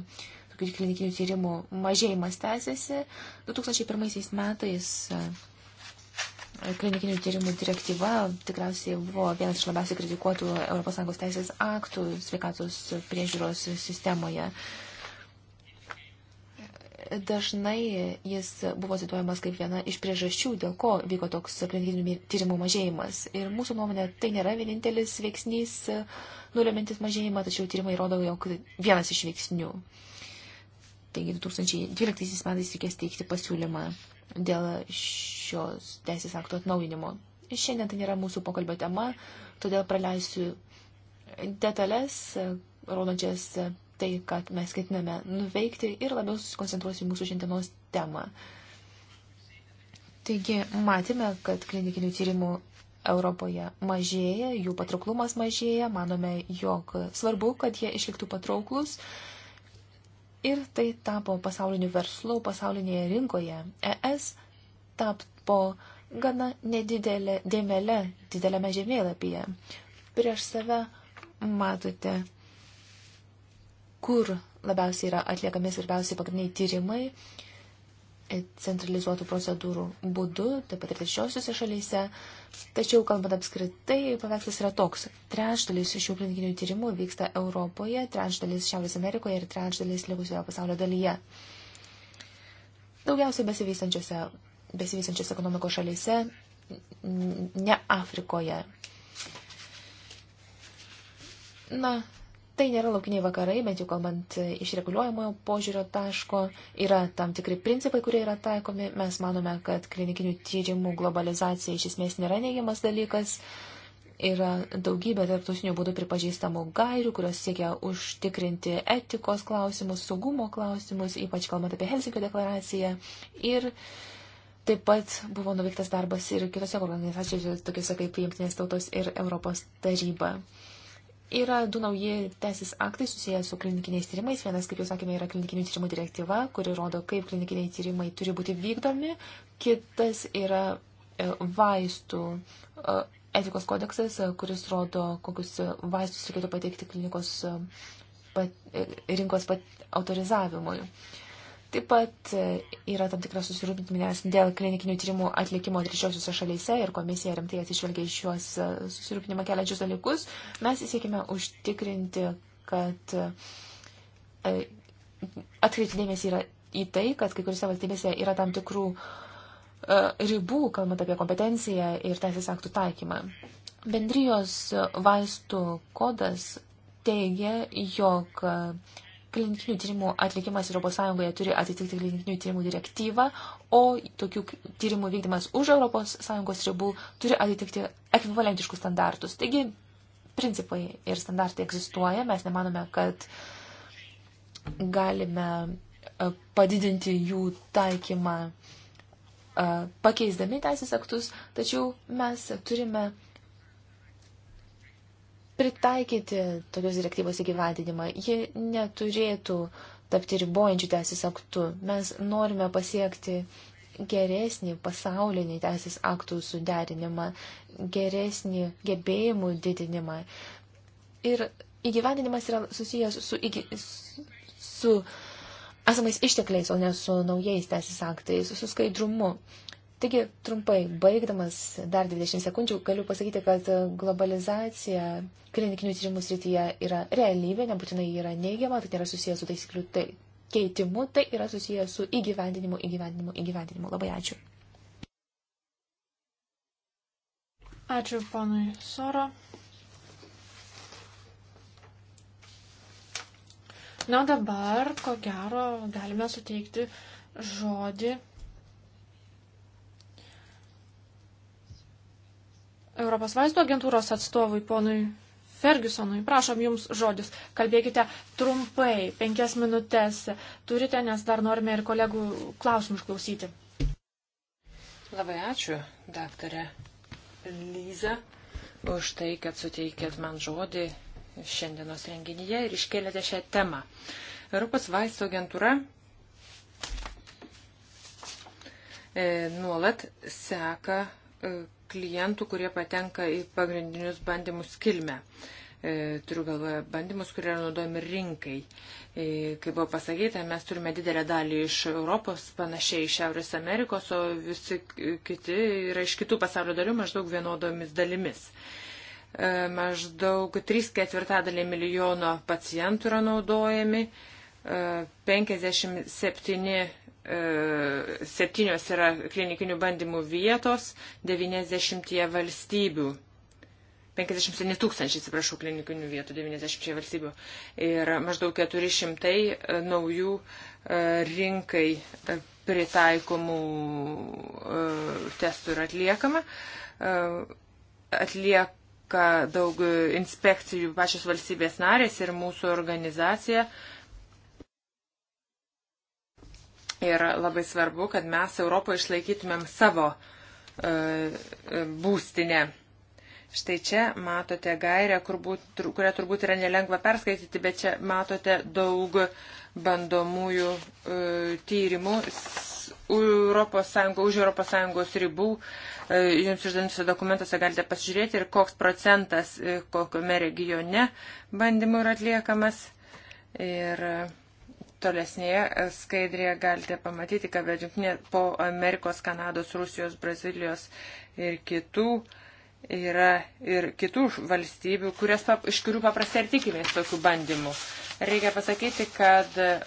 tokių klinikinių tyrimų mažėjimas tęsiasi. 2001 metais e, klinikinių tyrimų direktyva tikriausiai buvo vienas iš labiausiai kritikuotų ES teisės aktų sveikatos priežiūros sistemoje. Uh, Dažnai jis buvo cituojamas kaip viena iš priežasčių, dėl ko vyko toks aplinkinių tyrimų mažėjimas. Ir mūsų nuomonė, tai nėra vienintelis veiksnys nulemintis mažėjimą, tačiau tyrimai rodo, jog vienas iš veiksnių. Taigi 2012 metais reikės teikti pasiūlymą dėl šios teisės akto atnaujinimo. Šiandien tai nėra mūsų pokalbio tema, todėl praleisiu detalės, rodančias tai, kad mes ketiname nuveikti ir labiau susikoncentruosiu mūsų šiandienos temą. Taigi, matėme, kad klinikinių tyrimų Europoje mažėja, jų patrauklumas mažėja, manome, jog svarbu, kad jie išliktų patrauklus. Ir tai tapo pasauliniu verslu pasaulinėje rinkoje. ES tapo gana nedidelė dėmelė dideliame žemėlapyje. Prieš save matote kur labiausiai yra atliekami svarbiausiai pagrindiniai tyrimai e, centralizuotų procedūrų būdu, taip pat ir trečiosiuose šalyse. Tačiau, kalbant apskritai, paveikslas yra toks. Trečdalis šių klinikinių tyrimų vyksta Europoje, trečdalis Šiaurės Amerikoje ir trečdalis likusioje pasaulio dalyje. Daugiausiai besivystančiose, besivystančiose ekonomikos šalyse, ne Afrikoje. Na, Tai nėra laukiniai vakarai, bent jau kalbant iš reguliuojamojo požiūrio taško, yra tam tikri principai, kurie yra taikomi. Mes manome, kad klinikinių tyrimų globalizacija iš esmės nėra neigiamas dalykas. Yra daugybė tarptautinių būdų pripažįstamų gairių, kurios siekia užtikrinti etikos klausimus, saugumo klausimus, ypač kalbant apie Helsinkio deklaraciją. Ir Taip pat buvo nuveiktas darbas ir kitose organizacijose, tokiuose kaip Jungtinės tautos ir Europos taryba. Yra du nauji teisės aktai susijęs su klinikiniais tyrimais. Vienas, kaip jau sakėme, yra klinikinių tyrimų direktyva, kuri rodo, kaip klinikiniai tyrimai turi būti vykdomi. Kitas yra e, vaistų e, etikos kodeksas, e, kuris rodo, kokius vaistus reikėtų pateikti klinikos pat, rinkos pat, autorizavimui. Uh, Taip pat e, yra tam tikras susirūpinimas dėl klinikinių tyrimų atlikimo trečiosiuose šalyse ir komisija rimtai atsižvelgia į šiuos e, susirūpinimą keliančius dalykus. Mes įsiekime užtikrinti, kad e, atkreipti dėmesį yra į tai, kad kai kuriuose valstybėse yra tam tikrų ribų, kalbant apie kompetenciją ir teisės aktų taikymą. Bendrijos vaistų kodas teigia, jog Klinikinių tyrimų atlikimas ES turi atitikti klinikinių tyrimų direktyvą, o tokių tyrimų vykdymas už ES ribų turi atitikti ekvivalentiškus standartus. Taigi, principai ir standartai egzistuoja, mes nemanome, kad galime e, padidinti jų taikymą e, pakeisdami teisės aktus, tačiau mes turime pritaikyti tokios direktyvos įgyvendinimą. Ji neturėtų tapti ribojančių teisės aktų. Mes norime pasiekti geresnį pasaulinį teisės aktų suderinimą, geresnį gebėjimų didinimą. Ir įgyvendinimas yra susijęs su, įgy, su esamais ištekliais, o ne su naujais teisės aktais, su skaidrumu. Taigi, trumpai, baigdamas dar 20 sekundžių, galiu pasakyti, kad globalizacija klinikinių tyrimų srityje yra realybė, nebūtinai yra neigiama, tai nėra susijęs su taisyklių tai keitimu, tai yra susijęs su įgyvendinimu, įgyvendinimu, įgyvendinimu. Labai ačiū. Ačiū ponui Soro. Na dabar, ko gero, galime suteikti žodį Europos vaistų agentūros atstovui ponui Fergusonui. Prašom jums žodis. Kalbėkite trumpai, penkias minutės turite, nes dar norime ir kolegų klausimų išklausyti. Labai ačiū, daktarė Lyza, už tai, kad suteikėt man žodį šiandienos renginyje ir iškėlėte šią temą. Europos vaistų agentūra e, nuolat seka e, klientų, kurie patenka į pagrindinius bandymus kilmę. E, turiu galvoje bandymus, kurie yra naudojami rinkai. E, kaip buvo pasakyta, mes turime didelę dalį iš Europos, panašiai iš Šiaurės Amerikos, o visi kiti yra iš kitų pasaulio dalių maždaug vienodomis dalimis e, maždaug 3 ketvirtadaliai milijono pacientų yra naudojami, 57 E, septynios yra klinikinių bandymų vietos 90 valstybių. 57 tūkstančiai, atsiprašau, klinikinių vietų 90 valstybių. Ir maždaug 400 e, naujų e, rinkai pritaikomų testų yra atliekama. Atlieka daug inspekcijų pačios valstybės narės ir mūsų organizacija. Uh, Ir labai svarbu, kad mes Europoje išlaikytumėm savo e, e, būstinę. Štai čia matote gairę, kur būt, kurią turbūt yra nelengva perskaityti, bet čia matote daug bandomųjų e, tyrimų Europos Sąjungo, už Europos Sąjungos ribų. E, jums išdanusiuose dokumentuose galite pasižiūrėti ir koks procentas e, kokiame regione bandymų yra atliekamas. Ir, e, Tolesnėje e, skaidrėje galite pamatyti, kad po Amerikos, Kanados, Rusijos, Brazilijos ir kitų yra ir kitų valstybių, kurios, iš kurių paprastai ir tikimės tokių bandymų. Reikia pasakyti, kad e,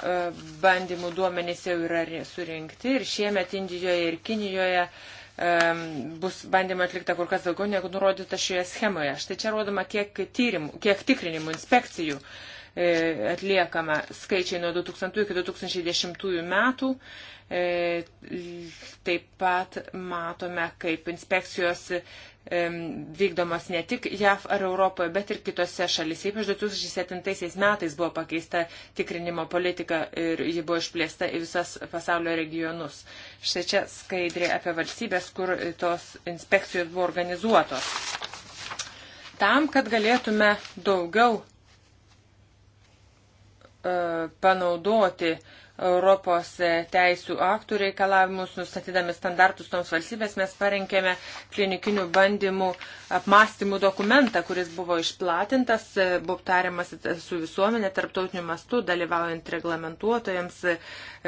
bandymų duomenys jau yra surinkti ir šiemet Indijoje ir Kinijoje bus bandymų atlikta kur kas daugiau negu nurodyta šioje schemoje. Štai čia rodoma, kiek, tyrimų, kiek tikrinimų, inspekcijų uh, E, atliekama skaičiai nuo 2000 iki 2010 metų. E, taip pat matome, kaip inspekcijos e, vykdomos ne tik JAV ar Europoje, bet ir kitose šalise. Ypač 2007 metais buvo pakeista tikrinimo politika ir ji buvo išplėsta į visas pasaulio regionus. Štai čia skaidrė apie valstybės, kur tos inspekcijos buvo organizuotos. Tam, kad galėtume daugiau panaudoti uh, Europos teisų aktų reikalavimus, nustatydami standartus toms valstybės, mes parengėme klinikinių bandymų apmąstymų dokumentą, kuris buvo išplatintas, e, buvo tariamas su visuomenė tarptautiniu mastu, dalyvaujant reglamentuotojams,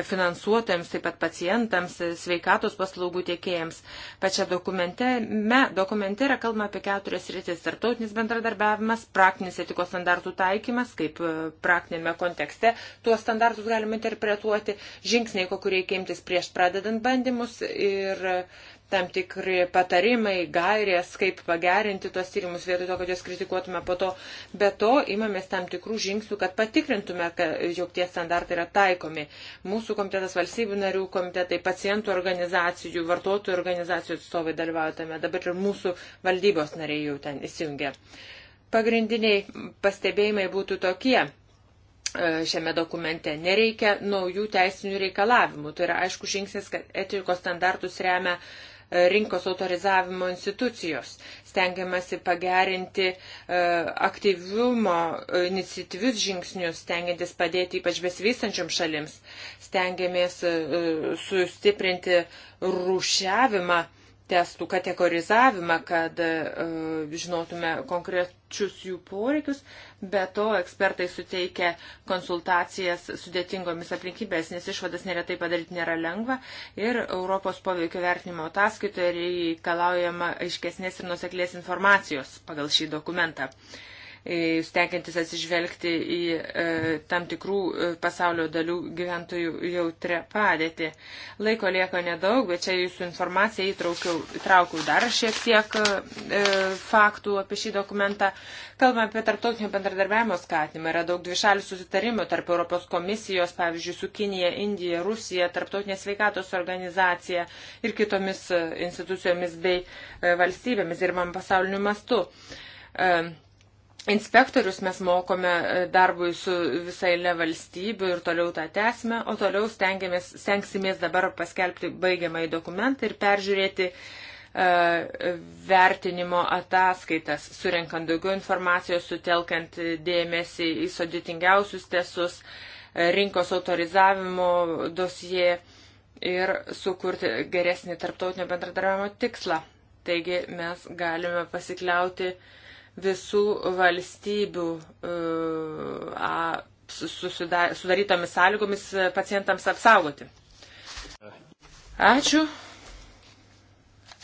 finansuotojams, taip pat pacientams, sveikatos paslaugų tiekėjams. Pačia dokumente, me, dokumente yra kalbama apie keturias rytis - tarptautinis bendradarbiavimas, praktinis etikos standartų taikymas, kaip e, praktinėme kontekste tuos standartus galima interpretuoti interpretuoti, žingsniai, kokiu reikia imtis prieš pradedant bandymus ir tam tikri patarimai, gairės, kaip pagerinti tuos tyrimus vietoj to, kad juos kritikuotume po to. Be to, imamės tam tikrų žingsnių, kad patikrintume, jog tie standartai yra taikomi. Mūsų komitetas valstybių narių komitetai, pacientų organizacijų, vartotojų organizacijų atstovai dalyvauja tame, dabar ir mūsų valdybos nariai jau ten įsijungia. Pagrindiniai pastebėjimai būtų tokie E, šiame dokumente. Nereikia naujų teisinių reikalavimų. Tai yra aišku žingsnis, kad etikos standartus remia e, rinkos autorizavimo institucijos. Stengiamasi pagerinti e, aktyvumo iniciatyvius žingsnius, stengiantis padėti ypač besivystančiom šalims. Stengiamės sustiprinti rūšiavimą testų kategorizavimą, kad uh, žinotume konkrečius jų poreikius, bet to ekspertai suteikia konsultacijas sudėtingomis aplinkybės, nes išvadas neretai padaryti nėra lengva ir Europos poveikio vertinimo ataskaitoje reikalaujama aiškesnės ir nuseklės informacijos pagal šį dokumentą. Uh, E, stengiantis atsižvelgti į e, tam tikrų e, pasaulio dalių gyventojų jautrę padėtį. Laiko lieko nedaug, bet čia jūsų informaciją įtraukiau, įtraukiau dar šiek tiek faktų apie šį dokumentą. Kalbame apie tarptautinio bendradarbiavimo skatinimą. Yra daug dvišalių susitarimų tarp Europos komisijos, pavyzdžiui, su Kinija, Indija, Rusija, Tarptautinė sveikatos organizacija ir kitomis institucijomis bei valstybėmis ir man pasauliniu mastu. Uh, Inspektorius mes mokome e, darbui su visai le valstybių ir toliau tą tęsime, o toliau stengsimės dabar paskelbti baigiamąjį dokumentą ir peržiūrėti uh, vertinimo ataskaitas, surinkant daugiau informacijos, sutelkant dėmesį į sudėtingiausius testus, e, rinkos autorizavimo dosijai ir sukurti geresnį tarptautinio bendradarbiavimo tikslą. Taigi mes galime pasikliauti uh, visų valstybių e, sudarytomis sąlygomis pacientams apsaugoti. Ačiū.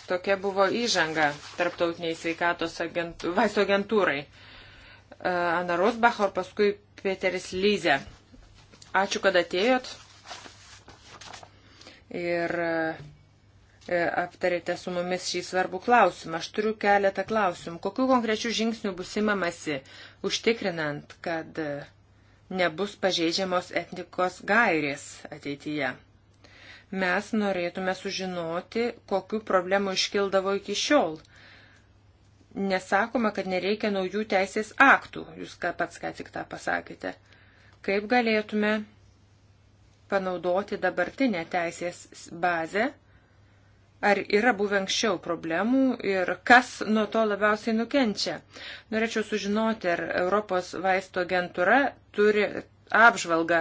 Tokia buvo įžanga tarptautiniai sveikatos agentų, vaisto agentūrai. E, Ana Rosbach, o paskui Peteris Lyze. Ačiū, kad atėjot. Ir e, E, aptarėte su mumis šį svarbų klausimą. Aš turiu keletą klausimų. Kokiu konkrečiu žingsniu bus imamasi, užtikrinant, kad e, nebus pažeidžiamos etnikos gairės ateityje? Mes norėtume sužinoti, kokiu problemu iškildavo iki šiol. Nesakoma, kad nereikia naujų teisės aktų, jūs ką pats ką tik tą pasakėte. Kaip galėtume panaudoti dabartinę teisės bazę ar yra buvę anksčiau problemų ir kas nuo to labiausiai nukenčia. Norėčiau sužinoti, ar Europos vaisto agentūra turi apžvalgą,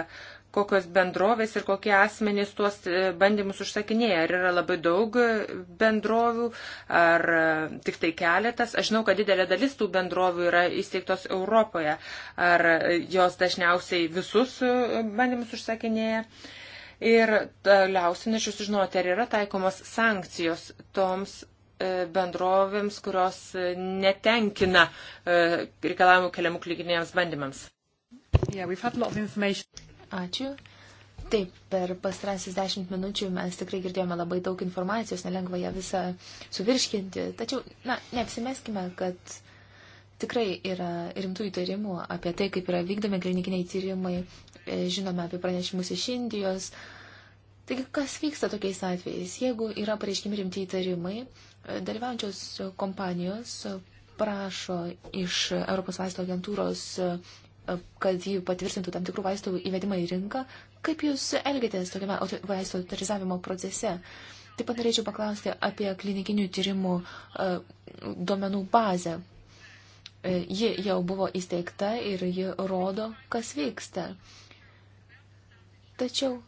kokios bendrovės ir kokie asmenys tuos e, bandymus užsakinėja. Ar yra labai daug bendrovių, ar e, tik tai keletas. Aš žinau, kad didelė dalis tų bendrovių yra įsteigtos Europoje. Ar e, jos dažniausiai visus bandymus užsakinėja. Uh, Ir toliausiai norėčiau sužinoti, ar yra taikomas sankcijos toms e, bendrovėms, kurios e, netenkina e, reikalavimų keliamų klikinėjams bandymams. Yeah, Ačiū. Taip, per pastrasis dešimt minučių mes tikrai girdėjome labai daug informacijos, nelengva ją visą suvirškinti. Tačiau, na, neapsimeskime, kad Tikrai yra rimtų įtarimų apie tai, kaip yra vykdomi klinikiniai tyrimai, e, žinome apie pranešimus iš Indijos. Taigi, kas vyksta tokiais atvejais? Jeigu yra pareiškimi rimti įtarimai, e, dalyvaujančios kompanijos prašo iš Europos vaisto agentūros, e, kad jį patvirtintų tam tikrų vaistų įvedimą į rinką. Kaip jūs elgiatės tokiame vaisto autorizavimo procese? Taip pat norėčiau paklausti apie klinikinių tyrimų duomenų bazę. E, ji jau buvo įsteigta ir ji rodo, kas vyksta. Tačiau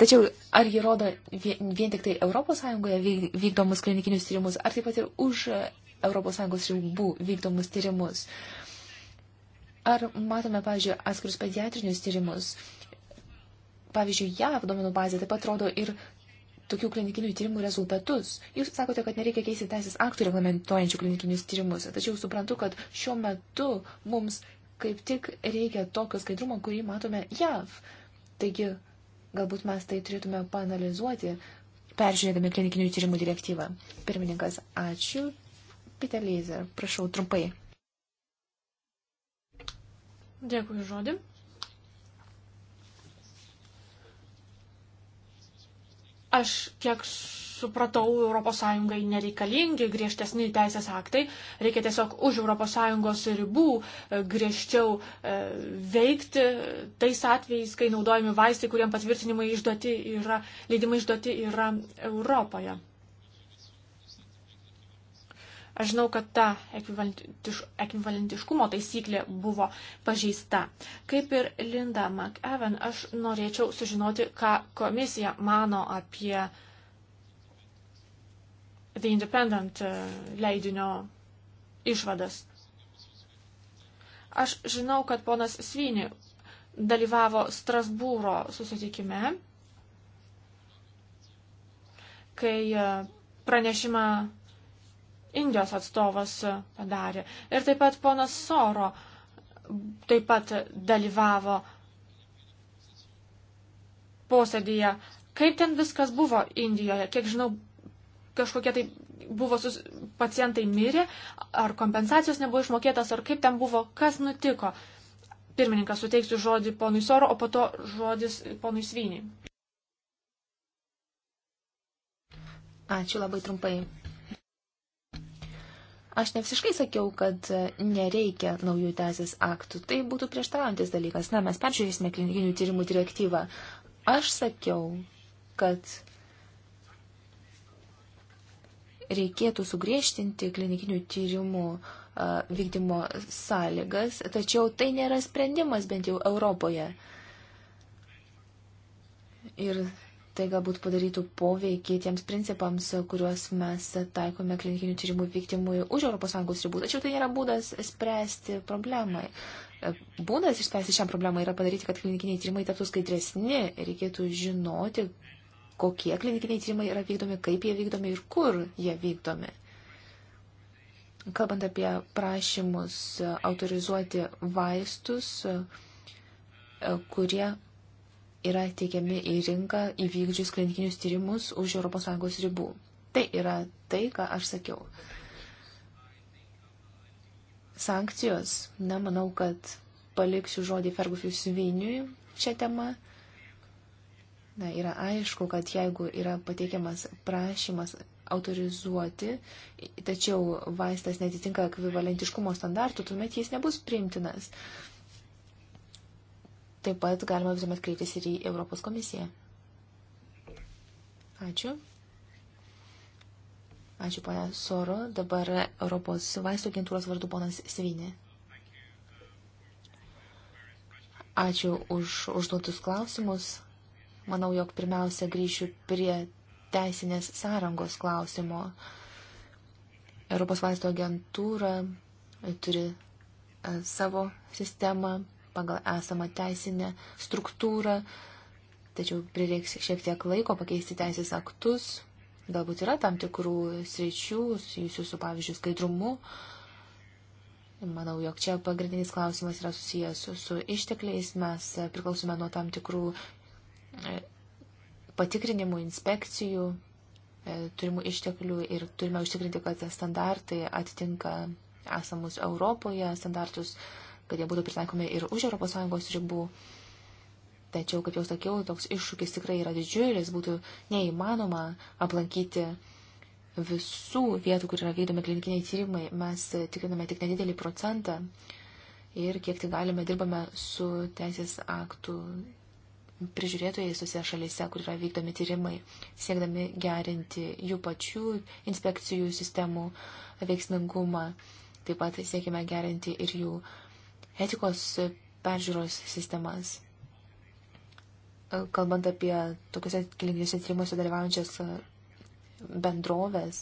Tačiau ar ji rodo vien, vien tik tai ES vykdomus klinikinius tyrimus, ar taip pat ir už ES ribų vykdomus tyrimus? Ar matome, pavyzdžiui, atskirus pediatrinius tyrimus? Pavyzdžiui, JAV duomenų bazė taip pat rodo ir tokių klinikinių tyrimų rezultatus. Jūs sakote, kad nereikia keisti teisės aktų reglamentuojančių klinikinius tyrimus, tačiau suprantu, kad šiuo metu mums kaip tik reikia tokio skaidrumo, kurį matome JAV. Taigi, galbūt mes tai turėtume panalizuoti, peržiūrėdami klinikinių tyrimų direktyvą. Pirmininkas, ačiū. Peter Leiser, prašau trumpai. Dėkui žodį. Aš kiek supratau, ES nereikalingi griežtesni teisės aktai, reikia tiesiog už ES ribų e, griežčiau e, veikti tais atvejais, kai naudojami vaistai, kuriem patvirtinimai išduoti yra, leidimai išduoti yra Europoje. Aš žinau, kad ta ekvivalentiškumo taisyklė buvo pažeista. Kaip ir Linda McEwen, aš norėčiau sužinoti, ką komisija mano apie The Independent e, leidinio išvadas. Aš žinau, kad ponas Svyni dalyvavo Strasbūro susitikime, kai e, pranešimą Indijos atstovas padarė. Ir taip pat ponas Soro taip pat dalyvavo posėdėje. Kaip ten viskas buvo Indijoje? Kiek žinau, kažkokie tai buvo sus... pacientai mirė, ar kompensacijos nebuvo išmokėtas, ar kaip ten buvo, kas nutiko. Pirmininkas suteiksiu žodį ponui Soro, o po to žodis ponui Svyniai. Ačiū labai trumpai. Aš ne visiškai sakiau, kad nereikia naujų teisės aktų. Tai būtų prieštaraujantis dalykas. Na, mes peržiūrėsime klinikinių tyrimų direktyvą. Aš sakiau, kad reikėtų sugriežtinti klinikinių tyrimų vykdymo sąlygas, tačiau tai nėra sprendimas bent jau Europoje. Ir tai galbūt padarytų poveikį tiems principams, kuriuos mes taikome klinikinių tyrimų vykdymui už ES ribų. Tačiau tai nėra būdas spręsti problemai. Būdas išspręsti šią problemą yra padaryti, kad klinikiniai tyrimai taptų skaidresni. Reikėtų žinoti, kokie klinikiniai tyrimai yra vykdomi, kaip jie vykdomi ir kur jie vykdomi. Kalbant apie prašymus autorizuoti vaistus, kurie yra tiekiami į rinką įvykdžius klinikinius tyrimus už ES ribų. Tai yra tai, ką aš sakiau. Sankcijos, na, manau, kad paliksiu žodį Fergufiui Sviniui šią temą. Na, yra aišku, kad jeigu yra pateikiamas prašymas autorizuoti, tačiau vaistas netitinka ekvivalentiškumo standartų, tuomet jis nebus priimtinas. Uh, Taip pat galima visuomet kreiptis ir į Europos komisiją. Ačiū. Ačiū, ponia Soro. Dabar Europos vaistų agentūros vardu ponas Svinė. Ačiū už užduotus klausimus. Manau, jog pirmiausia grįšiu prie teisinės sąrangos klausimo. Europos vaistų agentūra turi e, savo sistemą pagal esamą teisinę struktūrą, tačiau prireiks šiek tiek laiko pakeisti teisės aktus. Galbūt yra tam tikrų sričių, susijusių su, pavyzdžiui, skaidrumu. Manau, jog čia pagrindinis klausimas yra susijęs su, su ištekliais. Mes priklausome nuo tam tikrų e, patikrinimų, inspekcijų, e, turimų išteklių ir turime užtikrinti, kad standartai atitinka esamus Europoje standartus kad jie būtų pritaikomi ir už ES ribų. Tačiau, kaip jau sakiau, toks iššūkis tikrai yra didžiulis, būtų neįmanoma aplankyti visų vietų, kur yra vykdomi klinikiniai tyrimai. Mes tikriname tik nedidelį procentą ir kiek tik galime dirbame su teisės aktų prižiūrėtojais tose šalyse, kur yra vykdomi tyrimai, siekdami gerinti jų pačių inspekcijų sistemų veiksmingumą. Taip pat siekime gerinti ir jų etikos peržiūros sistemas. Kalbant apie tokiuose kilinginiuose tyrimuose dalyvaujančias e, bendrovės,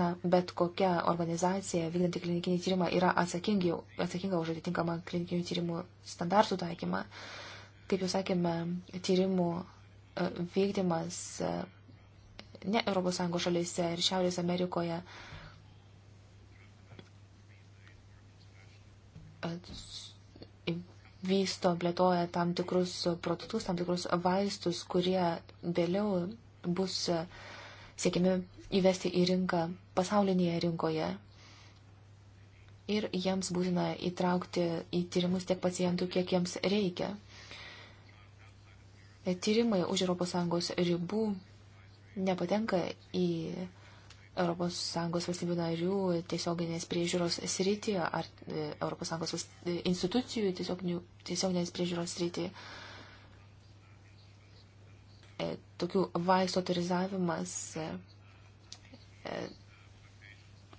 na, bet kokia organizacija vykdanti klinikinį tyrimą yra atsakinga už atitinkamą klinikinių tyrimų standartų taikymą. Kaip jau sakėme, tyrimų e, vykdymas e, ne ES šalyse ir Šiaurės Amerikoje uh, vysto, plėtoja tam tikrus produktus, tam tikrus vaistus, kurie vėliau bus siekiami įvesti į rinką pasaulinėje rinkoje. Ir jiems būtina įtraukti į tyrimus tiek pacientų, kiek jiems reikia. Tyrimai už ES ribų nepatenka į ES valstybių narių tiesioginės priežiūros srityje ar ES e, institucijų tiesioginės priežiūros srityje. Tokių vaistų autorizavimas e, e,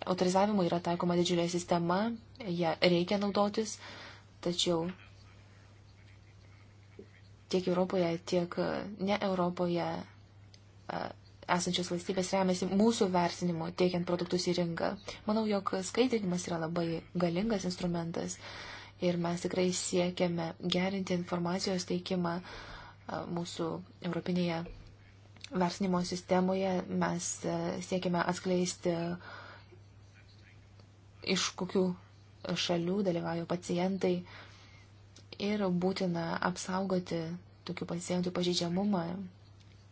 autorizavimo yra taikoma didžiulė sistema, ją reikia naudotis, tačiau tiek Europoje, tiek ne Europoje esančios valstybės remiasi mūsų versinimu, teikiant produktus į rinką. Manau, jog skaitinimas yra labai galingas instrumentas ir mes tikrai siekiame gerinti informacijos teikimą mūsų europinėje versinimo sistemoje. Mes siekiame atskleisti, iš kokių šalių dalyvauja pacientai ir būtina apsaugoti tokių pacientų pažeidžiamumą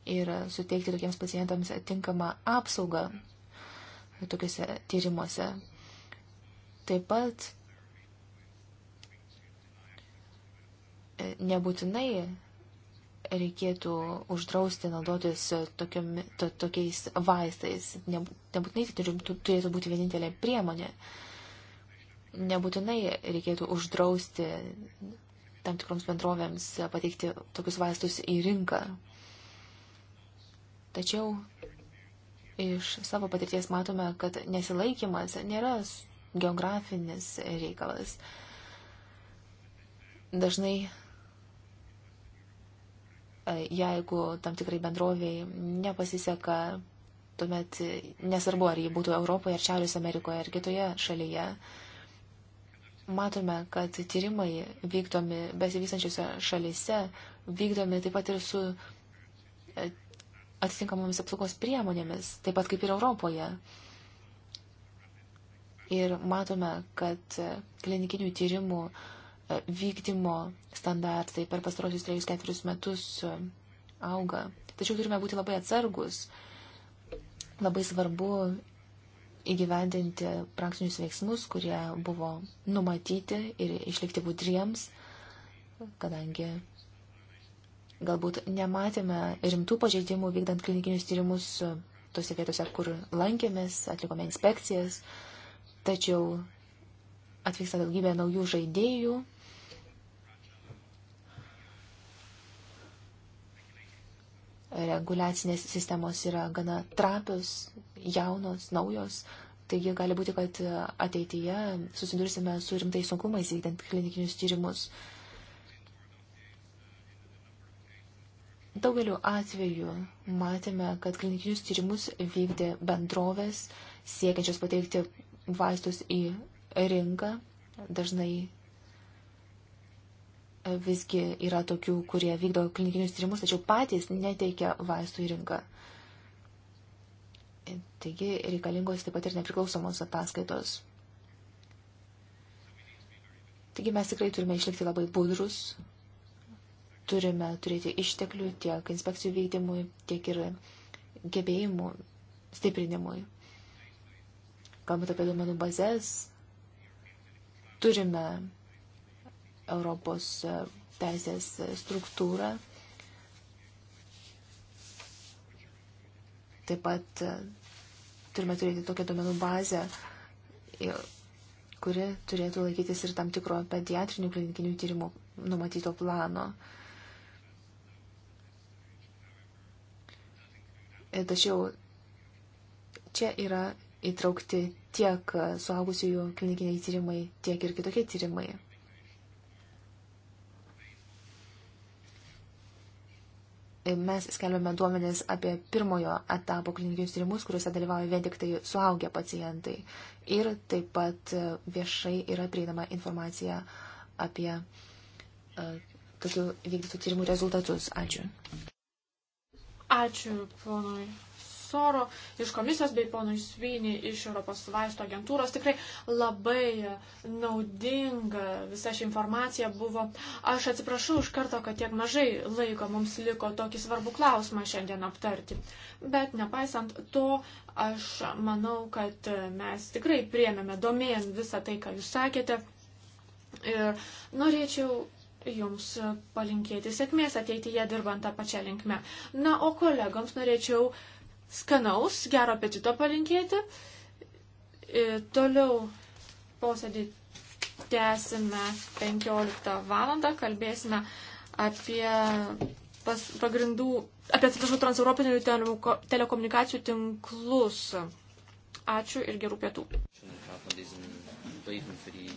ir suteikti tokiems pacientams tinkamą apsaugą tokiuose tyrimuose. Taip pat e, nebūtinai reikėtų uždrausti naudotis tokiam, to, tokiais vaistais. Nebūtinai tai turėtų būti vienintelė priemonė. Nebūtinai reikėtų uždrausti tam tikroms bendrovėms pateikti tokius vaistus į rinką. Tačiau iš savo patirties matome, kad nesilaikimas nėra geografinis reikalas. Dažnai, e, jeigu tam tikrai bendroviai nepasiseka, tuomet nesvarbu, ar jį būtų Europoje, ar Šiaurės Amerikoje, ar kitoje šalyje, matome, kad tyrimai vykdomi besivystančiose šalyse, vykdomi taip pat ir su e, atitinkamomis apsaugos priemonėmis, taip pat kaip ir Europoje. Ir matome, kad klinikinių tyrimų e, vykdymo standartai per pastarosius 3-4 metus e, auga. Tačiau turime būti labai atsargus. Labai svarbu įgyvendinti praktinius veiksmus, kurie buvo numatyti ir išlikti budriems, kadangi Galbūt nematėme rimtų pažeidimų vykdant klinikinius tyrimus e, tose vietose, kur lankėmės, atlikome inspekcijas, tačiau atvyksta daugybė naujų žaidėjų. Reguliacinės sistemos yra gana trapios, jaunos, naujos, taigi gali būti, kad e, ateityje susidursime su rimtais sunkumais vykdant klinikinius tyrimus. Uh, Daugeliu atveju matėme, kad klinikinius tyrimus vykdė bendrovės, siekiančios pateikti vaistus į rinką. Dažnai e, visgi yra tokių, kurie vykdo klinikinius tyrimus, tačiau patys neteikia vaistų į rinką. E, taigi reikalingos taip pat ir nepriklausomos ataskaitos. Taigi mes tikrai turime išlikti labai budrus, turime turėti išteklių tiek inspekcijų veidimui, tiek ir gebėjimų stiprinimui. Kalbant apie duomenų bazės, turime Europos e, teisės struktūrą. Taip pat e, turime turėti tokią duomenų bazę, kuri turėtų laikytis ir tam tikro pediatrinių klinikinių tyrimų numatyto plano. E, tačiau čia yra įtraukti tiek suaugusiųjų klinikiniai tyrimai, tiek ir kitokie tyrimai. E, mes skelbėme duomenis apie pirmojo etapo klinikinius tyrimus, kuriuose dalyvauja vien tik tai suaugę pacientai. Ir taip pat e, viešai yra prieinama informacija apie tokių vykdytų tyrimų rezultatus. Ačiū. Ačiū ponui Soro iš komisijos bei ponui Svinį iš Europos vaisto agentūros. Tikrai labai naudinga visa ši informacija buvo. Aš atsiprašau iš karto, kad tiek mažai laiko mums liko tokį svarbų klausimą šiandien aptarti. Bet nepaisant to, aš manau, kad mes tikrai priemėme domėn visą tai, ką jūs sakėte. Ir norėčiau Jums e, palinkėti sėkmės ateityje dirbant tą pačią linkmę. Na, o kolegoms norėčiau skanaus, gero apetito palinkėti. Ir e, toliau posėdį tęsime 15 valandą, kalbėsime apie pas, pagrindų, apie atsiprašau, transeuropinių telekomunikacijų tinklus. Ačiū ir gerų pietų. Šiandien,